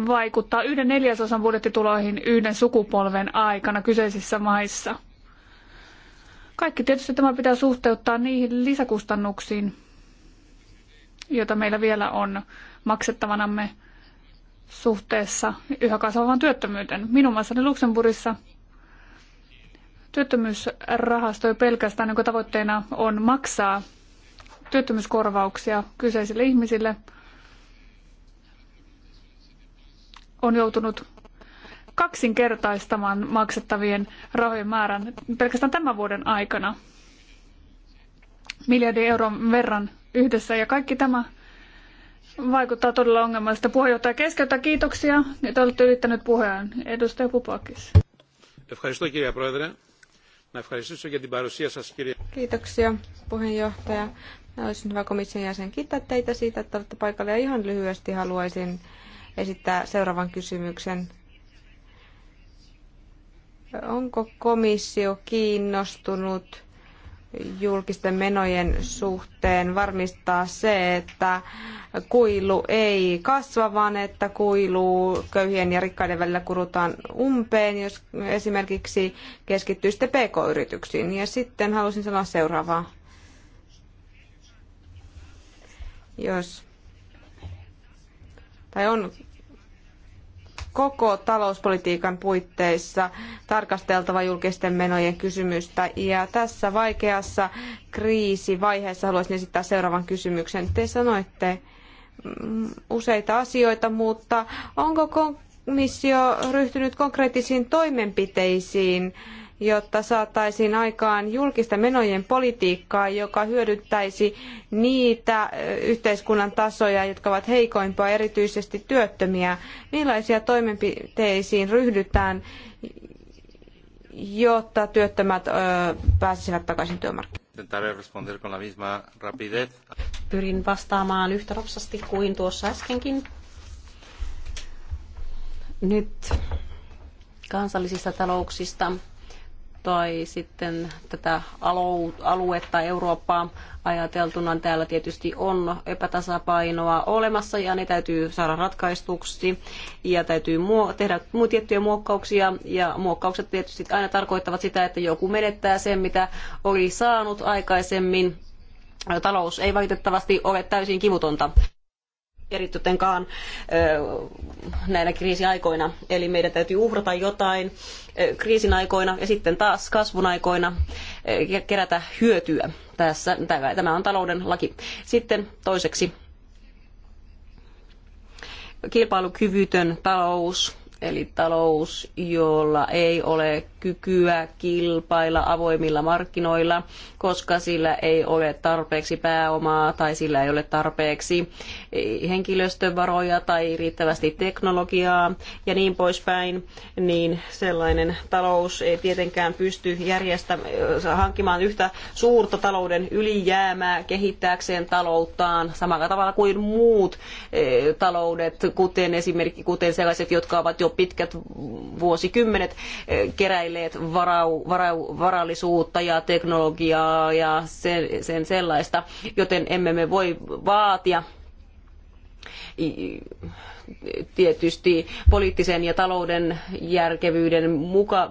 vaikuttaa yhden neljäsosan budjettituloihin yhden sukupolven aikana kyseisissä maissa. Kaikki tietysti tämä pitää suhteuttaa niihin lisäkustannuksiin, joita meillä vielä on maksettavanamme suhteessa yhä kasvavaan työttömyyteen. Minun maassani Luxemburgissa työttömyysrahasto ei pelkästään, jonka tavoitteena on maksaa työttömyyskorvauksia kyseisille ihmisille, on joutunut kaksinkertaistamaan maksettavien rahojen määrän pelkästään tämän vuoden aikana miljardin euron verran yhdessä. Ja kaikki tämä vaikuttaa todella ongelmallista. Puheenjohtaja keskeyttää kiitoksia. että olette ylittänyt puheen. Edustaja Pupakis. Ευχαριστώ κυρία Πρόεδρε. Να ευχαριστήσω για την παρουσία σας κύριε. Kiitoksia puheenjohtaja. Olisin hyvä komission jäsen kiittää teitä siitä, että olette paikalla. Ja ihan lyhyesti haluaisin esittää seuraavan kysymyksen. Onko komissio kiinnostunut julkisten menojen suhteen varmistaa se, että kuilu ei kasva, vaan että kuilu köyhien ja rikkaiden välillä kurutaan umpeen, jos esimerkiksi keskittyy sitten pk-yrityksiin. Ja sitten halusin sanoa seuraavaa. Jos tai on koko talouspolitiikan puitteissa tarkasteltava julkisten menojen kysymystä. Ja tässä vaikeassa kriisivaiheessa haluaisin esittää seuraavan kysymyksen. Te sanoitte mm, useita asioita, mutta onko komissio ryhtynyt konkreettisiin toimenpiteisiin? jotta saataisiin aikaan julkista menojen politiikkaa, joka hyödyttäisi niitä yhteiskunnan tasoja, jotka ovat heikoimpia, erityisesti työttömiä. Millaisia toimenpiteisiin ryhdytään, jotta työttömät ö, pääsisivät takaisin työmarkkinoille? Pyrin vastaamaan yhtä rapsasti kuin tuossa äskenkin. Nyt kansallisista talouksista tai sitten tätä aluetta Eurooppaa ajateltuna täällä tietysti on epätasapainoa olemassa ja ne täytyy saada ratkaistuksi ja täytyy tehdä tiettyjä muokkauksia ja muokkaukset tietysti aina tarkoittavat sitä, että joku menettää sen, mitä oli saanut aikaisemmin. Talous ei valitettavasti ole täysin kivutonta eritytenkaan näinä kriisiaikoina. Eli meidän täytyy uhrata jotain kriisin aikoina ja sitten taas kasvun aikoina kerätä hyötyä. Tässä, tämä on talouden laki. Sitten toiseksi kilpailukyvytön talous Eli talous, jolla ei ole kykyä kilpailla avoimilla markkinoilla, koska sillä ei ole tarpeeksi pääomaa tai sillä ei ole tarpeeksi henkilöstövaroja tai riittävästi teknologiaa ja niin poispäin, niin sellainen talous ei tietenkään pysty järjestämään, hankkimaan yhtä suurta talouden ylijäämää kehittääkseen talouttaan samalla tavalla kuin muut eh, taloudet, kuten esimerkiksi kuten sellaiset, jotka ovat jo jo pitkät vuosikymmenet eh, keräilleet varau, varau, varallisuutta ja teknologiaa ja sen, sen sellaista, joten emme me voi vaatia tietysti poliittisen ja talouden järkevyyden muka,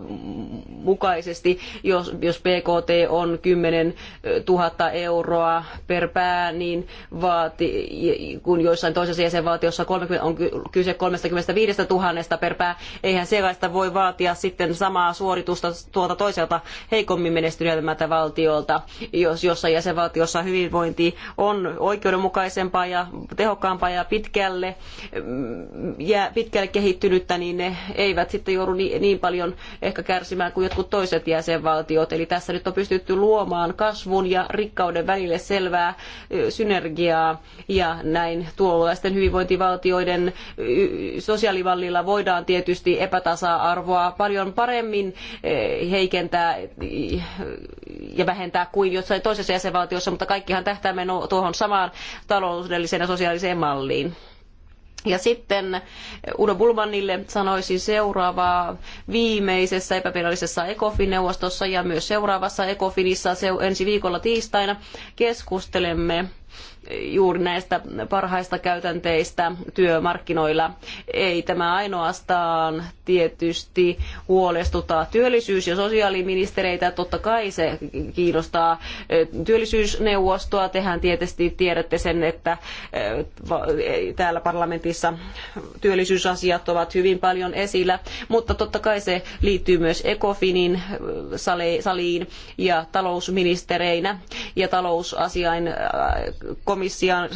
mukaisesti, jos, jos PKT on 10 000 euroa per pää, niin vaati, kun joissain toisessa jäsenvaltiossa 30, on kyse 35 000 per pää, eihän sellaista voi vaatia sitten samaa suoritusta tuolta toiselta heikommin menestyneeltä valtiolta, jos jossain jäsenvaltiossa hyvinvointi on oikeudenmukaisempaa ja tehokkaampaa ja pitkälle jää pitkälle kehittynyttä, niin ne eivät sitten joudu niin, paljon ehkä kärsimään kuin jotkut toiset jäsenvaltiot. Eli tässä nyt on pystytty luomaan kasvun ja rikkauden välille selvää synergiaa ja näin tuollaisten hyvinvointivaltioiden sosiaalivallilla voidaan tietysti epätasa-arvoa paljon paremmin heikentää ja vähentää kuin jossain toisessa jäsenvaltiossa, mutta kaikkihan tähtää tuohon samaan taloudelliseen ja sosiaaliseen malliin. Ja sitten Udo Bulmanille sanoisin seuraavaa viimeisessä epävirallisessa ECOFIN-neuvostossa ja myös seuraavassa ECOFINissa ensi viikolla tiistaina keskustelemme juuri näistä parhaista käytänteistä työmarkkinoilla. Ei tämä ainoastaan tietysti huolestuta työllisyys- ja sosiaaliministereitä, totta kai se kiinnostaa työllisyysneuvostoa. Tehän tietysti tiedätte sen, että täällä parlamentissa työllisyysasiat ovat hyvin paljon esillä, mutta totta kai se liittyy myös Ecofinin saliin ja talousministereinä ja talousasiain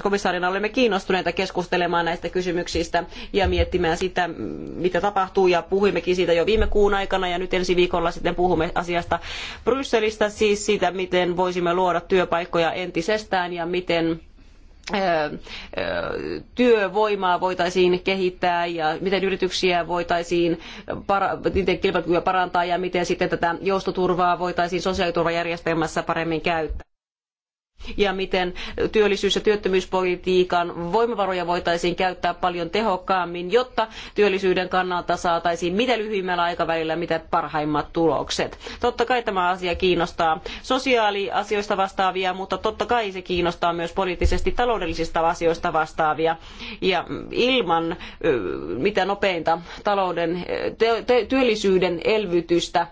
komissaarina olemme kiinnostuneita keskustelemaan näistä kysymyksistä ja miettimään sitä, mitä tapahtuu. Ja puhuimmekin siitä jo viime kuun aikana ja nyt ensi viikolla sitten puhumme asiasta Brysselistä, siis siitä, miten voisimme luoda työpaikkoja entisestään ja miten työvoimaa voitaisiin kehittää ja miten yrityksiä voitaisiin para- niiden kilpailukykyä parantaa ja miten sitten tätä joustoturvaa voitaisiin sosiaaliturvajärjestelmässä paremmin käyttää ja miten työllisyys- ja työttömyyspolitiikan voimavaroja voitaisiin käyttää paljon tehokkaammin, jotta työllisyyden kannalta saataisiin mitä lyhyimmällä aikavälillä mitä parhaimmat tulokset. Totta kai tämä asia kiinnostaa sosiaaliasioista vastaavia, mutta totta kai se kiinnostaa myös poliittisesti taloudellisista asioista vastaavia. Ja ilman mitä nopeinta talouden, työllisyyden elvytystä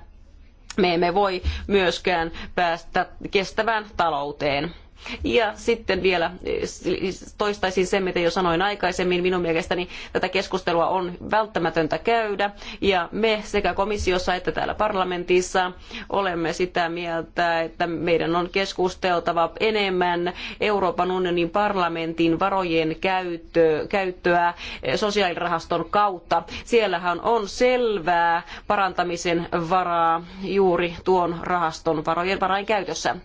me emme voi myöskään päästä kestävään talouteen. Ja sitten vielä eh, toistaisin sen, mitä jo sanoin aikaisemmin. Minun mielestäni tätä keskustelua on välttämätöntä käydä. Ja me sekä komissiossa että täällä parlamentissa olemme sitä mieltä, että meidän on keskusteltava enemmän Euroopan unionin parlamentin varojen käyttö, käyttöä eh, sosiaalirahaston kautta. Siellähän on selvää parantamisen varaa juuri tuon rahaston varojen varain käytössä.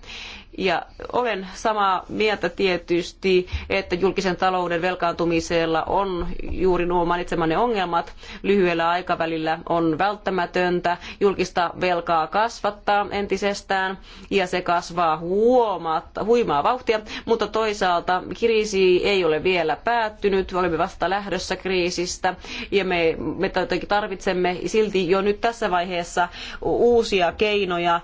Ja olen samaa mieltä tietysti, että julkisen talouden velkaantumisella on juuri nuo mainitsemanne ongelmat. Lyhyellä aikavälillä on välttämätöntä julkista velkaa kasvattaa entisestään ja se kasvaa huomatta, huimaa vauhtia, mutta toisaalta kriisi ei ole vielä päättynyt, olemme vasta lähdössä kriisistä ja me, me tarvitsemme silti jo nyt tässä vaiheessa uusia keinoja,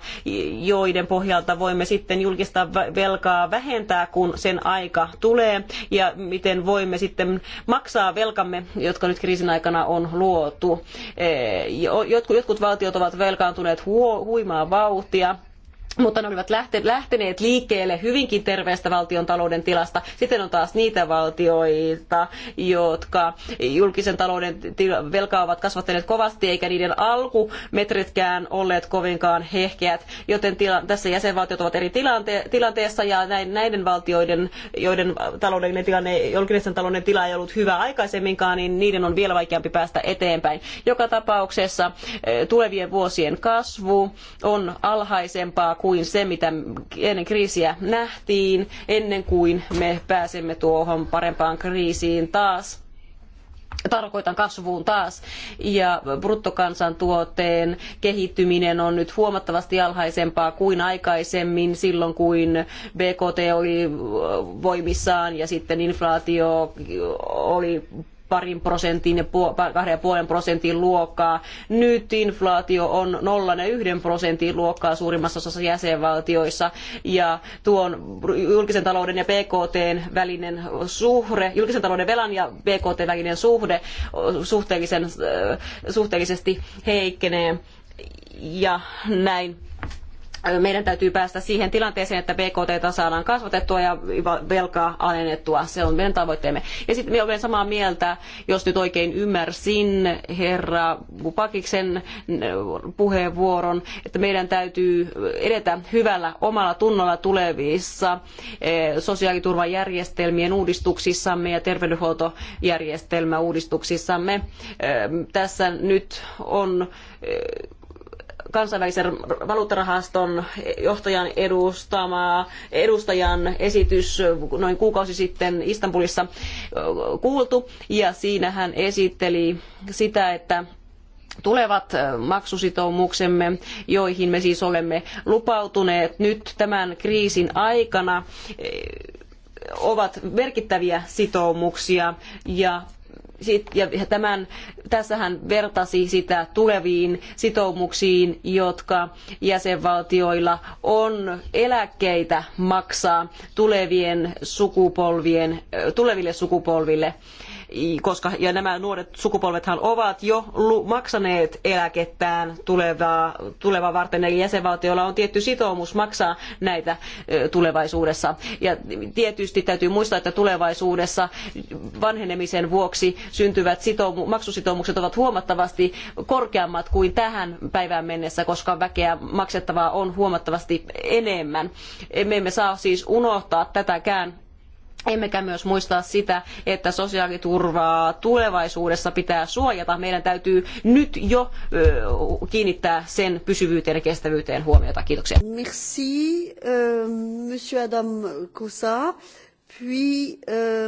joiden pohjalta voimme sitten julkisen julkista velkaa vähentää, kun sen aika tulee, ja miten voimme sitten maksaa velkamme, jotka nyt kriisin aikana on luotu. Eh, jotkut valtiot ovat velkaantuneet huimaa vauhtia, mutta ne olivat lähteneet liikkeelle hyvinkin terveestä valtion talouden tilasta. Sitten on taas niitä valtioita, jotka julkisen talouden tila, velkaa ovat kasvattaneet kovasti, eikä niiden alkumetritkään olleet kovinkaan hehkeät, joten tila, tässä jäsenvaltiot ovat eri tilante, tilanteessa ja näin, näiden valtioiden, joiden taloudellinen tilanne, julkisen talouden tila ei ollut hyvä aikaisemminkaan, niin niiden on vielä vaikeampi päästä eteenpäin. Joka tapauksessa eh, tulevien vuosien kasvu on alhaisempaa kuin se, mitä ennen kriisiä nähtiin, ennen kuin me pääsemme tuohon parempaan kriisiin taas tarkoitan kasvuun taas, ja bruttokansantuotteen kehittyminen on nyt huomattavasti alhaisempaa kuin aikaisemmin silloin, kuin BKT oli voimissaan ja sitten inflaatio oli parin prosentin ja kahden ja puolen prosentin luokkaa. Nyt inflaatio on nollan ja yhden prosentin luokkaa suurimmassa osassa jäsenvaltioissa ja tuon julkisen talouden ja BKT välinen suhde, julkisen talouden velan ja BKT välinen suhde suhteellisen, äh, suhteellisesti heikkenee ja näin meidän täytyy päästä siihen tilanteeseen, että BKT saadaan kasvatettua ja velkaa alennettua. Se on meidän tavoitteemme. Ja sitten me olen samaa mieltä, jos nyt oikein ymmärsin herra Pupakiksen mm, puheenvuoron, että meidän täytyy edetä hyvällä omalla tunnolla tulevissa eh, sosiaaliturvajärjestelmien uudistuksissamme ja terveydenhuoltojärjestelmäuudistuksissamme. Eh, tässä nyt on eh, kansainvälisen valuuttarahaston johtajan edustama, edustajan esitys noin kuukausi sitten Istanbulissa kuultu, ja siinä hän esitteli sitä, että tulevat maksusitoumuksemme, joihin me siis olemme lupautuneet nyt tämän kriisin aikana, ovat merkittäviä sitoumuksia ja ja tämän, tässä hän vertasi sitä tuleviin sitoumuksiin, jotka jäsenvaltioilla on eläkkeitä maksaa tulevien sukupolvien, tuleville sukupolville koska ja nämä nuoret sukupolvethan ovat jo maksaneet eläkettään tulevaa, tulevaa varten, eli jäsenvaltioilla on tietty sitoumus maksaa näitä tulevaisuudessa. Ja tietysti täytyy muistaa, että tulevaisuudessa vanhenemisen vuoksi syntyvät sitoumu- maksusitoumukset ovat huomattavasti korkeammat kuin tähän päivään mennessä, koska väkeä maksettavaa on huomattavasti enemmän. Me emme saa siis unohtaa tätäkään Emmekä myös muista sitä, että sosiaaliturvaa tulevaisuudessa pitää suojata. Meidän täytyy nyt jo kiinnittää sen pysyvyyteen ja kestävyyteen huomiota. Kiitoksia. Merci, monsieur Adam Kosa, puis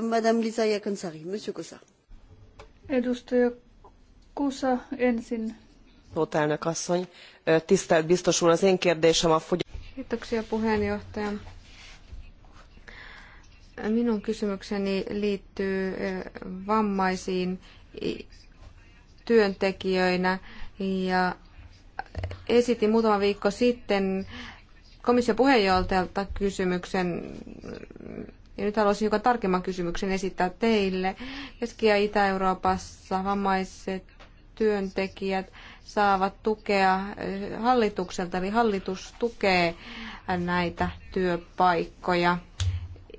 madame Lisa Jakansari. Monsieur Kosa. Edustaja Kosa ensin. Elnök asszony, tisztelt biztos úr, az én kérdésem a fogy... Kiitoksia puheenjohtaja Minun kysymykseni liittyy vammaisiin työntekijöinä ja esitin muutama viikko sitten komission puheenjohtajalta kysymyksen, ja nyt haluaisin hiukan tarkemman kysymyksen esittää teille. Keski- ja Itä-Euroopassa vammaiset työntekijät saavat tukea hallitukselta, eli hallitus tukee näitä työpaikkoja.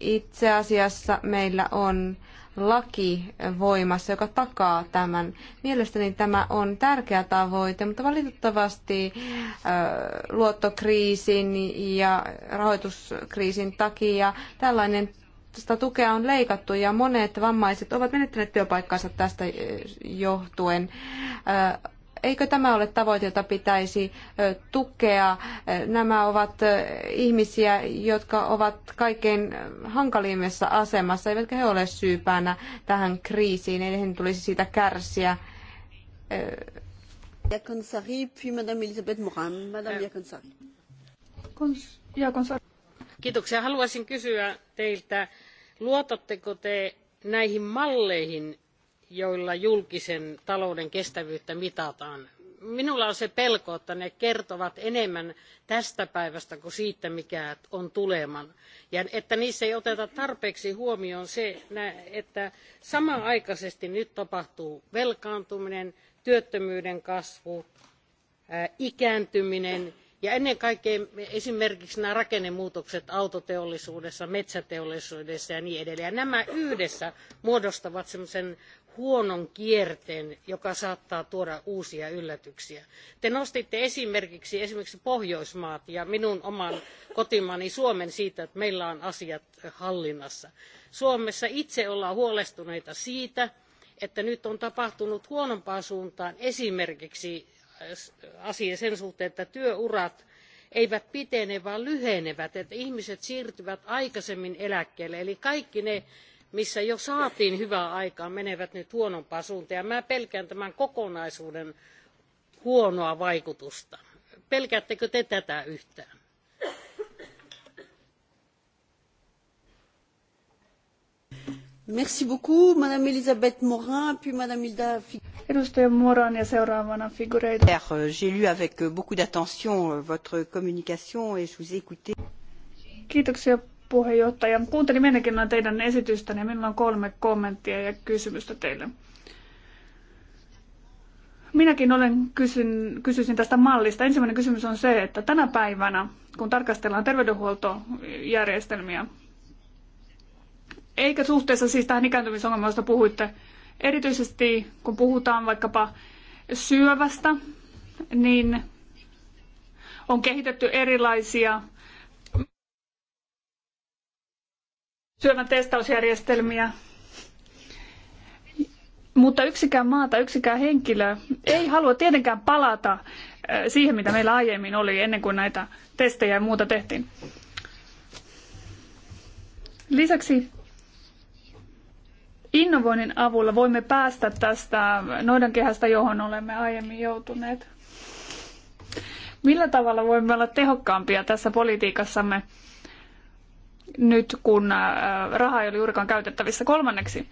Itse asiassa meillä on laki voimassa, joka takaa tämän. Mielestäni tämä on tärkeä tavoite, mutta valitettavasti luottokriisin ja rahoituskriisin takia tällainen sitä tukea on leikattu ja monet vammaiset ovat menettäneet työpaikkansa tästä johtuen. Eikö tämä ole tavoite, jota pitäisi tukea? Nämä ovat ihmisiä, jotka ovat kaikkein hankalimmassa asemassa, eivätkä he ole syypäänä tähän kriisiin, eli he tulisi siitä kärsiä. Jakonsari, puis Madame Elisabeth Moran. Madame Jakonsari. Kiitoksia. Haluaisin kysyä teiltä, luotatteko te näihin malleihin joilla julkisen talouden kestävyyttä mitataan. Minulla on se pelko, että ne kertovat enemmän tästä päivästä kuin siitä, mikä on tuleman. Ja että niissä ei oteta tarpeeksi huomioon se, että samanaikaisesti nyt tapahtuu velkaantuminen, työttömyyden kasvu, ikääntyminen ja ennen kaikkea esimerkiksi nämä rakennemuutokset autoteollisuudessa metsäteollisuudessa ja niin edelleen. Ja nämä yhdessä muodostavat semmoisen huonon kierteen, joka saattaa tuoda uusia yllätyksiä. Te nostitte esimerkiksi esimerkiksi Pohjoismaat ja minun oman kotimaani Suomen siitä, että meillä on asiat hallinnassa. Suomessa itse ollaan huolestuneita siitä, että nyt on tapahtunut huonompaan suuntaan esimerkiksi äh, asia sen suhteen, että työurat eivät pitene vaan lyhenevät, että ihmiset siirtyvät aikaisemmin eläkkeelle. Eli kaikki ne missä jo saatiin hyvää aikaan, menevät nyt huonompaan suuntaan. Ja mä pelkään tämän kokonaisuuden huonoa vaikutusta. Pelkäättekö te tätä yhtään? Merci beaucoup, Madame Elisabeth Morin, puis Madame Hilda Edustaja Moran ja seuraavana figureita. Euh, j'ai lu avec beaucoup d'attention euh, votre communication et je vous ai écouté. Kiitoksia puheenjohtaja. Kuuntelin noin teidän esitystänne niin ja minulla on kolme kommenttia ja kysymystä teille. Minäkin olen kysyn, kysyisin tästä mallista. Ensimmäinen kysymys on se, että tänä päivänä, kun tarkastellaan terveydenhuoltojärjestelmiä, eikä suhteessa siis tähän ikääntymisongelmaan, josta puhuitte, erityisesti kun puhutaan vaikkapa syövästä, niin on kehitetty erilaisia syövän testausjärjestelmiä. Mutta yksikään maata, yksikään henkilö ei halua tietenkään palata äh, siihen, mitä meillä aiemmin oli ennen kuin näitä testejä ja muuta tehtiin. Lisäksi innovoinnin avulla voimme päästä tästä noidankehästä, johon olemme aiemmin joutuneet. Millä tavalla voimme olla tehokkaampia tässä politiikassamme? nyt, kun äh, raha ei ole juurikaan käytettävissä. Kolmanneksi,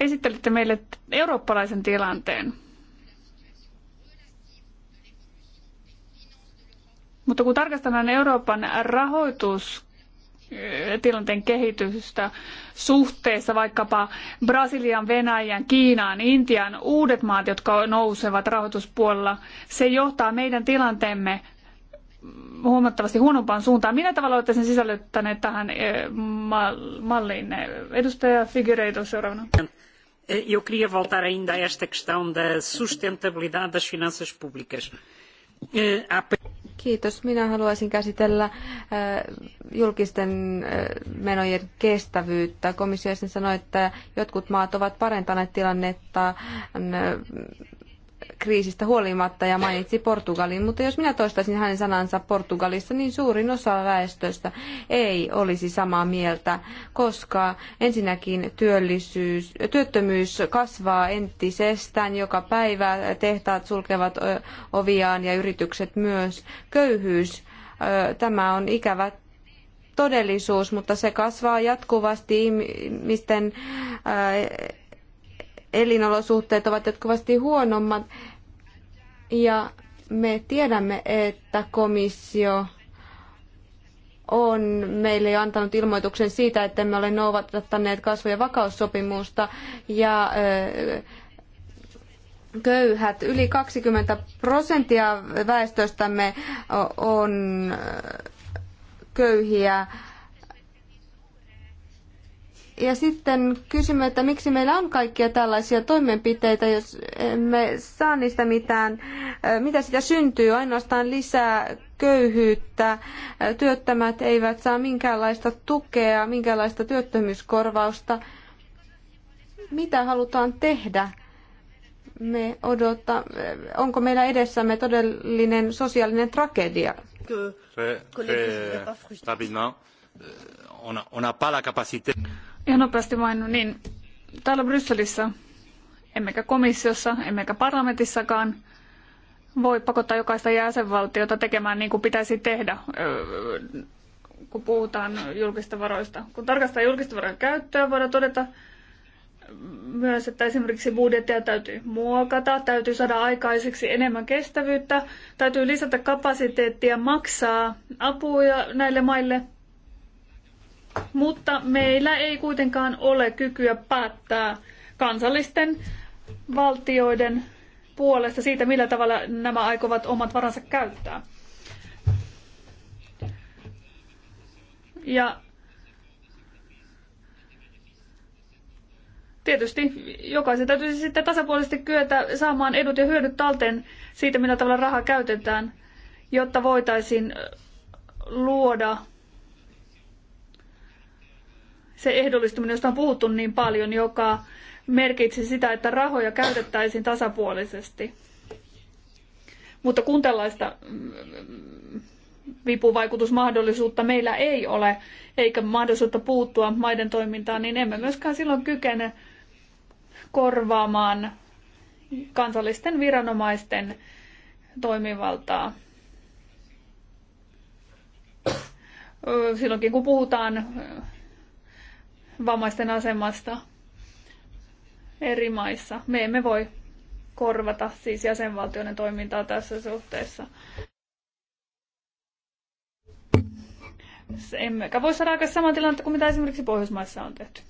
esittelitte meille eurooppalaisen tilanteen. Mutta kun tarkastellaan Euroopan rahoitus äh, tilanteen kehitystä suhteessa vaikkapa Brasilian, Venäjän, Kiinaan, Intian, uudet maat, jotka nousevat rahoituspuolella, se johtaa meidän tilanteemme huomattavasti huonompaan suuntaan. Minä tavalla olette sen sisällyttäneet tähän eh, malliin? Edustaja Figueiredo seuraavana. E, eu queria voltar ainda a esta questão da sustentabilidade das finanças públicas. E, Kiitos. Minä haluaisin käsitellä eh, julkisten eh, menojen kestävyyttä. Komissio sanoi, että jotkut maat ovat parentaneet tilannetta kriisistä huolimatta ja mainitsi Portugalin, mutta jos minä toistaisin hänen sanansa Portugalista, niin suurin osa väestöstä ei olisi samaa mieltä, koska ensinnäkin työllisyys, työttömyys kasvaa entisestään joka päivä, tehtaat sulkevat oviaan ja yritykset myös. Köyhyys, tämä on ikävä todellisuus, mutta se kasvaa jatkuvasti ihmisten elinolosuhteet ovat jatkuvasti huonommat ja me tiedämme, että komissio on meille jo antanut ilmoituksen siitä, että me olemme noudattaneet kasvu- ja vakaussopimusta ja köyhät. Yli 20 prosenttia väestöstämme on köyhiä ja sitten kysymme, että miksi meillä on kaikkia tällaisia toimenpiteitä, jos emme saa niistä mitään. Mitä sitä syntyy? Ainoastaan lisää köyhyyttä. Työttömät eivät saa minkäänlaista tukea, minkäänlaista työttömyyskorvausta. Mitä halutaan tehdä? Me odota, onko meillä edessämme todellinen sosiaalinen tragedia? Très, très rapidement, euh, on n'a pas la capacité. Ihan nopeasti vain, no niin täällä Brysselissä, emmekä komissiossa, emmekä parlamentissakaan, voi pakottaa jokaista jäsenvaltiota tekemään niin kuin pitäisi tehdä, öö, kun puhutaan julkista varoista. Kun tarkastaa julkista varojen käyttöä, voidaan todeta myös, että esimerkiksi budjettia täytyy muokata, täytyy saada aikaiseksi enemmän kestävyyttä, täytyy lisätä kapasiteettia maksaa apuja näille maille – mutta meillä ei kuitenkaan ole kykyä päättää kansallisten valtioiden puolesta siitä, millä tavalla nämä aikovat omat varansa käyttää. Ja tietysti jokaisen täytyisi sitten tasapuolisesti kyetä saamaan edut ja hyödyt talteen siitä, millä tavalla rahaa käytetään, jotta voitaisiin luoda se ehdollistuminen, josta on puhuttu niin paljon, joka merkitsi sitä, että rahoja käytettäisiin tasapuolisesti. Mutta kun tällaista mm, vipuvaikutusmahdollisuutta meillä ei ole, eikä mahdollisuutta puuttua maiden toimintaan, niin emme myöskään silloin kykene korvaamaan kansallisten viranomaisten toimivaltaa. Silloinkin kun puhutaan vammaisten asemasta eri maissa. Me emme voi korvata siis jäsenvaltioiden toimintaa tässä suhteessa. Emmekä voi saada aika samaa tilannetta kuin mitä esimerkiksi Pohjoismaissa on tehty.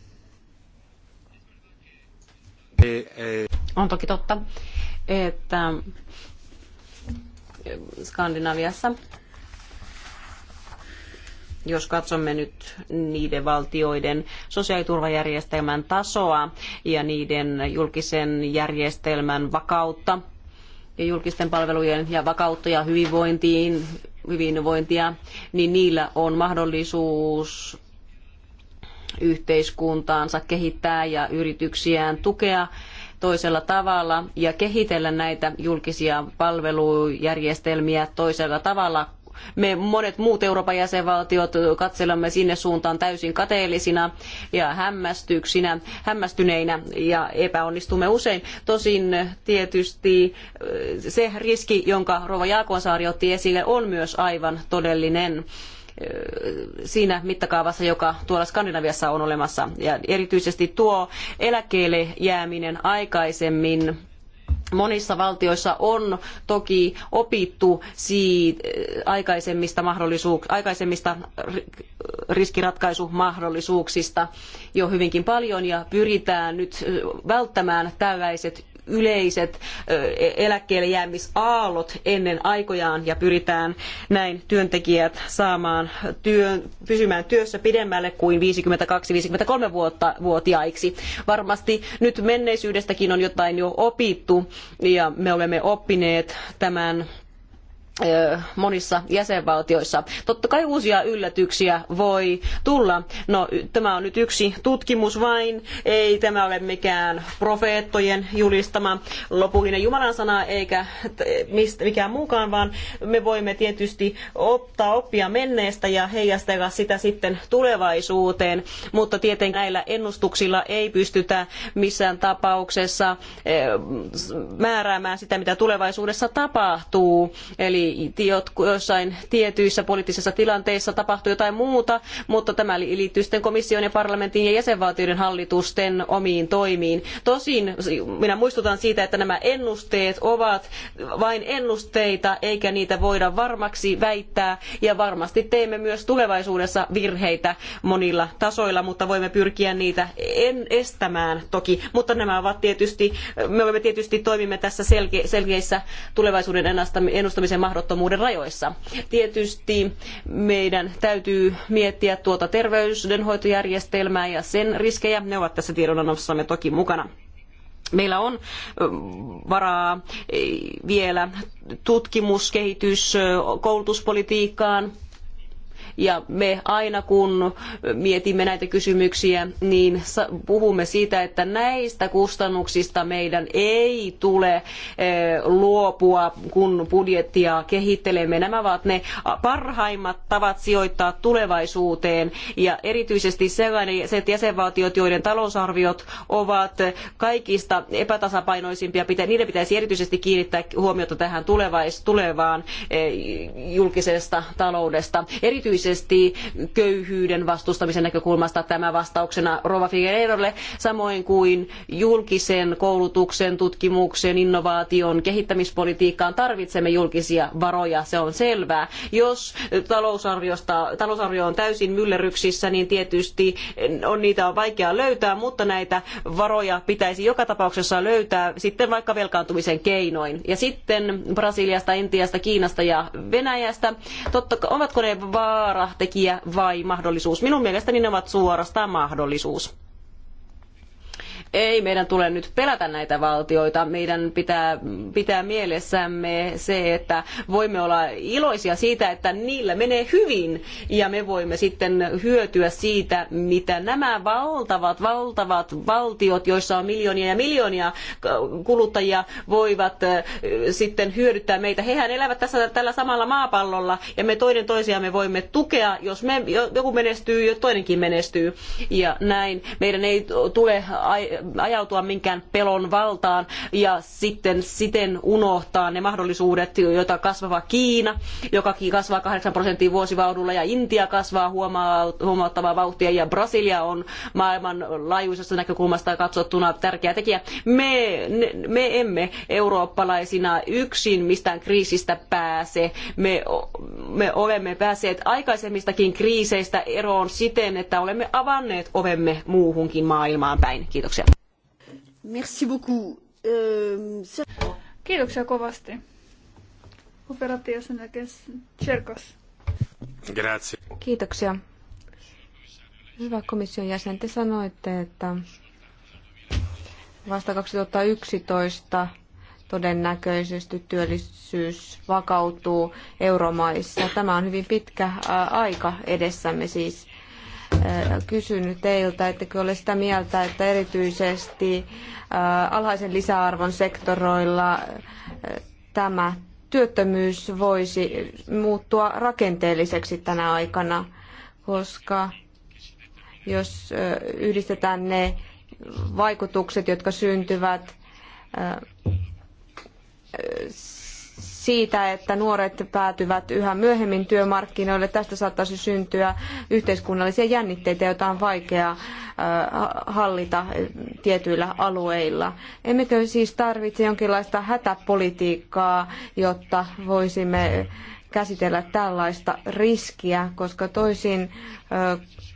On toki totta, että Skandinaviassa jos katsomme nyt niiden valtioiden sosiaaliturvajärjestelmän tasoa ja niiden julkisen järjestelmän vakautta ja julkisten palvelujen ja vakautta ja hyvinvointiin, hyvinvointia, niin niillä on mahdollisuus yhteiskuntaansa kehittää ja yrityksiään tukea toisella tavalla ja kehitellä näitä julkisia palvelujärjestelmiä toisella tavalla me monet muut Euroopan jäsenvaltiot katselemme sinne suuntaan täysin kateellisina ja hämmästyksinä, hämmästyneinä ja epäonnistumme usein. Tosin tietysti eh, se riski, jonka Rova Jaakonsaari otti esille, on myös aivan todellinen eh, siinä mittakaavassa, joka tuolla Skandinaviassa on olemassa. Ja erityisesti tuo eläkkeelle jääminen aikaisemmin Monissa valtioissa on toki opittu aikaisemmista, mahdollisuuk- aikaisemmista riskiratkaisumahdollisuuksista jo hyvinkin paljon ja pyritään nyt välttämään tällaiset yleiset e-, eläkkeelle jäämisaallot ennen aikojaan ja pyritään näin työntekijät saamaan työn, pysymään työssä pidemmälle kuin 52-53 vuotta, vuotiaiksi. Varmasti nyt menneisyydestäkin on jotain jo opittu ja me olemme oppineet tämän monissa jäsenvaltioissa. Totta kai uusia yllätyksiä voi tulla. No, tämä on nyt yksi tutkimus vain. Ei tämä ole mikään profeettojen julistama lopullinen Jumalan sana eikä mikään muukaan, vaan me voimme tietysti ottaa oppia menneestä ja heijastella sitä sitten tulevaisuuteen. Mutta tietenkin näillä ennustuksilla ei pystytä missään tapauksessa määräämään sitä, mitä tulevaisuudessa tapahtuu. Eli jotku, joissain tietyissä poliittisissa tilanteissa tapahtuu jotain muuta, mutta tämä liittyy sitten komission ja parlamentin ja jäsenvaltioiden hallitusten omiin toimiin. Tosin minä muistutan siitä, että nämä ennusteet ovat vain ennusteita, eikä niitä voida varmaksi väittää, ja varmasti teemme myös tulevaisuudessa virheitä monilla tasoilla, mutta voimme pyrkiä niitä en estämään toki, mutta nämä ovat tietysti, me olemme tietysti toimimme tässä selkeissä tulevaisuuden ennustamisen mahdollisuuksissa mahdottomuuden rajoissa. Tietysti meidän täytyy miettiä tuota terveydenhoitojärjestelmää ja sen riskejä. Ne ovat tässä tiedonannossamme toki mukana. Meillä on varaa vielä tutkimus, kehitys, koulutuspolitiikkaan ja me aina kun mietimme näitä kysymyksiä, niin puhumme siitä, että näistä kustannuksista meidän ei tule eh, luopua, kun budjettia kehittelemme. Nämä ovat ne parhaimmat tavat sijoittaa tulevaisuuteen ja erityisesti sellaiset jäsenvaltiot, joiden talousarviot ovat kaikista epätasapainoisimpia, niiden pitäisi erityisesti kiinnittää huomiota tähän tulevaan eh, julkisesta taloudesta. Erityisesti erityisesti köyhyyden vastustamisen näkökulmasta tämä vastauksena Rova Figueiredolle, samoin kuin julkisen koulutuksen, tutkimuksen, innovaation, kehittämispolitiikkaan tarvitsemme julkisia varoja, se on selvää. Jos talousarviosta, talousarvio on täysin myllerryksissä, niin tietysti on niitä on vaikea löytää, mutta näitä varoja pitäisi joka tapauksessa löytää sitten vaikka velkaantumisen keinoin. Ja sitten Brasiliasta, Intiasta, Kiinasta ja Venäjästä. Totta, ovatko ne vaan vaaratekijä vai mahdollisuus? Minun mielestäni ne ovat suorastaan mahdollisuus ei meidän tule nyt pelätä näitä valtioita. Meidän pitää pitää mielessämme se, että voimme olla iloisia siitä, että niillä menee hyvin ja me voimme sitten hyötyä siitä, mitä nämä valtavat, valtavat valtiot, joissa on miljoonia ja miljoonia kuluttajia, voivat sitten hyödyttää meitä. Hehän elävät tässä tällä samalla maapallolla ja me toinen toisiamme voimme tukea, jos me, joku menestyy, toinenkin menestyy ja näin. Meidän ei tule ajautua minkään pelon valtaan ja sitten siten unohtaa ne mahdollisuudet, joita kasvava Kiina, joka kasvaa 8 prosentin vuosivauhdilla ja Intia kasvaa huomattavaa vauhtia ja Brasilia on maailman laajuisesta näkökulmasta katsottuna tärkeä tekijä. Me, me emme eurooppalaisina yksin mistään kriisistä pääse. Me, me olemme päässeet aikaisemmistakin kriiseistä eroon siten, että olemme avanneet ovemme muuhunkin maailmaan päin. Kiitoksia. Merci beaucoup. Euh, Kiitoksia kovasti. Operaatiossa Cherkos. Grazie. Kiitoksia. Hyvä komission jäsen, te sanoitte, että vasta 2011 todennäköisesti työllisyys vakautuu euromaissa. Tämä on hyvin pitkä aika edessämme siis kysynyt teiltä, ettekö ole sitä mieltä, että erityisesti alhaisen lisäarvon sektoreilla tämä työttömyys voisi muuttua rakenteelliseksi tänä aikana, koska jos yhdistetään ne vaikutukset, jotka syntyvät siitä, että nuoret päätyvät yhä myöhemmin työmarkkinoille. Tästä saattaisi syntyä yhteiskunnallisia jännitteitä, joita on vaikea hallita tietyillä alueilla. Emmekö siis tarvitse jonkinlaista hätäpolitiikkaa, jotta voisimme käsitellä tällaista riskiä, koska toisin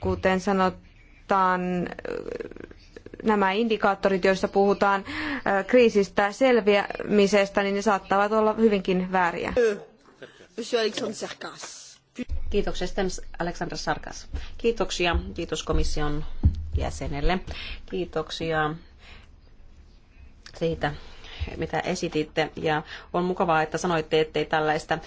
kuten sanotaan, nämä indikaattorit, joissa puhutaan kriisistä selviämisestä, niin ne saattavat olla hyvinkin vääriä. Monsieur Alexandre Sarkas. Kiitoksia sitten Aleksandra Sarkas. Kiitoksia. Kiitos komission jäsenelle. Kiitoksia siitä mitä esititte. Ja on mukavaa, että sanoitte, ettei tällaista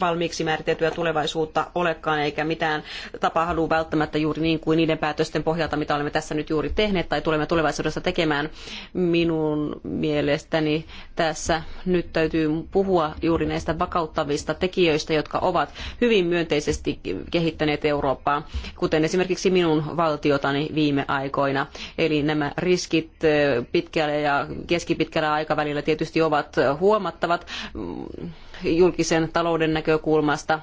valmiiksi määriteltyä tulevaisuutta olekaan, eikä mitään tapahdu välttämättä juuri niin kuin niiden päätösten pohjalta, mitä olemme tässä nyt juuri tehneet tai tulemme tulevaisuudessa tekemään. Minun mielestäni tässä nyt täytyy puhua juuri näistä vakauttavista tekijöistä, jotka ovat hyvin myönteisesti kehittäneet Eurooppaa, kuten esimerkiksi minun valtiotani viime aikoina. Eli nämä riskit pitkälle ja keskipitkälle pitkällä aikavälillä tietysti ovat huomattavat julkisen talouden näkökulmasta,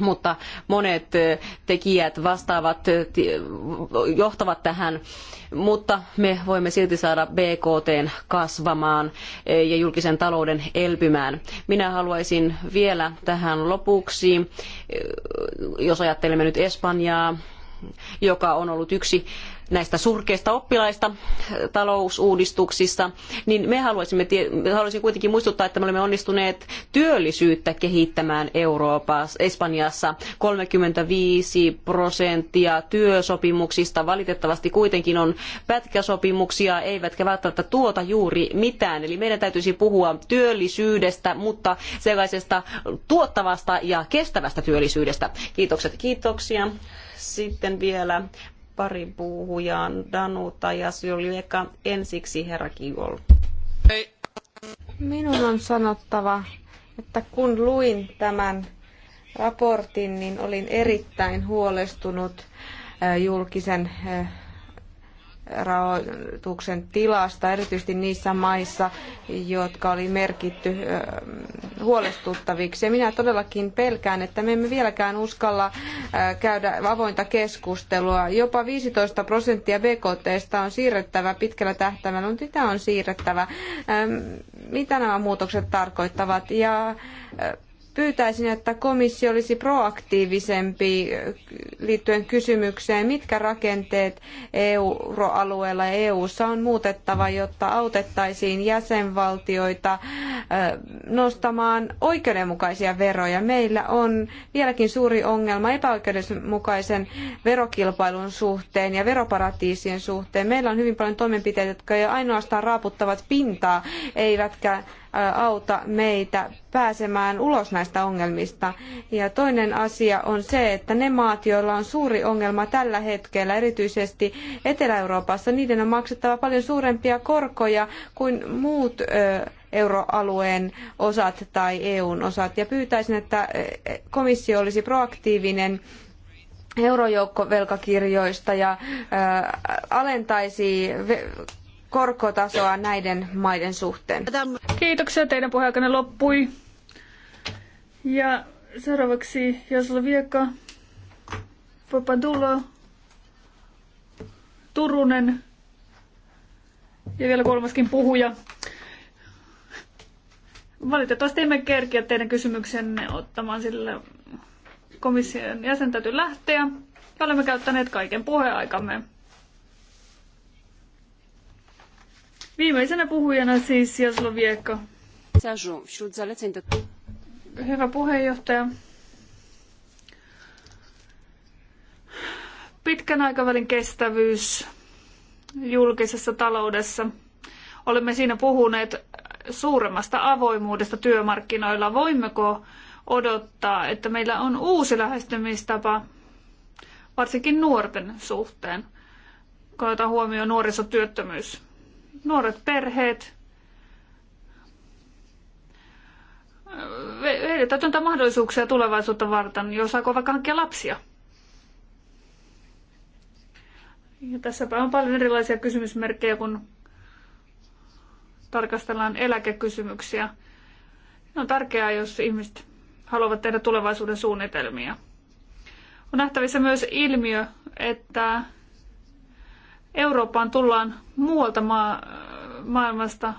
mutta monet tekijät vastaavat, johtavat tähän, mutta me voimme silti saada BKT kasvamaan ja julkisen talouden elpymään. Minä haluaisin vielä tähän lopuksi, jos ajattelemme nyt Espanjaa, joka on ollut yksi näistä surkeista oppilaista eh, talousuudistuksissa, niin me haluaisimme, haluaisin kuitenkin muistuttaa, että me olemme onnistuneet työllisyyttä kehittämään Euroopassa, Espanjassa 35 prosenttia työsopimuksista valitettavasti kuitenkin on pätkäsopimuksia, eivätkä välttämättä tuota juuri mitään. Eli meidän täytyisi puhua työllisyydestä, mutta sellaisesta tuottavasta ja kestävästä työllisyydestä. Kiitokset. Kiitoksia. Sitten vielä pari puhujaa, Danuta ja Syljeka. Ensiksi herra Kivol. Hei. Minun on sanottava, että kun luin tämän raportin, niin olin erittäin huolestunut äh, julkisen äh, rahoituksen tilasta, erityisesti niissä maissa, jotka oli merkitty huolestuttaviksi. Ja minä todellakin pelkään, että me emme vieläkään uskalla käydä avointa keskustelua. Jopa 15 prosenttia BKTstä on siirrettävä pitkällä tähtäimellä, mutta mitä on siirrettävä? Mitä nämä muutokset tarkoittavat? Ja Pyytäisin, että komissio olisi proaktiivisempi liittyen kysymykseen, mitkä rakenteet euroalueella ja EU:ssa on muutettava, jotta autettaisiin jäsenvaltioita nostamaan oikeudenmukaisia veroja. Meillä on vieläkin suuri ongelma epäoikeudenmukaisen verokilpailun suhteen ja veroparatiisien suhteen. Meillä on hyvin paljon toimenpiteitä, jotka ei ainoastaan raaputtavat pintaa, eivätkä auta meitä pääsemään ulos näistä ongelmista. Ja toinen asia on se, että ne maat, joilla on suuri ongelma tällä hetkellä, erityisesti Etelä-Euroopassa, niiden on maksettava paljon suurempia korkoja kuin muut euroalueen osat tai EUn osat. Ja pyytäisin, että komissio olisi proaktiivinen eurojoukkovelkakirjoista ja alentaisi korkotasoa näiden maiden suhteen. Kiitoksia, teidän puheenjohtajanne loppui. Ja seuraavaksi Jaslovieka, Papadulo, Turunen ja vielä kolmaskin puhuja. Valitettavasti emme kerkiä teidän kysymyksenne ottamaan, sillä komission jäsen täytyy lähteä. Ja olemme käyttäneet kaiken puheaikamme. Viimeisenä puhujana siis Jasloviekka. Hyvä puheenjohtaja. Pitkän aikavälin kestävyys julkisessa taloudessa. Olemme siinä puhuneet suuremmasta avoimuudesta työmarkkinoilla. Voimmeko odottaa, että meillä on uusi lähestymistapa, varsinkin nuorten suhteen, kun otetaan huomioon nuorisotyöttömyys? nuoret perheet, heille antaa mahdollisuuksia tulevaisuutta varten, jos saako vaikka hankkia lapsia. Ja tässäpä on paljon erilaisia kysymysmerkkejä, kun tarkastellaan eläkekysymyksiä. Ne on tärkeää, jos ihmiset haluavat tehdä tulevaisuuden suunnitelmia. On nähtävissä myös ilmiö, että Eurooppaan tullaan muualta ma- maailmasta.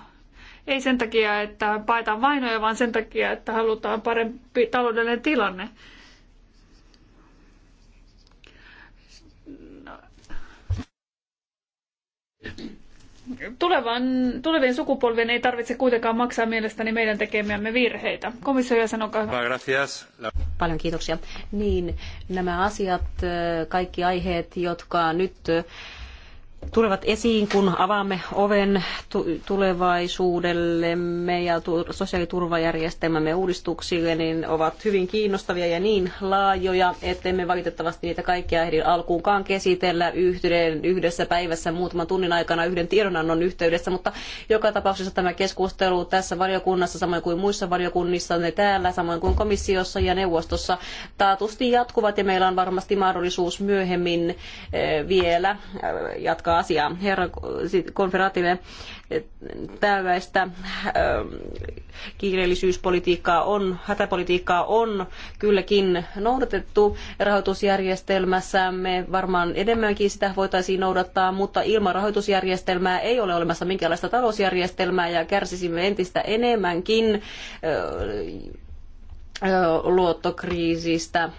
Ei sen takia, että paetaan vainoja, vaan sen takia, että halutaan parempi taloudellinen tilanne. Tulevan, tulevien sukupolvien ei tarvitse kuitenkaan maksaa mielestäni meidän tekemiämme virheitä. Komissio jäsen, olkaa hyvä. Paljon kiitoksia. Niin, nämä asiat, kaikki aiheet, jotka nyt tulevat esiin, kun avaamme oven tulevaisuudellemme ja sosiaaliturvajärjestelmämme uudistuksille, niin ovat hyvin kiinnostavia ja niin laajoja, ettemme valitettavasti niitä kaikkia ehdi alkuunkaan käsitellä yhden, yhdessä päivässä muutaman tunnin aikana yhden tiedonannon yhteydessä, mutta joka tapauksessa tämä keskustelu tässä valiokunnassa, samoin kuin muissa valiokunnissa, ne täällä, samoin kuin komissiossa ja neuvostossa taatusti jatkuvat ja meillä on varmasti mahdollisuus myöhemmin eh, vielä eh, jatkaa tarkkaa asiaa. Herra konferaatille tällaista ähm, kiireellisyyspolitiikkaa on, hätäpolitiikkaa on kylläkin noudatettu rahoitusjärjestelmässämme. Varmaan enemmänkin sitä voitaisiin noudattaa, mutta ilman rahoitusjärjestelmää ei ole olemassa minkäänlaista talousjärjestelmää ja kärsisimme entistä enemmänkin äh, äh, luottokriisistä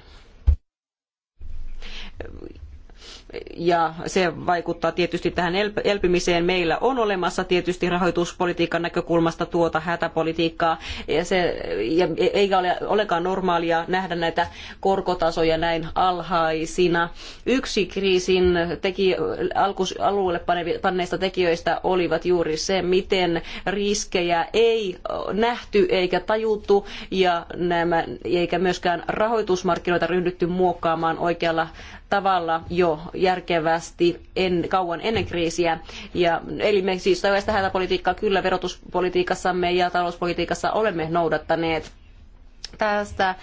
ja se vaikuttaa tietysti tähän elpymiseen. Meillä on olemassa tietysti rahoituspolitiikan näkökulmasta tuota hätäpolitiikkaa ja, se, ja e, eikä ole olekaan normaalia nähdä näitä korkotasoja näin alhaisina. Yksi kriisin teki, alkus, alueelle panneista tekijöistä olivat juuri se, miten riskejä ei nähty eikä tajuttu ja nämä, eikä myöskään rahoitusmarkkinoita ryhdytty muokkaamaan oikealla tavalla jo järkevästi en, kauan ennen kriisiä. Ja, eli me siis tällaista hätäpolitiikkaa kyllä verotuspolitiikassamme ja talouspolitiikassa olemme noudattaneet Tästä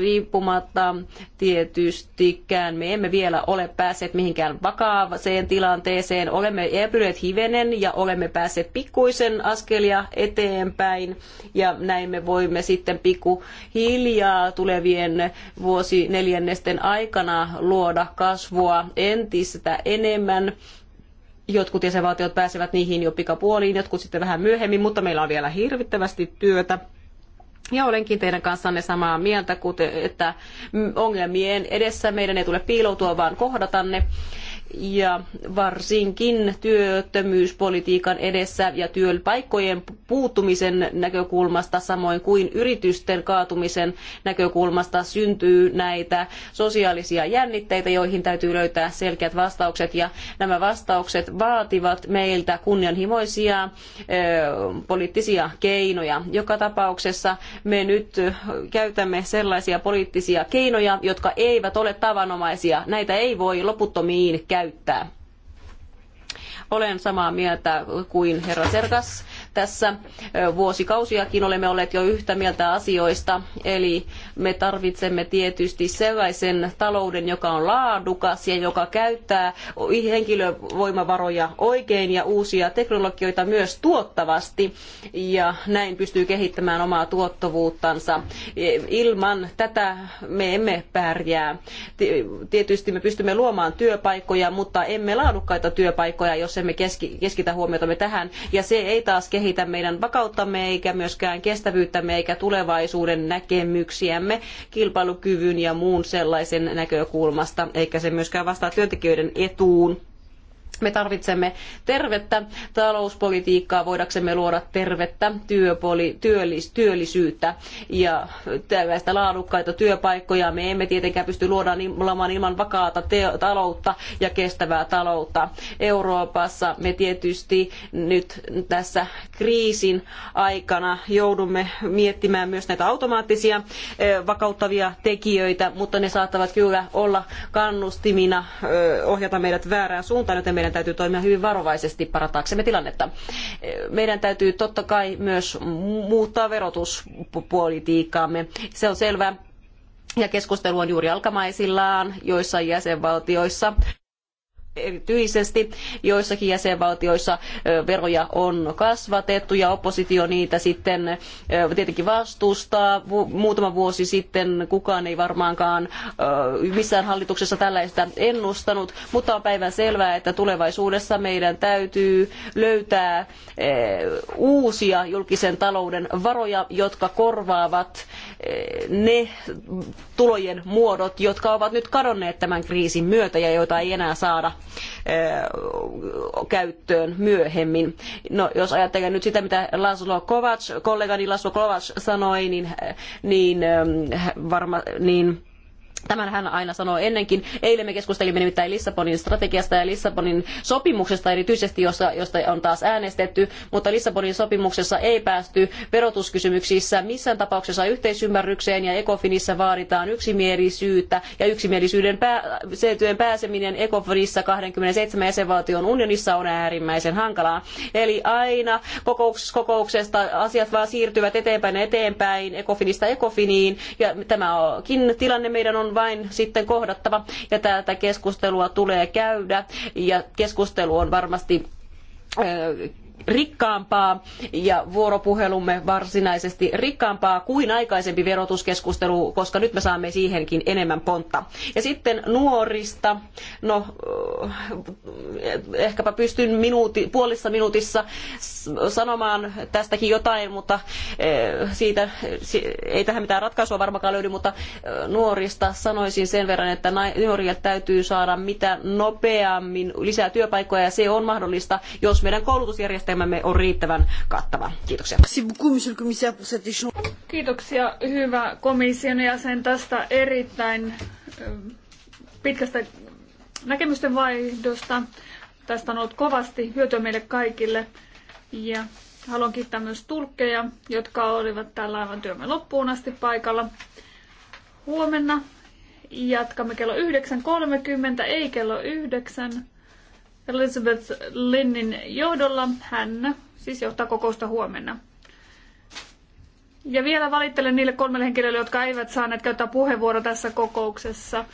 riippumatta tietystikään me emme vielä ole päässeet mihinkään vakaaseen tilanteeseen. Olemme epyneet hivenen ja olemme päässeet pikkuisen askelia eteenpäin ja näin me voimme sitten pikkuhiljaa tulevien vuosineljännesten aikana luoda kasvua entistä enemmän jotkut jäsenvaltiot pääsevät niihin jo pikapuoliin, jotkut sitten vähän myöhemmin, mutta meillä on vielä hirvittävästi työtä ja olenkin teidän kanssanne samaa mieltä, kuten, että ongelmien edessä meidän ei tule piiloutua, vaan kohdata ne ja varsinkin työttömyyspolitiikan edessä ja työpaikkojen puuttumisen näkökulmasta samoin kuin yritysten kaatumisen näkökulmasta syntyy näitä sosiaalisia jännitteitä, joihin täytyy löytää selkeät vastaukset ja nämä vastaukset vaativat meiltä kunnianhimoisia ö, poliittisia keinoja. Joka tapauksessa me nyt käytämme sellaisia poliittisia keinoja, jotka eivät ole tavanomaisia. Näitä ei voi loputtomiin käyttää käyttää. Olen samaa mieltä kuin herra Serkas tässä vuosikausiakin olemme olleet jo yhtä mieltä asioista, eli me tarvitsemme tietysti sellaisen talouden, joka on laadukas ja joka käyttää henkilövoimavaroja oikein ja uusia teknologioita myös tuottavasti ja näin pystyy kehittämään omaa tuottavuuttansa. Ilman tätä me emme pärjää. Tietysti me pystymme luomaan työpaikkoja, mutta emme laadukkaita työpaikkoja, jos emme keskitä huomiotamme tähän ja se ei taas kehitä kehitä meidän vakauttamme eikä myöskään kestävyyttämme eikä tulevaisuuden näkemyksiämme kilpailukyvyn ja muun sellaisen näkökulmasta, eikä se myöskään vastaa työntekijöiden etuun me tarvitsemme tervettä talouspolitiikkaa voidaksemme luoda tervettä työpoli, työllis, työllisyyttä ja tällaista laadukkaita työpaikkoja. Me emme tietenkään pysty luomaan ilman vakaata taloutta ja kestävää taloutta. Euroopassa me tietysti nyt tässä kriisin aikana joudumme miettimään myös näitä automaattisia vakauttavia tekijöitä, mutta ne saattavat kyllä olla kannustimina ohjata meidät väärään suuntaan, joten meidän täytyy toimia hyvin varovaisesti parantaaksemme tilannetta. Meidän täytyy totta kai myös muuttaa verotuspolitiikkaamme. Se on selvä. Ja keskustelu on juuri alkamaisillaan joissain jäsenvaltioissa erityisesti joissakin jäsenvaltioissa veroja on kasvatettu ja oppositio niitä sitten tietenkin vastustaa. Muutama vuosi sitten kukaan ei varmaankaan missään hallituksessa tällaista ennustanut, mutta on päivän selvää, että tulevaisuudessa meidän täytyy löytää uusia julkisen talouden varoja, jotka korvaavat ne tulojen muodot, jotka ovat nyt kadonneet tämän kriisin myötä ja joita ei enää saada käyttöön myöhemmin. No, jos ajattelen nyt sitä, mitä Laszlo Kovac, kollegani Laszlo Kovac sanoi, niin, niin, varma, niin Tämän hän aina sanoo ennenkin. Eilen me keskustelimme nimittäin Lissabonin strategiasta ja Lissabonin sopimuksesta erityisesti, josta, josta on taas äänestetty, mutta Lissabonin sopimuksessa ei päästy verotuskysymyksissä missään tapauksessa yhteisymmärrykseen ja Ecofinissa vaaditaan yksimielisyyttä ja yksimielisyyden pää, pääseminen Ecofinissa 27 jäsenvaltion unionissa on äärimmäisen hankalaa. Eli aina kokouksesta, kokouksesta asiat vaan siirtyvät eteenpäin ja eteenpäin Ecofinista Ecofiniin ja tämäkin tilanne meidän on vain sitten kohdattava ja tätä keskustelua tulee käydä ja keskustelu on varmasti rikkaampaa ja vuoropuhelumme varsinaisesti rikkaampaa kuin aikaisempi verotuskeskustelu, koska nyt me saamme siihenkin enemmän pontta. Ja sitten nuorista, no eh, ehkäpä pystyn minuuti, puolissa minuutissa sanomaan tästäkin jotain, mutta eh, siitä ei tähän mitään ratkaisua varmaankaan löydy, mutta eh, nuorista sanoisin sen verran, että nuorille täytyy saada mitä nopeammin lisää työpaikkoja ja se on mahdollista, jos meidän koulutusjärjestelmä järjestelmämme on riittävän kattava. Kiitoksia. Kiitoksia hyvä komission jäsen tästä erittäin ähm, pitkästä näkemysten vaihdosta. Tästä on ollut kovasti hyötyä meille kaikille. Ja haluan kiittää myös tulkkeja, jotka olivat täällä aivan työmme loppuun asti paikalla. Huomenna jatkamme kello 9.30, ei kello 9. Elizabeth Linnin johdolla. Hän siis johtaa kokousta huomenna. Ja vielä valittelen niille kolmelle henkilölle, jotka eivät saaneet käyttää puheenvuoroa tässä kokouksessa.